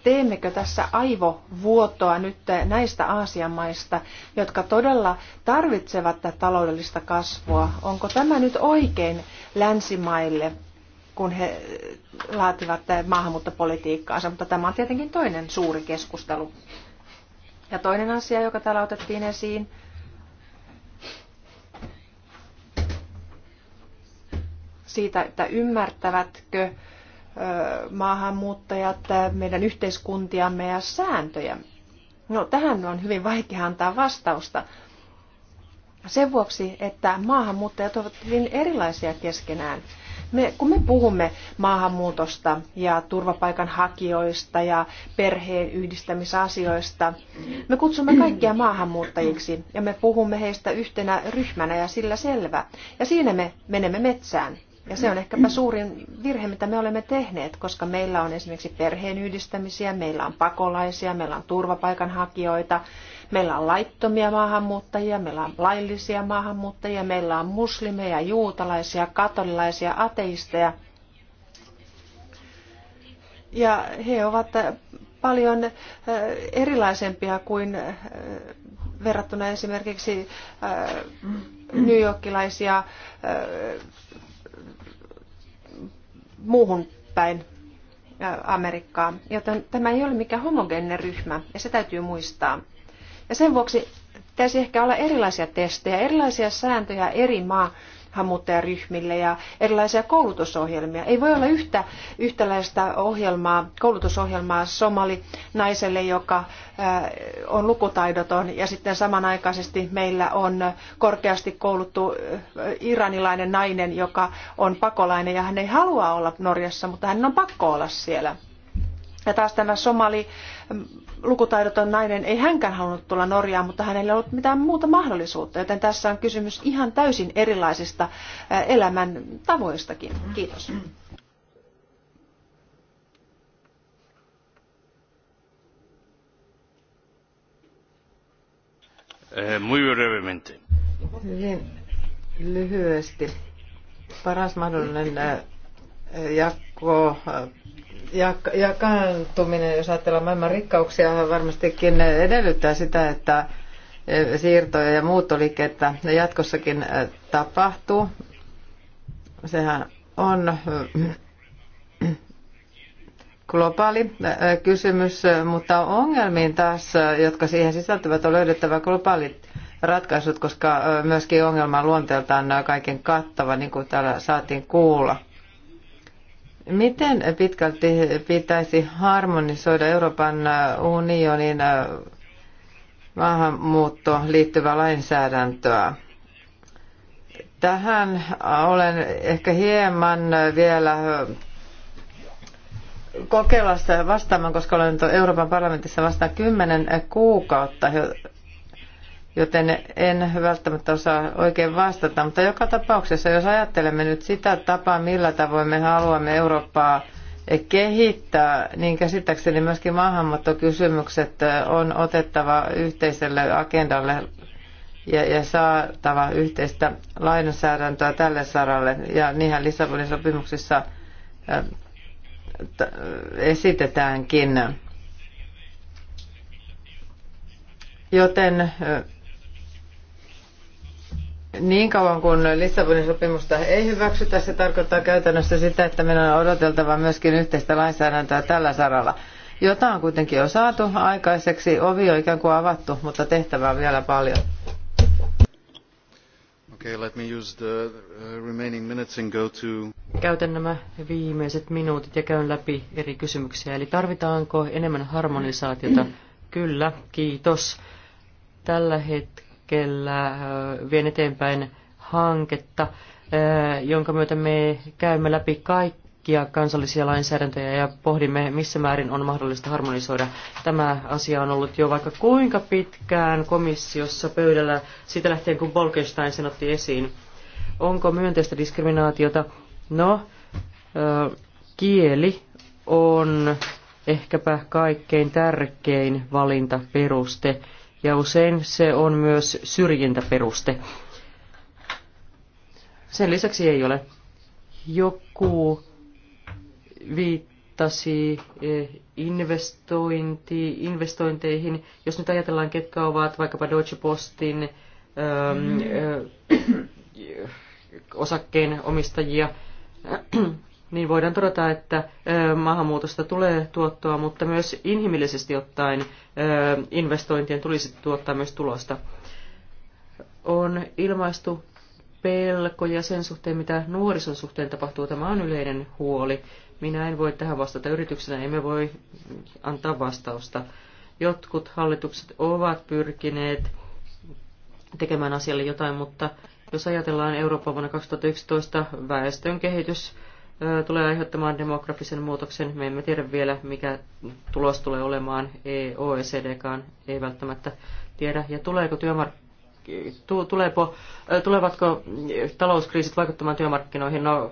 teemmekö tässä aivovuotoa nyt näistä Aasian maista, jotka todella tarvitsevat tätä taloudellista kasvua? Onko tämä nyt oikein länsimaille kun he laativat maahanmuuttopolitiikkaansa, mutta tämä on tietenkin toinen suuri keskustelu. Ja toinen asia, joka täällä otettiin esiin, siitä, että ymmärtävätkö maahanmuuttajat meidän yhteiskuntiamme ja sääntöjä. No tähän on hyvin vaikea antaa vastausta. Sen vuoksi, että maahanmuuttajat ovat hyvin erilaisia keskenään. Me, kun me puhumme maahanmuutosta ja turvapaikanhakijoista ja perheen yhdistämisasioista, me kutsumme kaikkia maahanmuuttajiksi ja me puhumme heistä yhtenä ryhmänä ja sillä selvä. Ja siinä me menemme metsään. Ja se on ehkäpä suurin virhe, mitä me olemme tehneet, koska meillä on esimerkiksi perheenyhdistämisiä, meillä on pakolaisia, meillä on turvapaikanhakijoita, Meillä on laittomia maahanmuuttajia, meillä on laillisia maahanmuuttajia, meillä on muslimeja, juutalaisia, katolilaisia, ateisteja. Ja he ovat paljon äh, erilaisempia kuin äh, verrattuna esimerkiksi äh, New Yorkilaisia muuhun päin Amerikkaa. Joten tämä ei ole mikään homogeeninen ryhmä ja se täytyy muistaa. Ja sen vuoksi pitäisi ehkä olla erilaisia testejä, erilaisia sääntöjä eri maa maahanmuuttajaryhmille ja erilaisia koulutusohjelmia. Ei voi olla yhtä yhtäläistä ohjelmaa, koulutusohjelmaa somali naiselle, joka äh, on lukutaidoton ja sitten samanaikaisesti meillä on korkeasti kouluttu äh, iranilainen nainen, joka on pakolainen ja hän ei halua olla Norjassa, mutta hän on pakko olla siellä. Ja taas tämä somali mm, lukutaidoton nainen ei hänkään halunnut tulla Norjaan, mutta hänellä ei ollut mitään muuta mahdollisuutta, joten tässä on kysymys ihan täysin erilaisista äh, elämän tavoistakin. Kiitos. Eh, muy brevemente. Hyvin lyhyesti. Paras mahdollinen äh, jako äh, jak- jakaantuminen, jos ajatellaan maailman rikkauksia, varmastikin edellyttää sitä, että eh, siirtoja ja muuttoliikettä jatkossakin eh, tapahtuu. Sehän on eh, globaali kysymys, mutta ongelmiin taas, jotka siihen sisältyvät, on löydettävä globaalit ratkaisut, koska myöskin ongelman luonteeltaan kaiken kattava, niin kuin täällä saatiin kuulla. Miten pitkälti pitäisi harmonisoida Euroopan unionin äh, maahanmuuttoon liittyvää lainsäädäntöä? Tähän olen ehkä hieman vielä äh, kokeilassa vastaamaan, koska olen Euroopan parlamentissa vasta kymmenen kuukautta, joten en välttämättä osaa oikein vastata. Mutta joka tapauksessa, jos ajattelemme nyt sitä tapaa, millä tavoin me haluamme Eurooppaa kehittää, niin käsittääkseni myöskin maahanmuuttokysymykset on otettava yhteiselle agendalle ja, ja saatava yhteistä lainsäädäntöä tälle saralle. Ja niinhän Lissabonin sopimuksissa esitetäänkin. Joten niin kauan kuin Lissabonin sopimusta ei hyväksytä, se tarkoittaa käytännössä sitä, että meidän on odoteltava myöskin yhteistä lainsäädäntöä tällä saralla. Jota on kuitenkin jo saatu aikaiseksi, ovi on ikään kuin avattu, mutta tehtävää on vielä paljon. Okay, let me use the uh, remaining minutes and go to... Käytän nämä viimeiset minuutit ja käyn läpi eri kysymyksiä. Eli tarvitaanko enemmän harmonisaatiota? Kyllä, kiitos. Tällä hetkellä hetkellä vien eteenpäin hanketta, jonka myötä me käymme läpi kaikkia kansallisia lainsäädäntöjä ja pohdimme, missä määrin on mahdollista harmonisoida. Tämä asia on ollut jo vaikka kuinka pitkään komissiossa pöydällä siitä lähtien, kun Bolkestein sen otti esiin. Onko myönteistä diskriminaatiota? No, kieli on ehkäpä kaikkein tärkein valintaperuste. peruste ja usein se on myös syrjintäperuste. Sen lisäksi ei ole. Joku viittasi e, investointi, investointeihin. Jos nyt ajatellaan, ketkä ovat vaikkapa Deutsche Postin ähm, äh, osakkeen omistajia, niin voidaan todeta, että maahanmuutosta tulee tuottoa, mutta myös inhimillisesti ottaen investointien tulisi tuottaa myös tulosta. On ilmaistu pelkoja sen suhteen, mitä nuorison suhteen tapahtuu. Tämä on yleinen huoli. Minä en voi tähän vastata yrityksenä, emme voi antaa vastausta. Jotkut hallitukset ovat pyrkineet tekemään asialle jotain, mutta jos ajatellaan Euroopan vuonna 2011 väestön kehitys, tulee aiheuttamaan demografisen muutoksen. Me emme tiedä vielä, mikä tulos tulee olemaan. E, OECDkaan ei välttämättä tiedä. Ja tuleeko työmark... tuleepo, tulevatko talouskriisit vaikuttamaan työmarkkinoihin? No,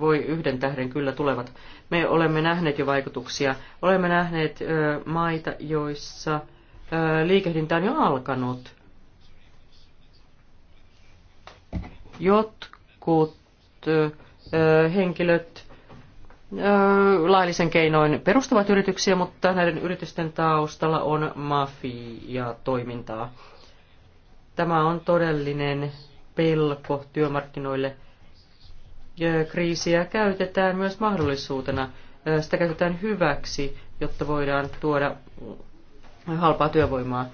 voi yhden tähden kyllä tulevat. Me olemme nähneet jo vaikutuksia. Olemme nähneet maita, joissa liikehdintä on jo alkanut. Jotkut henkilöt laillisen keinoin perustavat yrityksiä, mutta näiden yritysten taustalla on mafia-toimintaa. Tämä on todellinen pelko työmarkkinoille. Kriisiä käytetään myös mahdollisuutena. Sitä käytetään hyväksi, jotta voidaan tuoda halpaa työvoimaa.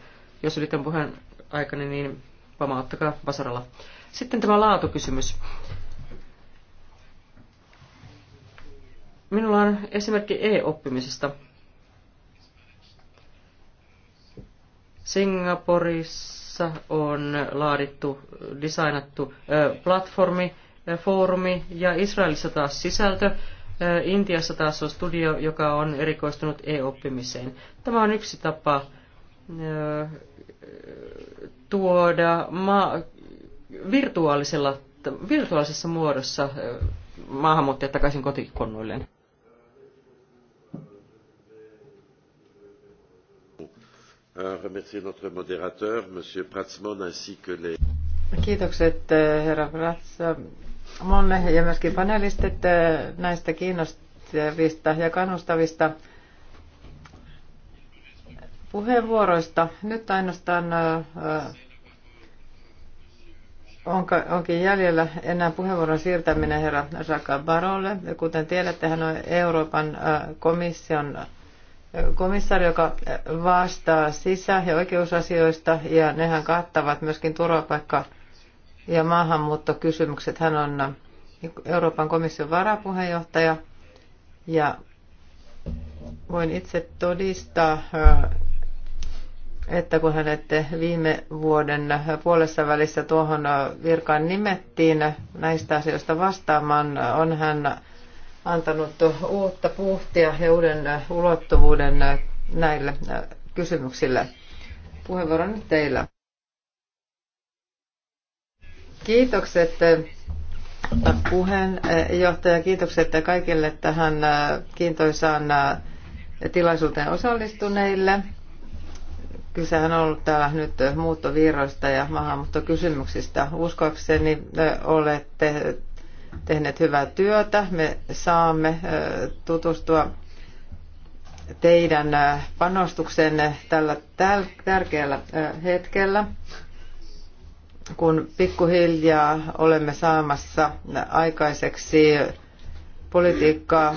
Jos yritän puheen aikana, niin pamauttakaa vasaralla. Sitten tämä laatukysymys. Minulla on esimerkki e-oppimisesta. Singaporissa on laadittu, designattu platformi, foorumi ja Israelissa taas sisältö. Intiassa taas on studio, joka on erikoistunut e-oppimiseen. Tämä on yksi tapa tuoda ma- virtuaalisella, virtuaalisessa muodossa maahanmuuttajat takaisin kotikonnuilleen. Euh, remercier notre modérateur, Monsieur Pratsman, ainsi que les... Kiitokset äh, herra Pratsman ja myöskin panelistit äh, näistä kiinnostavista ja kannustavista puheenvuoroista. Nyt ainoastaan äh, onka, onkin jäljellä enää puheenvuoron siirtäminen herra Jacques Barolle. Kuten tiedätte, hän on Euroopan komission komissaari, joka äh, vastaa sisä- ja oikeusasioista, ja nehän kattavat myöskin turvapaikka- ja maahanmuuttokysymykset. Hän on äh, Euroopan komission varapuheenjohtaja, ja voin itse todistaa, äh, että kun hänet viime vuoden puolessa välissä tuohon virkaan nimettiin näistä asioista vastaamaan, on hän antanut uutta puhtia ja uuden äh, ulottuvuuden äh, näille äh, kysymyksille. Puheenvuoro nyt teillä. Kiitokset puheenjohtaja, kiitokset kaikille tähän kiintoisaan tilaisuuteen osallistuneille. Kysehän on ollut täällä nyt muuttovirroista ja maahanmuuttokysymyksistä. Uskoakseni olette tehneet hyvää työtä. Me saamme tutustua teidän panostuksenne tällä tärkeällä hetkellä, kun pikkuhiljaa olemme saamassa aikaiseksi politiikkaa,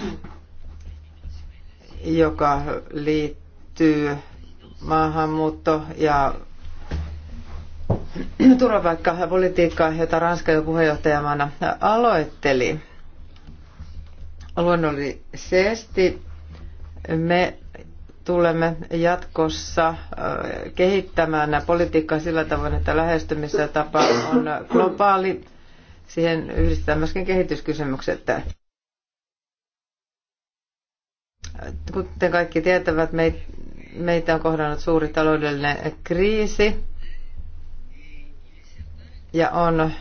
joka liittyy maahanmuutto- ja (clears throat) turvapaikkapolitiikkaa, jota Ranska jo puheenjohtajamaana aloitteli. Luonnollisesti me tulemme jatkossa äh, kehittämään politiikkaa sillä tavoin, että lähestymistapa on globaali. Siihen yhdistetään myöskin kehityskysymykset. Kuten kaikki tietävät, meitä on kohdannut suuri taloudellinen kriisi ja on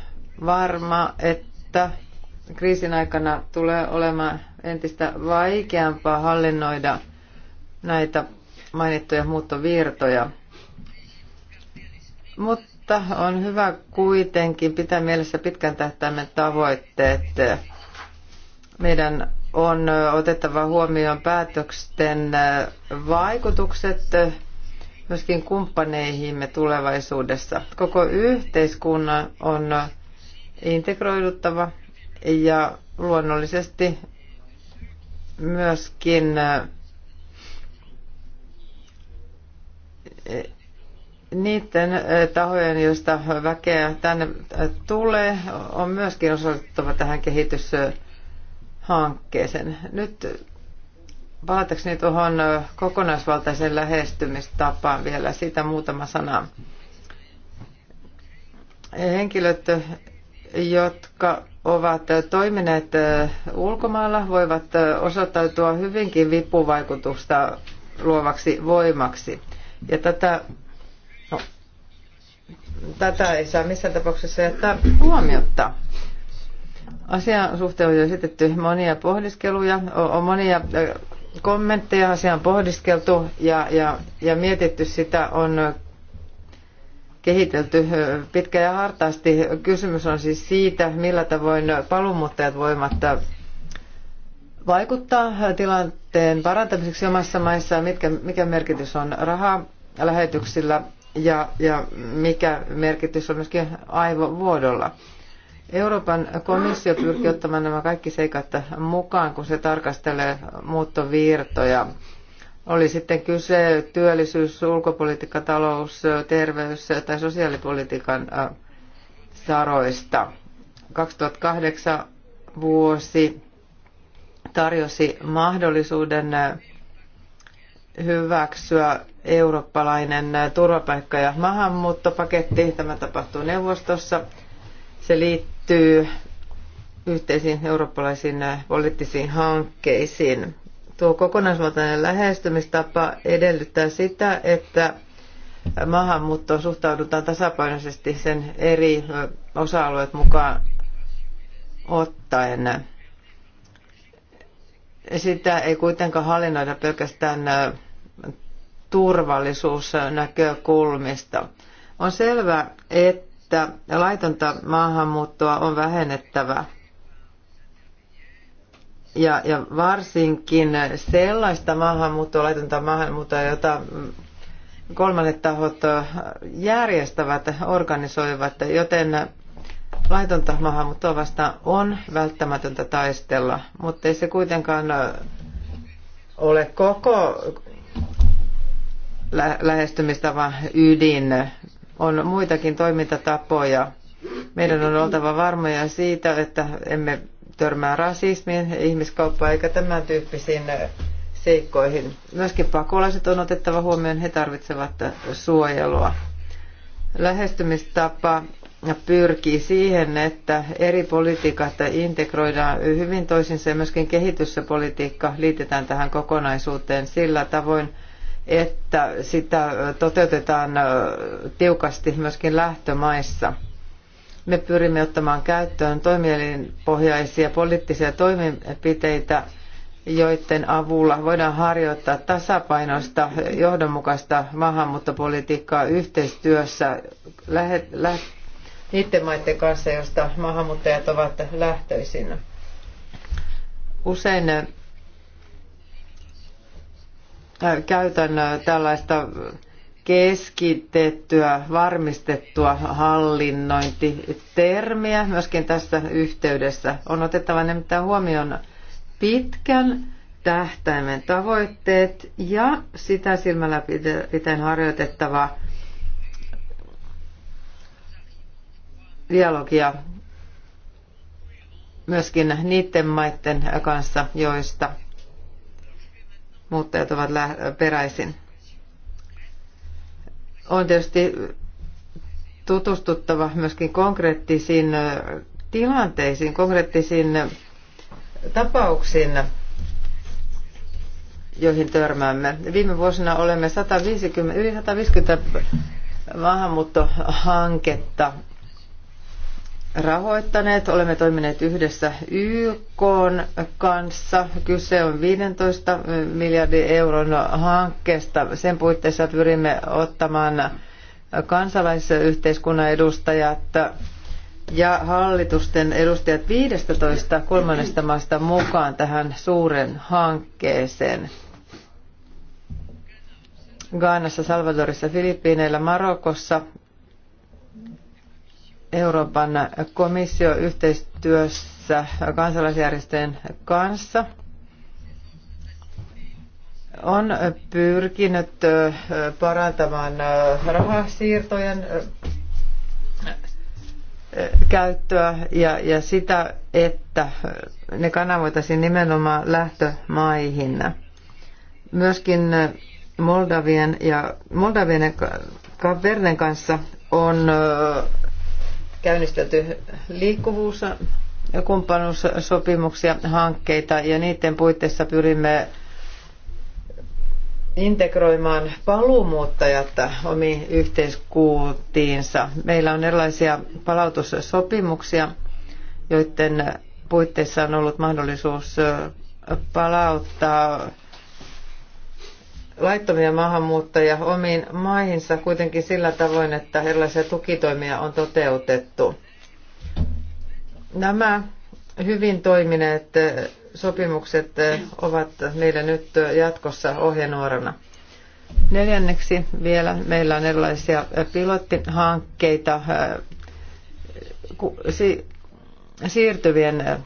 varma, että kriisin aikana tulee olemaan entistä vaikeampaa hallinnoida näitä mainittuja muuttovirtoja. Mutta on hyvä kuitenkin pitää mielessä pitkän tähtäimen tavoitteet. Meidän on otettava huomioon päätösten vaikutukset myöskin kumppaneihimme tulevaisuudessa. Koko yhteiskunnan on integroiduttava ja luonnollisesti myöskin eh, niiden eh, tahojen, joista väkeä tänne eh, tulee, on myöskin osoitettava tähän kehityshankkeeseen. Nyt palatakseni tuohon kokonaisvaltaisen lähestymistapaan vielä siitä muutama sana. Henkilöt, jotka ovat toimineet ulkomailla, voivat osoittautua hyvinkin vipuvaikutusta luovaksi voimaksi. Ja tätä, no, tätä ei saa missään tapauksessa jättää huomiota. Asian suhteen on jo esitetty monia pohdiskeluja, on monia kommentteja, asiaan pohdiskeltu ja, ja, ja mietitty sitä on kehitelty pitkä ja hartaasti. Kysymys on siis siitä, millä tavoin paluumuuttajat voivat vaikuttaa tilanteen parantamiseksi omassa maissaan, mitkä, mikä merkitys on rahaa lähetyksillä ja, ja mikä merkitys on myöskin aivovuodolla. Euroopan komissio pyrkii ottamaan nämä kaikki seikat mukaan, kun se tarkastelee muuttovirtoja. Oli sitten kyse työllisyys, ulkopolitiikka, talous, terveys tai sosiaalipolitiikan saroista. 2008 vuosi tarjosi mahdollisuuden hyväksyä eurooppalainen turvapaikka- ja maahanmuuttopaketti. Tämä tapahtuu neuvostossa se liittyy yhteisiin eurooppalaisiin äh, poliittisiin hankkeisiin. Tuo kokonaisvaltainen lähestymistapa edellyttää sitä, että maahanmuuttoon suhtaudutaan tasapainoisesti sen eri osa-alueet mukaan ottaen. Sitä ei kuitenkaan hallinnoida pelkästään turvallisuusnäkökulmista. On selvää, että että laitonta maahanmuuttoa on vähennettävä. Ja, ja varsinkin sellaista maahanmuuttoa, laitonta maahanmuuttoa, jota kolmannet tahot järjestävät, organisoivat, joten laitonta maahanmuuttoa vastaan on välttämätöntä taistella, mutta ei se kuitenkaan ole koko lähestymistavan ydin on muitakin toimintatapoja. Meidän on oltava varmoja siitä, että emme törmää rasismiin, ihmiskauppaan eikä tämän tyyppisiin seikkoihin. Myöskin pakolaiset on otettava huomioon, he tarvitsevat suojelua. Lähestymistapa pyrkii siihen, että eri politiikat integroidaan hyvin toisinsa. ja myöskin kehityspolitiikka liitetään tähän kokonaisuuteen sillä tavoin, että sitä toteutetaan tiukasti myöskin lähtömaissa. Me pyrimme ottamaan käyttöön toimielinpohjaisia poliittisia toimenpiteitä, joiden avulla voidaan harjoittaa tasapainoista johdonmukaista maahanmuuttopolitiikkaa yhteistyössä lähet, läht, niiden maiden kanssa, joista maahanmuuttajat ovat lähtöisin. Usein käytän tällaista keskitettyä, varmistettua hallinnointitermiä myöskin tässä yhteydessä. On otettava nimittäin huomioon pitkän tähtäimen tavoitteet ja sitä silmällä pitäen harjoitettava dialogia myöskin niiden maiden kanssa, joista muuttajat ovat peräisin. On tietysti tutustuttava myöskin konkreettisiin tilanteisiin, konkreettisiin tapauksiin, joihin törmäämme. Viime vuosina olemme 150, yli 150 maahanmuuttohanketta rahoittaneet. Olemme toimineet yhdessä YK kanssa. Kyse on 15 eh, miljardin euron hankkeesta. Sen puitteissa pyrimme ottamaan kansalaisyhteiskunnan edustajat ja hallitusten edustajat 15 kolmannesta maasta mukaan tähän suuren hankkeeseen. Gaanassa, Salvadorissa, Filippiineillä, Marokossa, Euroopan komissio yhteistyössä kansalaisjärjestöjen kanssa on pyrkinyt parantamaan rahasiirtojen käyttöä ja, ja sitä, että ne kanavoitaisiin nimenomaan lähtömaihin. Myöskin Moldavien ja Moldavien Kavernen kanssa on käynnistelty liikkuvuus ja kumppanuussopimuksia, hankkeita ja niiden puitteissa pyrimme integroimaan paluumuuttajat omiin yhteiskuntiinsa. Meillä on erilaisia palautussopimuksia, joiden puitteissa on ollut mahdollisuus palauttaa laittomia maahanmuuttajia omiin maihinsa kuitenkin sillä tavoin, että erilaisia tukitoimia on toteutettu. Nämä hyvin toimineet sopimukset ovat meillä nyt jatkossa ohjenuorana. Neljänneksi vielä meillä on erilaisia pilottihankkeita siirtyvien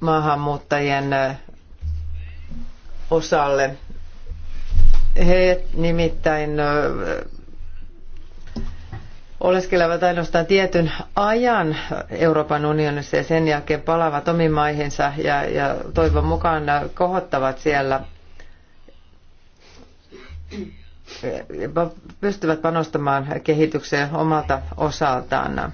maahanmuuttajien osalle he nimittäin oleskelevat ainoastaan tietyn ajan Euroopan unionissa ja sen jälkeen palaavat omiin maihinsa ja, ja toivon mukaan kohottavat siellä pystyvät panostamaan kehitykseen omalta osaltaan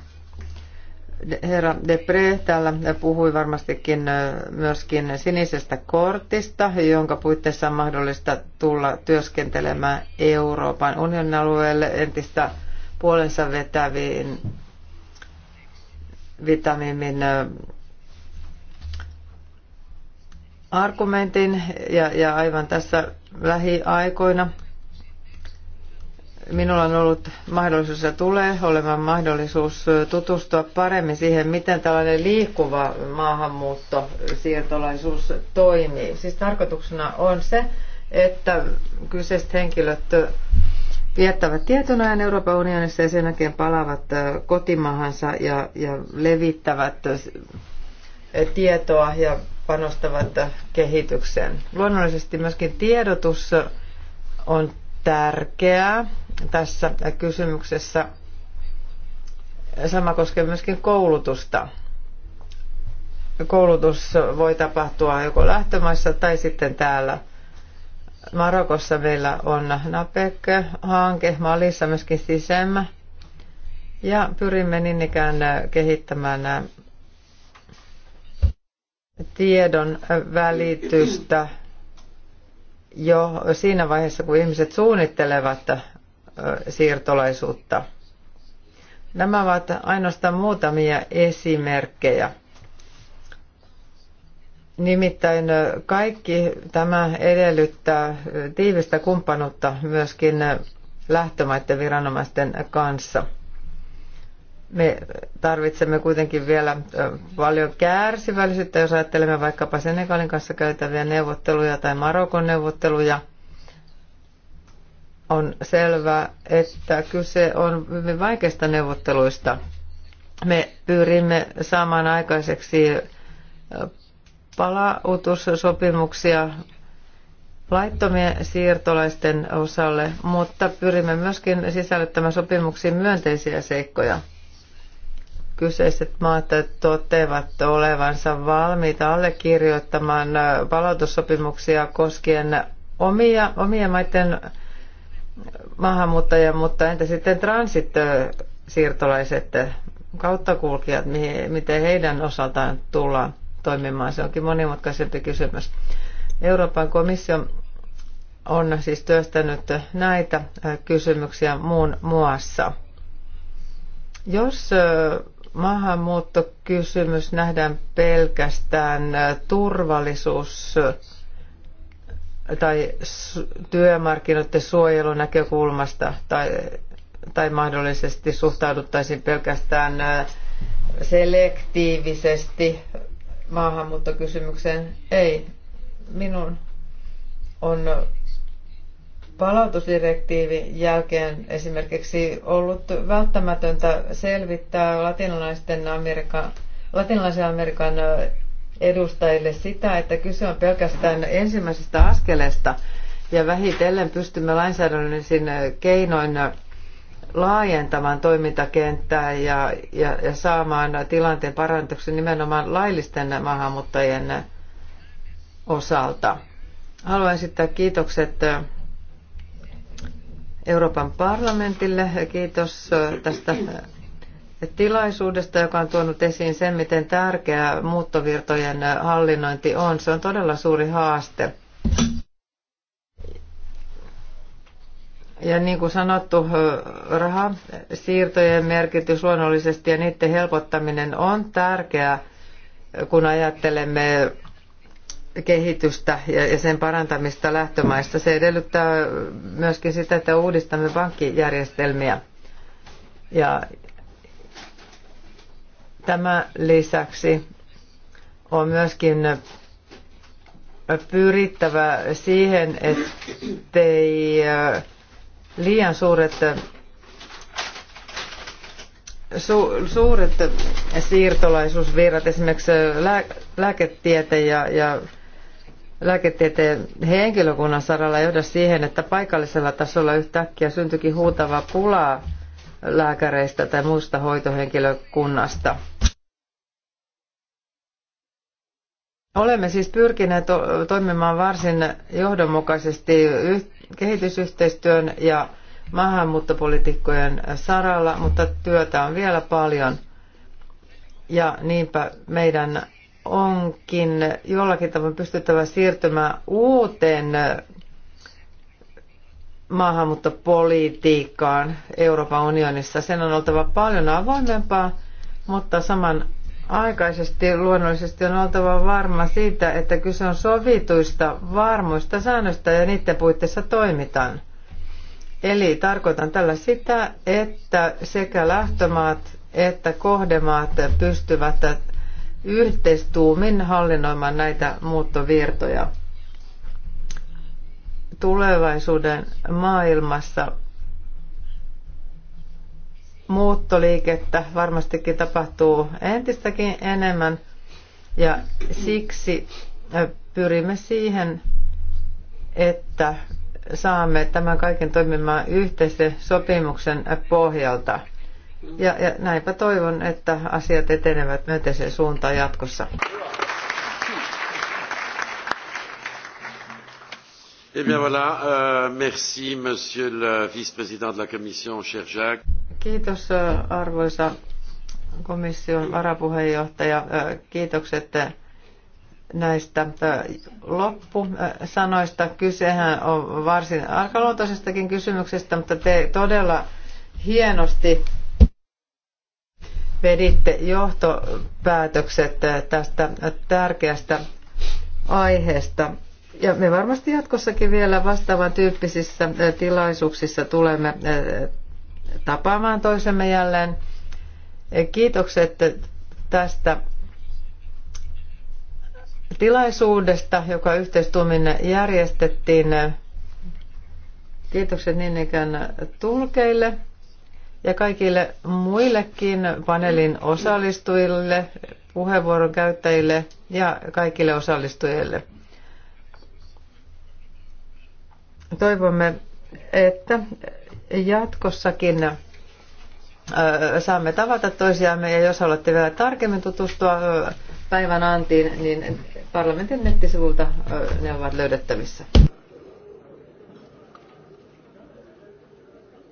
herra Depre täällä puhui varmastikin myöskin sinisestä kortista, jonka puitteissa on mahdollista tulla työskentelemään Euroopan unionin alueelle entistä puolensa vetäviin vitamiimin argumentin ja, ja aivan tässä lähiaikoina – Minulla on ollut mahdollisuus ja tulee olemaan mahdollisuus tutustua paremmin siihen, miten tällainen liikkuva maahanmuutto, siirtolaisuus toimii. Siis tarkoituksena on se, että kyseiset henkilöt viettävät tietyn ajan Euroopan unionissa ja sen jälkeen palaavat äh, kotimaahansa ja, ja levittävät äh, tietoa ja panostavat äh, kehitykseen. Luonnollisesti myöskin tiedotus on tärkeää tässä kysymyksessä. Sama koskee myöskin koulutusta. Koulutus voi tapahtua joko lähtömaissa tai sitten täällä Marokossa meillä on NAPEC-hanke, Malissa myöskin sisemmä. Ja pyrimme niin ikään kehittämään tiedon välitystä jo siinä vaiheessa, kun ihmiset suunnittelevat siirtolaisuutta. Nämä ovat ainoastaan muutamia esimerkkejä. Nimittäin kaikki tämä edellyttää tiivistä kumppanuutta myöskin lähtömaiden viranomaisten kanssa – me tarvitsemme kuitenkin vielä paljon kärsivällisyyttä, jos ajattelemme vaikkapa Senegalin kanssa käytäviä neuvotteluja tai Marokon neuvotteluja. On selvää, että kyse on hyvin vaikeista neuvotteluista. Me pyrimme saamaan aikaiseksi palautussopimuksia laittomien siirtolaisten osalle, mutta pyrimme myöskin sisällyttämään sopimuksiin myönteisiä seikkoja – kyseiset maat toteavat olevansa valmiita allekirjoittamaan palautussopimuksia koskien omia, omia maiden maahanmuuttajia, mutta entä sitten transit-siirtolaiset, kauttakulkijat, miten heidän osaltaan tullaan toimimaan? Se onkin monimutkaisempi kysymys. Euroopan komissio on siis työstänyt näitä kysymyksiä muun muassa. Jos maahanmuuttokysymys nähdään pelkästään äh, turvallisuus äh, tai työmarkkinoiden suojelun näkökulmasta tai, tai mahdollisesti suhtauduttaisiin pelkästään äh, selektiivisesti maahanmuuttokysymykseen. Ei, minun on palautusdirektiivin jälkeen esimerkiksi ollut välttämätöntä selvittää Amerikan, latinalaisen Amerikan edustajille sitä, että kyse on pelkästään ensimmäisestä askeleesta ja vähitellen pystymme lainsäädännöllisin keinoin laajentamaan toimintakenttää ja, ja, ja saamaan tilanteen parantuksen nimenomaan laillisten maahanmuuttajien osalta. Haluan esittää kiitokset Euroopan parlamentille. Kiitos tästä tilaisuudesta, joka on tuonut esiin sen, miten tärkeää muuttovirtojen hallinnointi on. Se on todella suuri haaste. Ja niin kuin sanottu, rahasiirtojen merkitys luonnollisesti ja niiden helpottaminen on tärkeää, kun ajattelemme kehitystä ja sen parantamista lähtömaissa. Se edellyttää myöskin sitä, että uudistamme pankkijärjestelmiä. Ja tämän lisäksi on myöskin pyrittävä siihen, ettei äh, liian suuret, äh, su, suuret siirtolaisuusvirrat, esimerkiksi lää, lääketiete ja, ja lääketieteen henkilökunnan saralla johda siihen, että paikallisella tasolla yhtäkkiä syntyikin huutava pula lääkäreistä tai muusta hoitohenkilökunnasta. Olemme siis pyrkineet toimimaan varsin johdonmukaisesti kehitysyhteistyön ja maahanmuuttopolitiikkojen saralla, mutta työtä on vielä paljon. Ja niinpä meidän onkin jollakin tavoin pystyttävä siirtymään uuteen maahanmuuttopolitiikkaan Euroopan unionissa. Sen on oltava paljon avoimempaa, mutta samanaikaisesti luonnollisesti on oltava varma siitä, että kyse on sovituista varmoista säännöistä ja niiden puitteissa toimitaan. Eli tarkoitan tällä sitä, että sekä lähtömaat että kohdemaat pystyvät yhteistuumin hallinnoimaan näitä muuttovirtoja. Tulevaisuuden maailmassa muuttoliikettä varmastikin tapahtuu entistäkin enemmän ja siksi pyrimme siihen, että saamme tämän kaiken toimimaan yhteisen sopimuksen pohjalta – ja, ja näinpä toivon, että asiat etenevät myönteiseen suuntaan jatkossa. Eh bien voilà, euh, merci monsieur le vice-président de la commission, cher Jacques. Kiitos äh, arvoisa komission varapuheenjohtaja. Äh, kiitokset äh, näistä loppusanoista. Kysehän on varsin arkaluontoisestakin kysymyksestä, mutta te todella hienosti veditte johtopäätökset äh, tästä tärkeästä aiheesta. Ja me varmasti jatkossakin vielä vastaavan tyyppisissä äh, tilaisuuksissa tulemme äh, tapaamaan toisemme jälleen. Kiitokset tästä tilaisuudesta, joka yhteistuumin järjestettiin. Kiitokset niin ikään tulkeille ja kaikille muillekin panelin osallistujille, puheenvuoron käyttäjille ja kaikille osallistujille. Toivomme, että jatkossakin saamme tavata toisiamme ja jos haluatte vielä tarkemmin tutustua päivän antiin, niin parlamentin nettisivulta ne ovat löydettävissä.